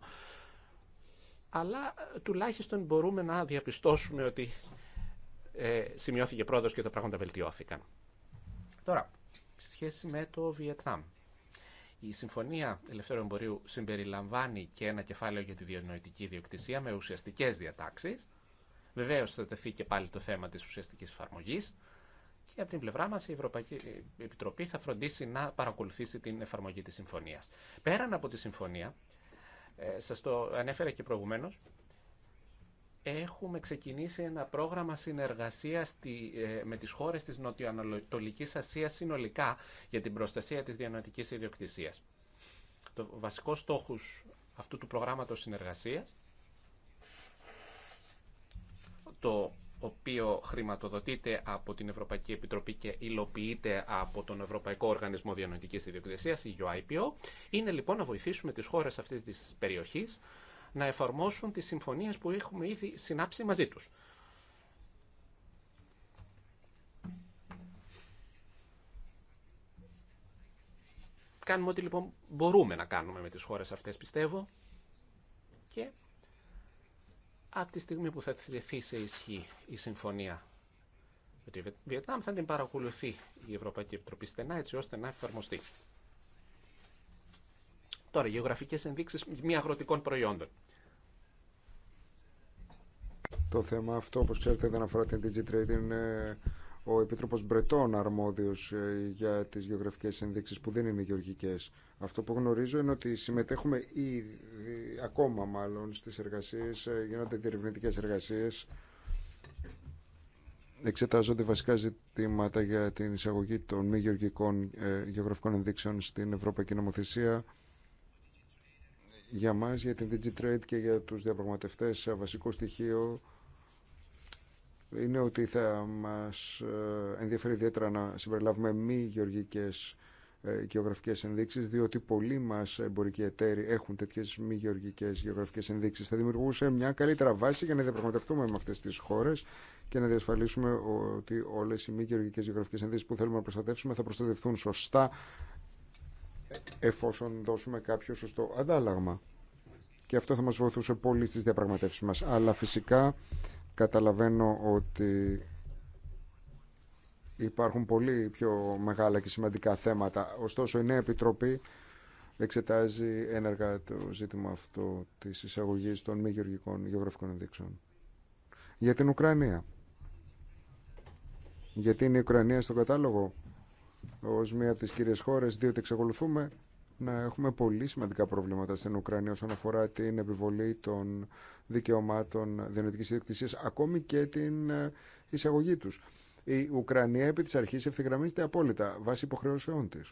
αλλά ε, τουλάχιστον μπορούμε να διαπιστώσουμε ότι ε, σημειώθηκε πρόοδος και τα πράγματα βελτιώθηκαν. Τώρα, σε σχέση με το Βιετνάμ. Η Συμφωνία Ελευθερών Εμπορίου συμπεριλαμβάνει και ένα κεφάλαιο για τη διανοητική διοκτησία με ουσιαστικές διατάξεις Βεβαίω θα τεθεί και πάλι το θέμα τη ουσιαστική εφαρμογή και από την πλευρά μα η Ευρωπαϊκή Επιτροπή θα φροντίσει να παρακολουθήσει την εφαρμογή τη συμφωνία. Πέραν από τη συμφωνία, ε, σα το ανέφερα και προηγουμένω, έχουμε ξεκινήσει ένα πρόγραμμα συνεργασίας ε, με τις χώρες της Νοτιοανατολικής Ασία συνολικά για την προστασία τη διανοητικής ιδιοκτησία. Το βασικό στόχο αυτού του προγράμματο συνεργασία το οποίο χρηματοδοτείται από την Ευρωπαϊκή Επιτροπή και υλοποιείται από τον Ευρωπαϊκό Οργανισμό Διανοητικής Ιδιοκτησίας, η UIPO, είναι λοιπόν να βοηθήσουμε τις χώρες αυτής της περιοχής να εφαρμόσουν τις συμφωνίες που έχουμε ήδη συνάψει μαζί τους. Κάνουμε ό,τι λοιπόν μπορούμε να κάνουμε με τις χώρες αυτές, πιστεύω, και από τη στιγμή που θα τεθεί σε ισχύ η συμφωνία με τη Βιετνάμ θα την παρακολουθεί η Ευρωπαϊκή Επιτροπή στενά έτσι ώστε να εφαρμοστεί. Τώρα, γεωγραφικές ενδείξεις μη αγροτικών προϊόντων. Το θέμα αυτό, όπως ξέρετε, δεν αφορά την DigiTrade, είναι ο Επίτροπος Μπρετών αρμόδιος ε, για τις γεωγραφικές ενδείξεις που δεν είναι γεωργικές. Αυτό που γνωρίζω είναι ότι συμμετέχουμε ήδη, ακόμα μάλλον στις εργασίες, ε, γίνονται διερευνητικές εργασίες. Εξετάζονται βασικά ζητήματα για την εισαγωγή των μη γεωργικών ε, γεωγραφικών ενδείξεων στην Ευρωπαϊκή Νομοθεσία. Για μας, για την DigiTrade και για τους διαπραγματευτές, βασικό στοιχείο είναι ότι θα μας ε, ενδιαφέρει ιδιαίτερα να συμπεριλάβουμε μη γεωργικές ε, γεωγραφικές ενδείξεις, διότι πολλοί μας εμπορικοί εταίροι έχουν τέτοιες μη γεωργικές γεωγραφικές ενδείξεις. Θα δημιουργούσε μια καλύτερα βάση για να διαπραγματευτούμε με αυτές τις χώρες και να διασφαλίσουμε ότι όλες οι μη γεωργικές γεωγραφικές ενδείξεις που θέλουμε να προστατεύσουμε θα προστατευτούν σωστά εφόσον δώσουμε κάποιο σωστό αντάλλαγμα. Και αυτό θα μας βοηθούσε πολύ στις διαπραγματεύσεις μας. Αλλά φυσικά Καταλαβαίνω ότι υπάρχουν πολύ πιο μεγάλα και σημαντικά θέματα. Ωστόσο, η Νέα Επιτροπή εξετάζει ένεργα το ζήτημα αυτό της εισαγωγής των μη γεωργικών γεωγραφικών ενδείξεων. Για την Ουκρανία. Γιατί είναι η Ουκρανία στον κατάλογο ως μία από τις κύριες χώρες, διότι εξακολουθούμε να έχουμε πολύ σημαντικά προβλήματα στην Ουκρανία όσον αφορά την επιβολή των δικαιωμάτων διανοητικής ιδιοκτησίας, ακόμη και την ε, εισαγωγή τους. Η Ουκρανία επί της αρχής ευθυγραμμίζεται απόλυτα βάσει υποχρεώσεών της,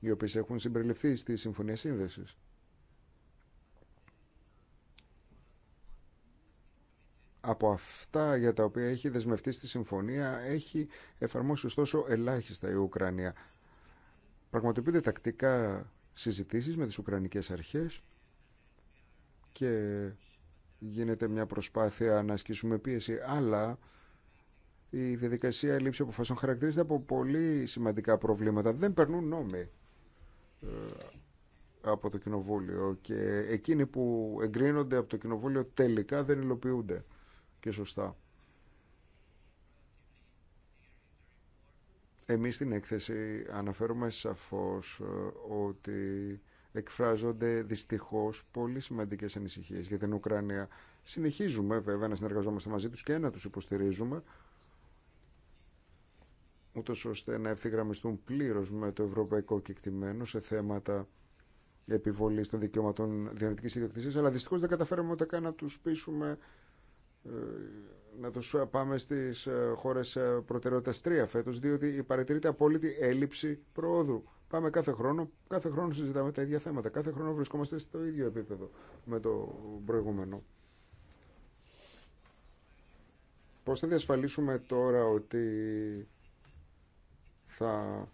οι οποίες έχουν συμπεριληφθεί στη Συμφωνία Σύνδεσης. από αυτά για τα οποία έχει δεσμευτεί στη συμφωνία έχει εφαρμόσει ωστόσο ελάχιστα η Ουκρανία. Πραγματοποιείται τακτικά συζητήσεις με τις Ουκρανικές αρχές και γίνεται μια προσπάθεια να ασκήσουμε πίεση, αλλά η διαδικασία λήψη αποφασών χαρακτηρίζεται από πολύ σημαντικά προβλήματα. Δεν περνούν νόμοι ε, από το Κοινοβούλιο και εκείνοι που εγκρίνονται από το Κοινοβούλιο τελικά δεν υλοποιούνται και σωστά. Εμείς στην έκθεση αναφέρουμε σαφώς ε, ότι εκφράζονται δυστυχώς πολύ σημαντικές ανησυχίες για την Ουκρανία. Συνεχίζουμε βέβαια να συνεργαζόμαστε μαζί τους και να τους υποστηρίζουμε ούτως ώστε να ευθυγραμμιστούν πλήρως με το ευρωπαϊκό κεκτημένο σε θέματα επιβολής των δικαιωματών διανοητικής ιδιοκτησίας αλλά δυστυχώς δεν καταφέραμε ούτε καν να τους πείσουμε ε, να τους πάμε στις ε, χώρες ε, προτεραιότητας 3 φέτος, διότι παρατηρείται απόλυτη έλλειψη προόδου. Πάμε κάθε χρόνο, κάθε χρόνο συζητάμε τα ίδια θέματα, κάθε χρόνο βρισκόμαστε στο ίδιο επίπεδο με το προηγούμενο. Πώς θα διασφαλίσουμε τώρα ότι θα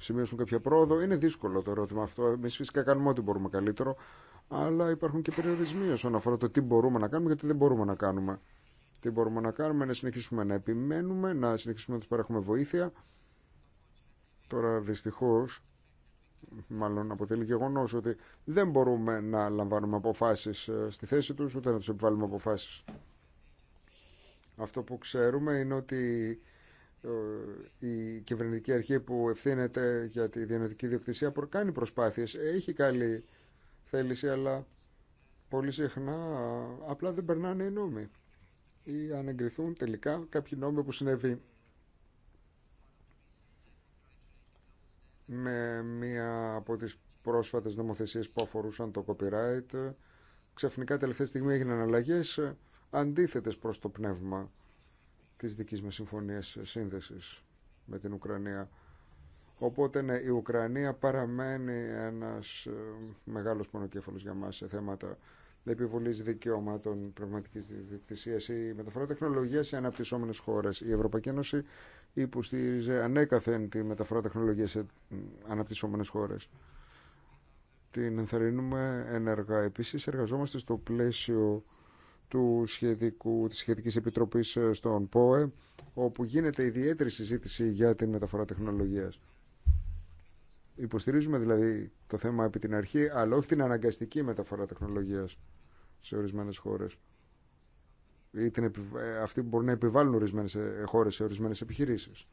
σημειώσουν κάποια πρόοδο. Είναι δύσκολο το ερώτημα αυτό. Εμεί φυσικά κάνουμε ό,τι μπορούμε καλύτερο. Αλλά υπάρχουν και περιορισμοί όσον αφορά το τι μπορούμε να κάνουμε και τι δεν μπορούμε να κάνουμε. Τι μπορούμε να κάνουμε, να συνεχίσουμε να επιμένουμε, να συνεχίσουμε να τους παρέχουμε βοήθεια. Τώρα δυστυχώς, μάλλον αποτελεί γεγονό ότι δεν μπορούμε να λαμβάνουμε αποφάσεις ε, στη θέση τους, ούτε να τους επιβάλλουμε αποφάσεις. Αυτό που ξέρουμε είναι ότι ε, η κυβερνητική αρχή που ευθύνεται για τη διανοητική διοκτησία κάνει προσπάθειες, έχει καλή θέληση, αλλά πολύ συχνά απλά δεν περνάνε οι νόμοι ή αν εγκριθούν τελικά κάποιοι νόμοι που συνέβη με μία από τις πρόσφατες νομοθεσίες που αφορούσαν το copyright ξαφνικά τελευταία στιγμή έγιναν αλλαγές αντίθετες προς το πνεύμα της δικής μας συμφωνίας σύνδεσης με την Ουκρανία. Οπότε ναι, η Ουκρανία παραμένει ένας ε, μεγάλος πονοκέφαλος για μας σε θέματα επιβολή δικαιωμάτων πνευματική διεκτησία. Η μεταφορά τεχνολογία σε αναπτυσσόμενε χώρε. Η Ευρωπαϊκή Ένωση υποστήριζε ανέκαθεν τη μεταφορά τεχνολογία σε αναπτυσσόμενε χώρε. Την ενθαρρύνουμε ενεργά. Επίση, εργαζόμαστε στο πλαίσιο του σχετικού, της Σχετικής Επιτροπής ε, στον ΠΟΕ, όπου γίνεται ιδιαίτερη συζήτηση για την μεταφορά τεχνολογίας. Υποστηρίζουμε δηλαδή το θέμα επί την αρχή, αλλά όχι την αναγκαστική μεταφορά τεχνολογίας σε ορισμένε χώρες ή την, ε, αυτοί που μπορούν να επιβάλλουν ορισμένες ε, χώρες σε ορισμένε επιχειρήσεις.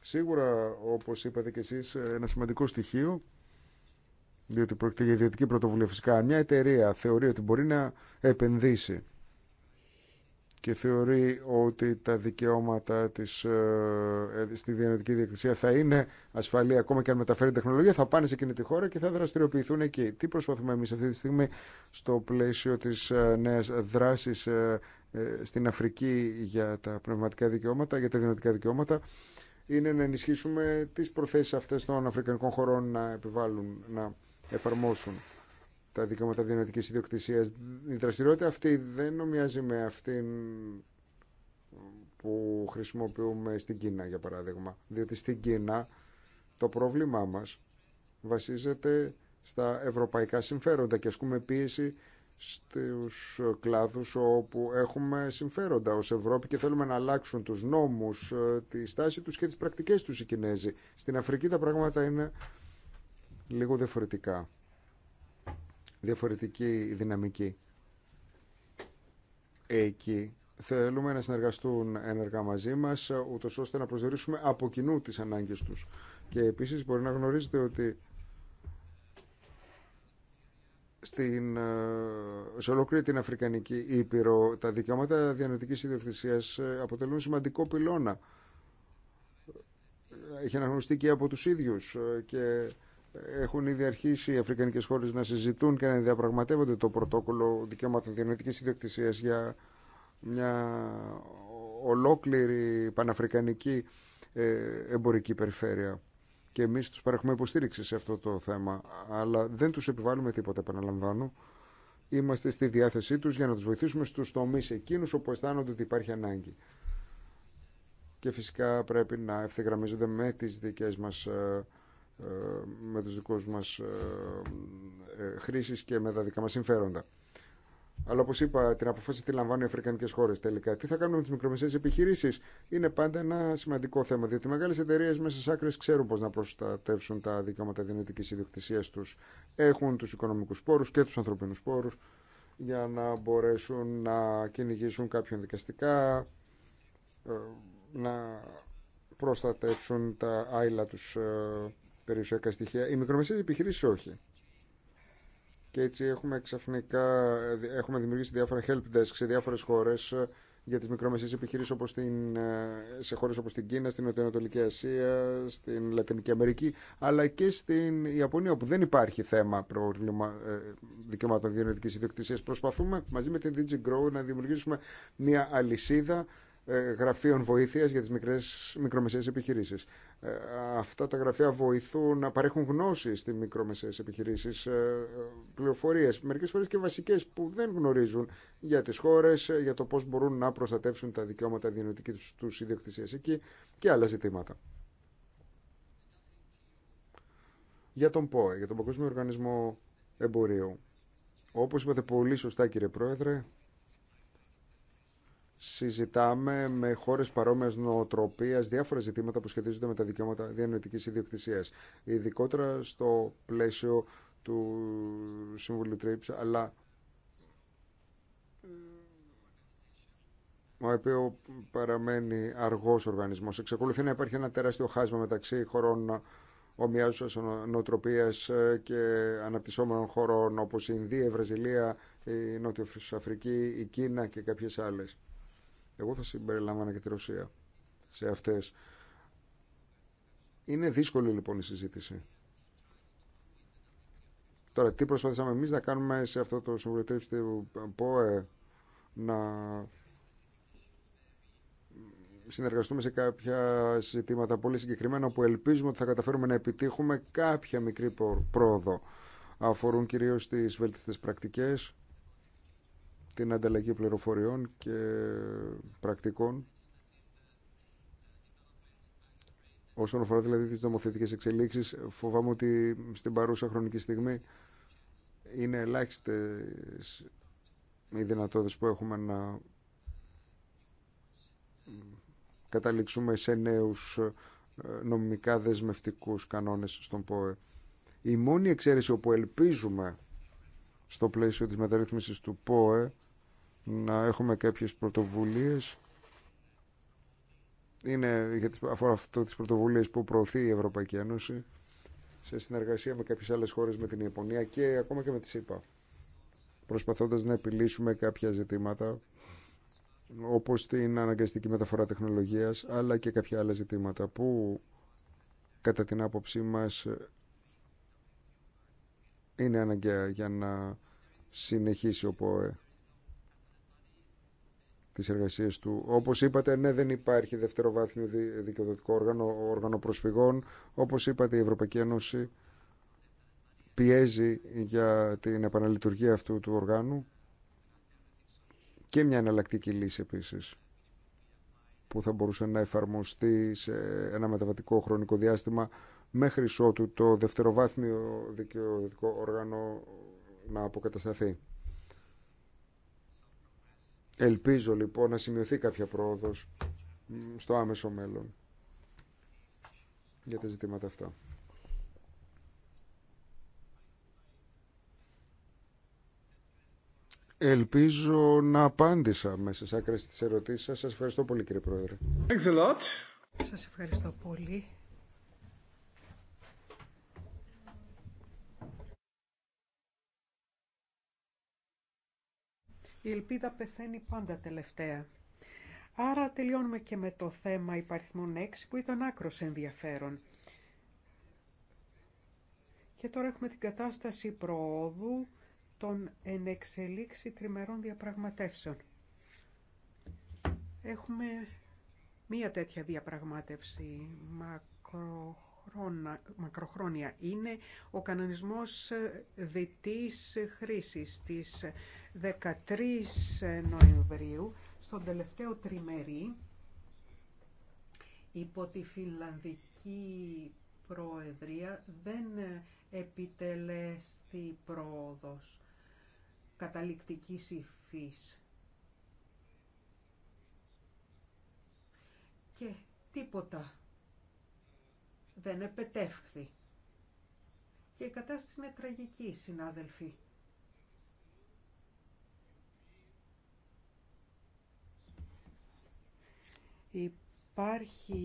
Σίγουρα, όπως είπατε και εσείς, ε, ένα σημαντικό στοιχείο, διότι πρόκειται για ιδιωτική πρωτοβουλία φυσικά, μια εταιρεία θεωρεί ότι μπορεί να επενδύσει και θεωρεί ότι τα δικαιώματα της, ε, ε στη διανοητική διεκτησία θα είναι ασφαλή ακόμα και αν μεταφέρει τεχνολογία, θα πάνε σε εκείνη τη χώρα και θα δραστηριοποιηθούν εκεί. Τι προσπαθούμε εμείς αυτή τη στιγμή στο πλαίσιο της ε, νέας δράσης ε, ε, στην Αφρική για τα πνευματικά δικαιώματα, για τα δυνατικά δικαιώματα, είναι να ενισχύσουμε τις προθέσεις αυτές των αφρικανικών χωρών να επιβάλλουν, να εφαρμόσουν τα δικαιώματα δυνατική ιδιοκτησίας. Η δραστηριότητα αυτή δεν νομιάζει με αυτήν που χρησιμοποιούμε στην Κίνα, για παράδειγμα. Διότι στην Κίνα το πρόβλημά μας βασίζεται στα ευρωπαϊκά συμφέροντα και ασκούμε πίεση στους κλάδους όπου έχουμε συμφέροντα ως Ευρώπη και θέλουμε να αλλάξουν τους νόμους, ε, τη στάση τους και τις πρακτικές τους οι Κινέζοι. Στην Αφρική τα πράγματα είναι λίγο διαφορετικά διαφορετική δυναμική. Εκεί θέλουμε να συνεργαστούν ενεργά μαζί μας, ούτω ώστε να προσδιορίσουμε από κοινού τις ανάγκες τους. Και επίσης μπορεί να γνωρίζετε ότι στην, ε, σε ολόκληρη την Αφρικανική Ήπειρο τα δικαιώματα διανοητικής ιδιοκτησίας ε, αποτελούν σημαντικό πυλώνα. Έχει αναγνωριστεί και από τους ίδιους ε, και έχουν ήδη αρχίσει οι αφρικανικέ χώρε να συζητούν και να διαπραγματεύονται το πρωτόκολλο δικαιωμάτων διανοητική ιδιοκτησία για μια ολόκληρη παν-αφρικανική ε, εμπορική περιφέρεια. Και εμεί του παρέχουμε υποστήριξη σε αυτό το θέμα. Αλλά δεν του επιβάλλουμε τίποτα, επαναλαμβάνω. Είμαστε στη διάθεσή του για να του βοηθήσουμε στου τομεί εκείνου όπου αισθάνονται ότι υπάρχει ανάγκη. Και φυσικά πρέπει να ευθυγραμμίζονται με τι δικέ μα ε, ε, με τους δικούς μας ε, ε, χρήσεις και με τα δικά μας συμφέροντα. Αλλά όπως είπα, την αποφάση τη λαμβάνουν οι αφρικανικές χώρες τελικά. Τι θα κάνουμε με τις μικρομεσαίες επιχειρήσεις είναι πάντα ένα σημαντικό θέμα, διότι οι μεγάλες εταιρείες μέσα στι άκρε ξέρουν πώς να προστατεύσουν τα δικαιώματα δυνατικής ιδιοκτησία τους. Έχουν τους οικονομικούς πόρους και τους ανθρωπίνους πόρους για να μπορέσουν να κυνηγήσουν κάποιον δικαστικά, να προστατεύσουν τα άειλα τους περιουσιακά στοιχεία. Οι μικρομεσαίε επιχειρήσεις όχι. Και έτσι έχουμε ξαφνικά, έχουμε δημιουργήσει διάφορα help desk σε διάφορε χώρε ε, για τι μικρομεσαίε επιχειρήσει ε, σε χώρε όπω την Κίνα, στην Νοτιοανατολική Ασία, στην Λατινική Αμερική, αλλά και στην Ιαπωνία όπου δεν υπάρχει θέμα προβλημα, ε, δικαιωμάτων διανοητική ιδιοκτησία. Προσπαθούμε μαζί με την DigiGrow να δημιουργήσουμε μια αλυσίδα ε, γραφείων βοήθειας για τις μικρές, μικρομεσαίες επιχειρήσεις. Ε, αυτά τα γραφεία βοηθούν να παρέχουν γνώσεις στις μικρομεσαίες επιχειρήσεις, ε, πληροφορίες, μερικέ φορέ και βασικές που δεν γνωρίζουν για τις χώρες, για το πώς μπορούν να προστατεύσουν τα δικαιώματα διανοητική τους ιδιοκτησία εκεί και άλλα ζητήματα. Για τον ΠΟΕ, για τον Παγκόσμιο Οργανισμό Εμπορίου. Όπω είπατε πολύ σωστά κύριε Πρόεδρε, συζητάμε με χώρε παρόμοια νοοτροπία, διάφορα ζητήματα που σχετίζονται με τα δικαιώματα διανοητική ιδιοκτησία. ειδικότερα στο πλαίσιο του Συμβουλίου αλλά ο οποίο παραμένει αργός οργανισμό, Εξακολουθεί να υπάρχει ένα τεράστιο χάσμα μεταξύ χωρών ομοιάζουσα νοοτροπία και αναπτυσσόμενων χωρών όπω η Ινδία, η Βραζιλία, η Νότιο Αφρική, η Κίνα και κάποιε άλλε. Εγώ θα συμπεριλάμβανα και τη Ρωσία σε αυτές. Είναι δύσκολη λοιπόν η συζήτηση. Τώρα, τι προσπαθήσαμε εμείς να κάνουμε σε αυτό το συμβουλευτήριο του ΠΟΕ, να συνεργαστούμε σε κάποια ζητήματα πολύ συγκεκριμένα που ελπίζουμε ότι θα καταφέρουμε να επιτύχουμε κάποια μικρή πρόοδο. Αφορούν κυρίως τις βέλτιστες πρακτικές, την ανταλλαγή πληροφοριών και πρακτικών Όσον αφορά δηλαδή τις νομοθετικές εξελίξεις, φοβάμαι ότι στην παρούσα χρονική στιγμή είναι ελάχιστε οι δυνατότητες που έχουμε να καταλήξουμε σε νέους ε, νομικά δεσμευτικούς κανόνες στον ΠΟΕ. Η μόνη εξαίρεση όπου ελπίζουμε στο πλαίσιο της μεταρρύθμισης του ΠΟΕ να έχουμε κάποιες πρωτοβουλίες είναι, αφορά αυτό τις πρωτοβουλίες που προωθεί η Ευρωπαϊκή Ένωση σε συνεργασία με κάποιες άλλες χώρες με την Ιαπωνία και ακόμα και με τη ΣΥΠΑ προσπαθώντας να επιλύσουμε κάποια ζητήματα όπως την αναγκαστική μεταφορά τεχνολογίας αλλά και κάποια άλλα ζητήματα που κατά την άποψή μας είναι αναγκαία για να συνεχίσει ο τις εργασίες του. Όπως είπατε, ναι, δεν υπάρχει δευτεροβάθμιο δικαιοδοτικό όργανο, όργανο προσφυγών. Όπως είπατε, η Ευρωπαϊκή Ένωση πιέζει για την επαναλειτουργία αυτού του οργάνου και μια εναλλακτική λύση επίσης που θα μπορούσε να εφαρμοστεί σε ένα μεταβατικό χρονικό διάστημα μέχρι ότου το δευτεροβάθμιο δικαιοδοτικό όργανο να αποκατασταθεί. Ελπίζω λοιπόν να σημειωθεί κάποια πρόοδος στο άμεσο μέλλον για τα ζητήματα αυτά. Ελπίζω να απάντησα μέσα σε άκρες της ερωτήσεις σας. Σας ευχαριστώ πολύ κύριε Πρόεδρε. Thanks Σας ευχαριστώ πολύ. Η ελπίδα πεθαίνει πάντα τελευταία. Άρα τελειώνουμε και με το θέμα υπαριθμών 6 που ήταν άκρος ενδιαφέρον. Και τώρα έχουμε την κατάσταση προόδου των ενεξελίξη τριμερών διαπραγματεύσεων. Έχουμε μία τέτοια διαπραγμάτευση μακροχρόνια. Είναι ο κανονισμός διτής χρήσης της 13 Νοεμβρίου, στον τελευταίο τριμερί, υπό τη φιλανδική Προεδρία δεν επιτελέστη πρόοδος καταληκτικής υφής. Και τίποτα δεν επετεύχθη. Και η κατάσταση είναι τραγική, συνάδελφοι. Υπάρχει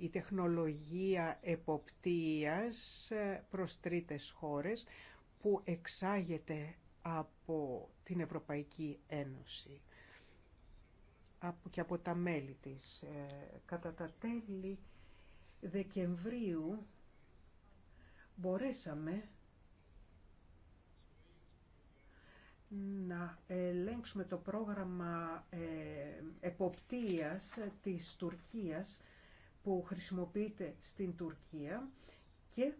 η, τεχνολογία εποπτείας ε, προς τρίτες χώρες που εξάγεται από την Ευρωπαϊκή Ένωση και από τα μέλη της. Ε, κατά τα τέλη Δεκεμβρίου μπορέσαμε να ελέγξουμε το πρόγραμμα ε, εποπτείας της Τουρκίας που χρησιμοποιείται στην Τουρκία και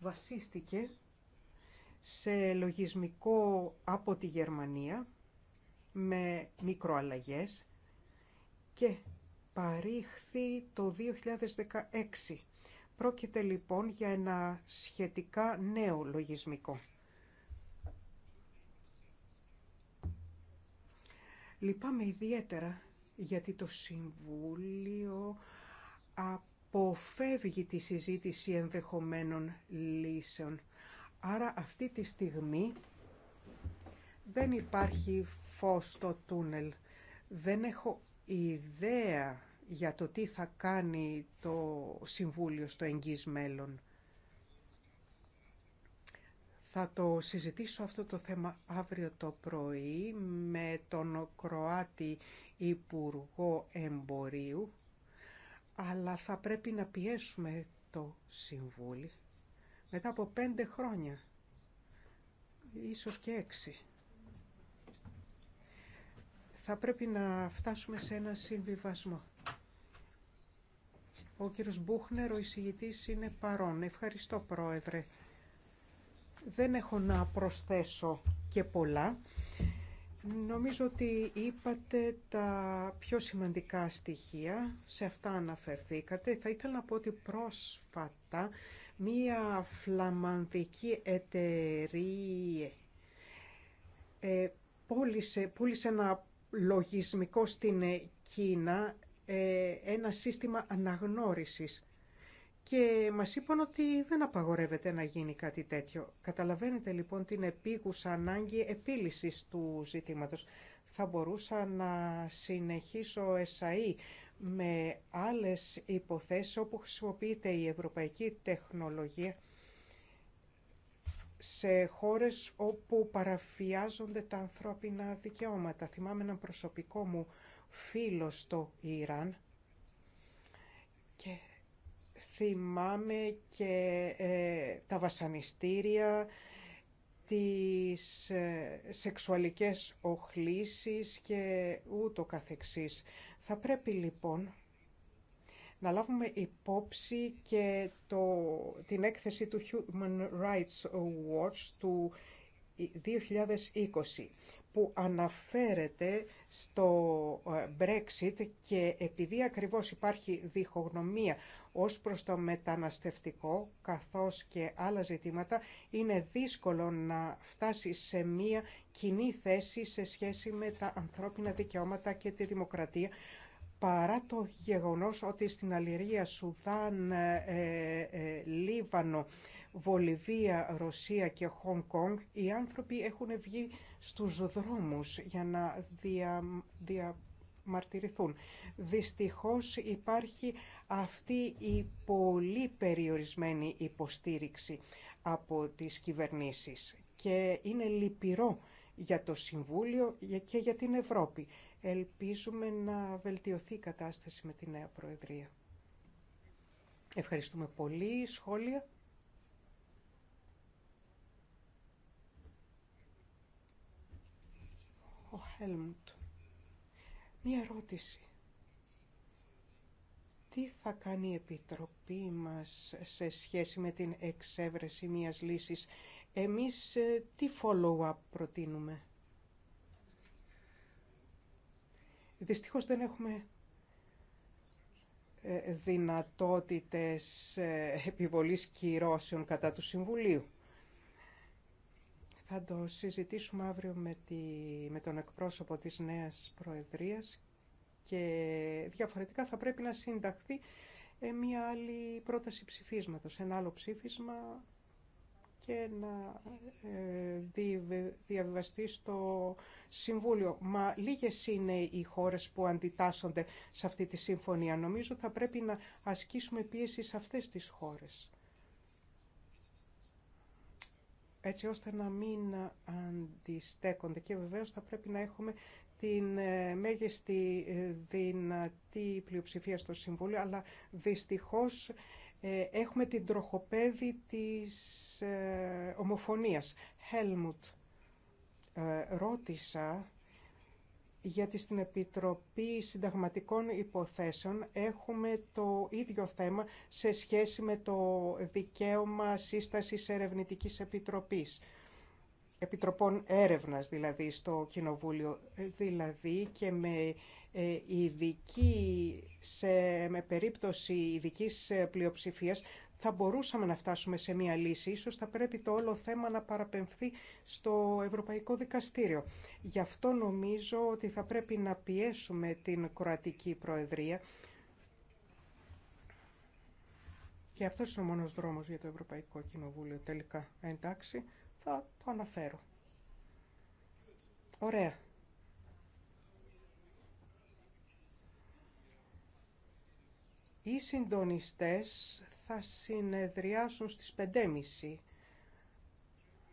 βασίστηκε σε λογισμικό από τη Γερμανία με μικροαλλαγές και παρήχθη το 2016. Πρόκειται λοιπόν για ένα σχετικά νέο λογισμικό. Λυπάμαι ιδιαίτερα γιατί το Συμβούλιο αποφεύγει τη συζήτηση ενδεχομένων λύσεων. Άρα αυτή τη στιγμή δεν υπάρχει φως στο τούνελ. Δεν έχω ιδέα για το τι θα κάνει το Συμβούλιο στο εγγύς μέλλον. Θα το συζητήσω αυτό το θέμα αύριο το πρωί με τον Κροάτι Υπουργό Εμπορίου, αλλά θα πρέπει να πιέσουμε το Συμβούλιο μετά από πέντε χρόνια, ίσως και έξι. Θα πρέπει να φτάσουμε σε ένα συμβιβασμό. Ο κύριος Μπούχνερ, ο εισηγητής, είναι παρόν. Ευχαριστώ, Πρόεδρε. Δεν έχω να προσθέσω και πολλά. Νομίζω ότι είπατε τα πιο σημαντικά στοιχεία, σε αυτά αναφερθήκατε. Θα ήθελα να πω ότι πρόσφατα μία φλαμανδική εταιρεία ε, πούλησε, πούλησε ένα λογισμικό στην Κίνα, ε, ένα σύστημα αναγνώρισης και μας είπαν ότι δεν απαγορεύεται να γίνει κάτι τέτοιο. Καταλαβαίνετε λοιπόν την επίγουσα ανάγκη επίλυσης του ζητήματος. Θα μπορούσα να συνεχίσω εσαΐ e με άλλες υποθέσεις όπου χρησιμοποιείται η ευρωπαϊκή τεχνολογία σε χώρες όπου παραφιάζονται τα ανθρώπινα δικαιώματα. Θυμάμαι έναν προσωπικό μου φίλο στο Ιράν θυμάμαι και ε, τα βασανιστήρια, τις ε, σεξουαλικές οχλήσεις και ούτω καθεξής. Θα πρέπει λοιπόν να λάβουμε υπόψη και το, την έκθεση του Human Rights Watch του 2020 που αναφέρεται στο ε, Brexit και επειδή ακριβώς υπάρχει διχογνωμία ως προς το μεταναστευτικό καθώς και άλλα ζητήματα είναι δύσκολο να φτάσει σε μία κοινή θέση σε σχέση με τα ανθρώπινα δικαιώματα και τη δημοκρατία παρά το γεγονός ότι στην αλληρία Σουδάν, ε, ε, ε, Λίβανο, Βολιβία, Ρωσία και Χονγκ Κονγκ οι άνθρωποι έχουν βγει στους δρόμους για να δια, δια μαρτυρηθούν. Δυστυχώς υπάρχει αυτή η πολύ περιορισμένη υποστήριξη από τις κυβερνήσεις και είναι λυπηρό για το Συμβούλιο και για την Ευρώπη. Ελπίζουμε να βελτιωθεί η κατάσταση με τη νέα Προεδρία. Ευχαριστούμε πολύ. Σχόλια. Ο Μία ερώτηση. Τι θα κάνει η Επιτροπή μας σε σχέση με την εξέβρεση μιας λύσης. Εμείς ε, τι follow-up προτείνουμε. Δυστυχώς δεν έχουμε ε, δυνατότητες ε, επιβολής κυρώσεων κατά του Συμβουλίου. Θα το συζητήσουμε αύριο με, τη, με τον εκπρόσωπο της νέας Προεδρίας και διαφορετικά θα πρέπει να συνταχθεί ε, μια άλλη πρόταση ψηφίσματος, ένα άλλο ψήφισμα και να ε, διαβιβαστεί στο Συμβούλιο. Μα λίγες είναι οι χώρες που αντιτάσσονται σε αυτή τη συμφωνία. Νομίζω θα πρέπει να ασκήσουμε πίεση σε αυτές τις χώρες. έτσι ώστε να μην αντιστέκονται και βεβαίως θα πρέπει να έχουμε την ε, μέγιστη ε, δυνατή πλειοψηφία στο Συμβούλιο, αλλά δυστυχώς ε, έχουμε την τροχοπέδη της ομοφωνίας. Χέλμουτ, ρώτησα γιατί στην Επιτροπή Συνταγματικών Υποθέσεων έχουμε το ίδιο θέμα σε σχέση με το δικαίωμα σύστασης ερευνητικής επιτροπής. Επιτροπών έρευνας δηλαδή στο Κοινοβούλιο, δηλαδή και με ε, ειδική, σε, με περίπτωση ειδική πλειοψηφίας θα μπορούσαμε να φτάσουμε σε μία λύση. Ίσως θα πρέπει το όλο θέμα να παραπεμφθεί στο Ευρωπαϊκό Δικαστήριο. Γι' αυτό νομίζω ότι θα πρέπει να πιέσουμε την Κροατική Προεδρία και αυτός είναι ο μόνος δρόμος για το Ευρωπαϊκό Κοινοβούλιο τελικά. Εντάξει, θα το αναφέρω. Ωραία. Οι συντονιστές θα συνεδριάσουν στις 5.30.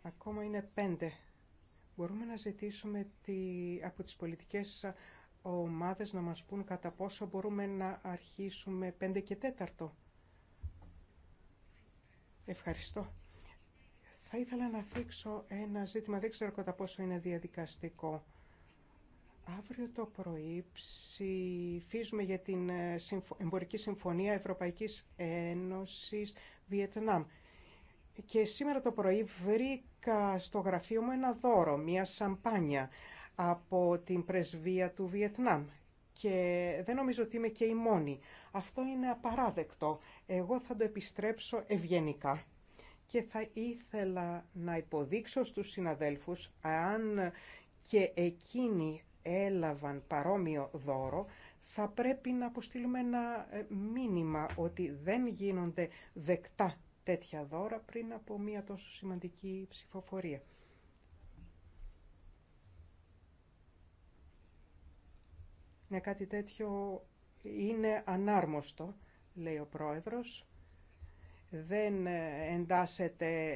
Ακόμα είναι 5. Μπορούμε να ζητήσουμε τη, από τις πολιτικές ομάδες να μας πούν κατά πόσο μπορούμε να αρχίσουμε 5 και 4. Ευχαριστώ. Θα ήθελα να θίξω ένα ζήτημα, δεν ξέρω κατά πόσο είναι διαδικαστικό. Αύριο το πρωί ψηφίζουμε για την ε, Εμπορική Συμφωνία Ευρωπαϊκής Ένωσης Βιετνάμ. Και σήμερα το πρωί βρήκα στο γραφείο μου ένα δώρο, μια σαμπάνια από την πρεσβεία του Βιετνάμ. Και δεν νομίζω ότι είμαι και η μόνη. Αυτό είναι απαράδεκτο. Εγώ θα το επιστρέψω ευγενικά και θα ήθελα να υποδείξω στους συναδέλφους αν και εκείνοι έλαβαν παρόμοιο δώρο, θα πρέπει να αποστείλουμε ένα ε, μήνυμα ότι δεν γίνονται δεκτά τέτοια δώρα πριν από μία τόσο σημαντική ψηφοφορία. Ναι, κάτι τέτοιο είναι ανάρμοστο, λέει ο πρόεδρος. Δεν ε, εντάσσεται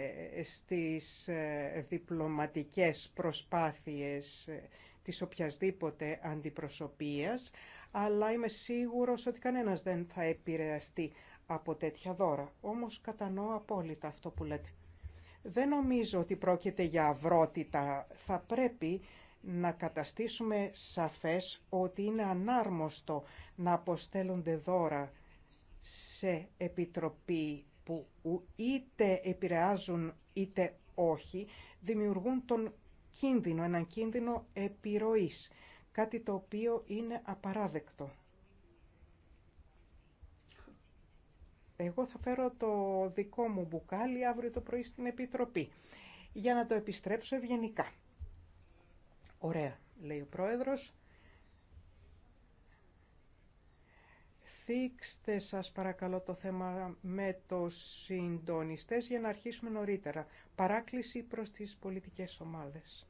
στις ε, διπλωματικές προσπάθειες της οποιασδήποτε αντιπροσωπείας, αλλά είμαι σίγουρος ότι κανένας δεν θα επηρεαστεί από τέτοια δώρα. Όμως κατανοώ απόλυτα αυτό που λέτε. Δεν νομίζω ότι πρόκειται για αυρότητα. Θα πρέπει να καταστήσουμε σαφές ότι είναι ανάρμοστο να αποστέλλονται δώρα σε επιτροπή που είτε επηρεάζουν είτε όχι, δημιουργούν τον κίνδυνο, έναν κίνδυνο επιρροής, κάτι το οποίο είναι απαράδεκτο. Εγώ θα φέρω το δικό μου μπουκάλι αύριο το πρωί στην Επιτροπή, για να το επιστρέψω ευγενικά. Ωραία, λέει ο Πρόεδρος. Θίξτε σας παρακαλώ το θέμα με το συντονιστές για να αρχίσουμε νωρίτερα. Παράκληση προς τις πολιτικές ομάδες.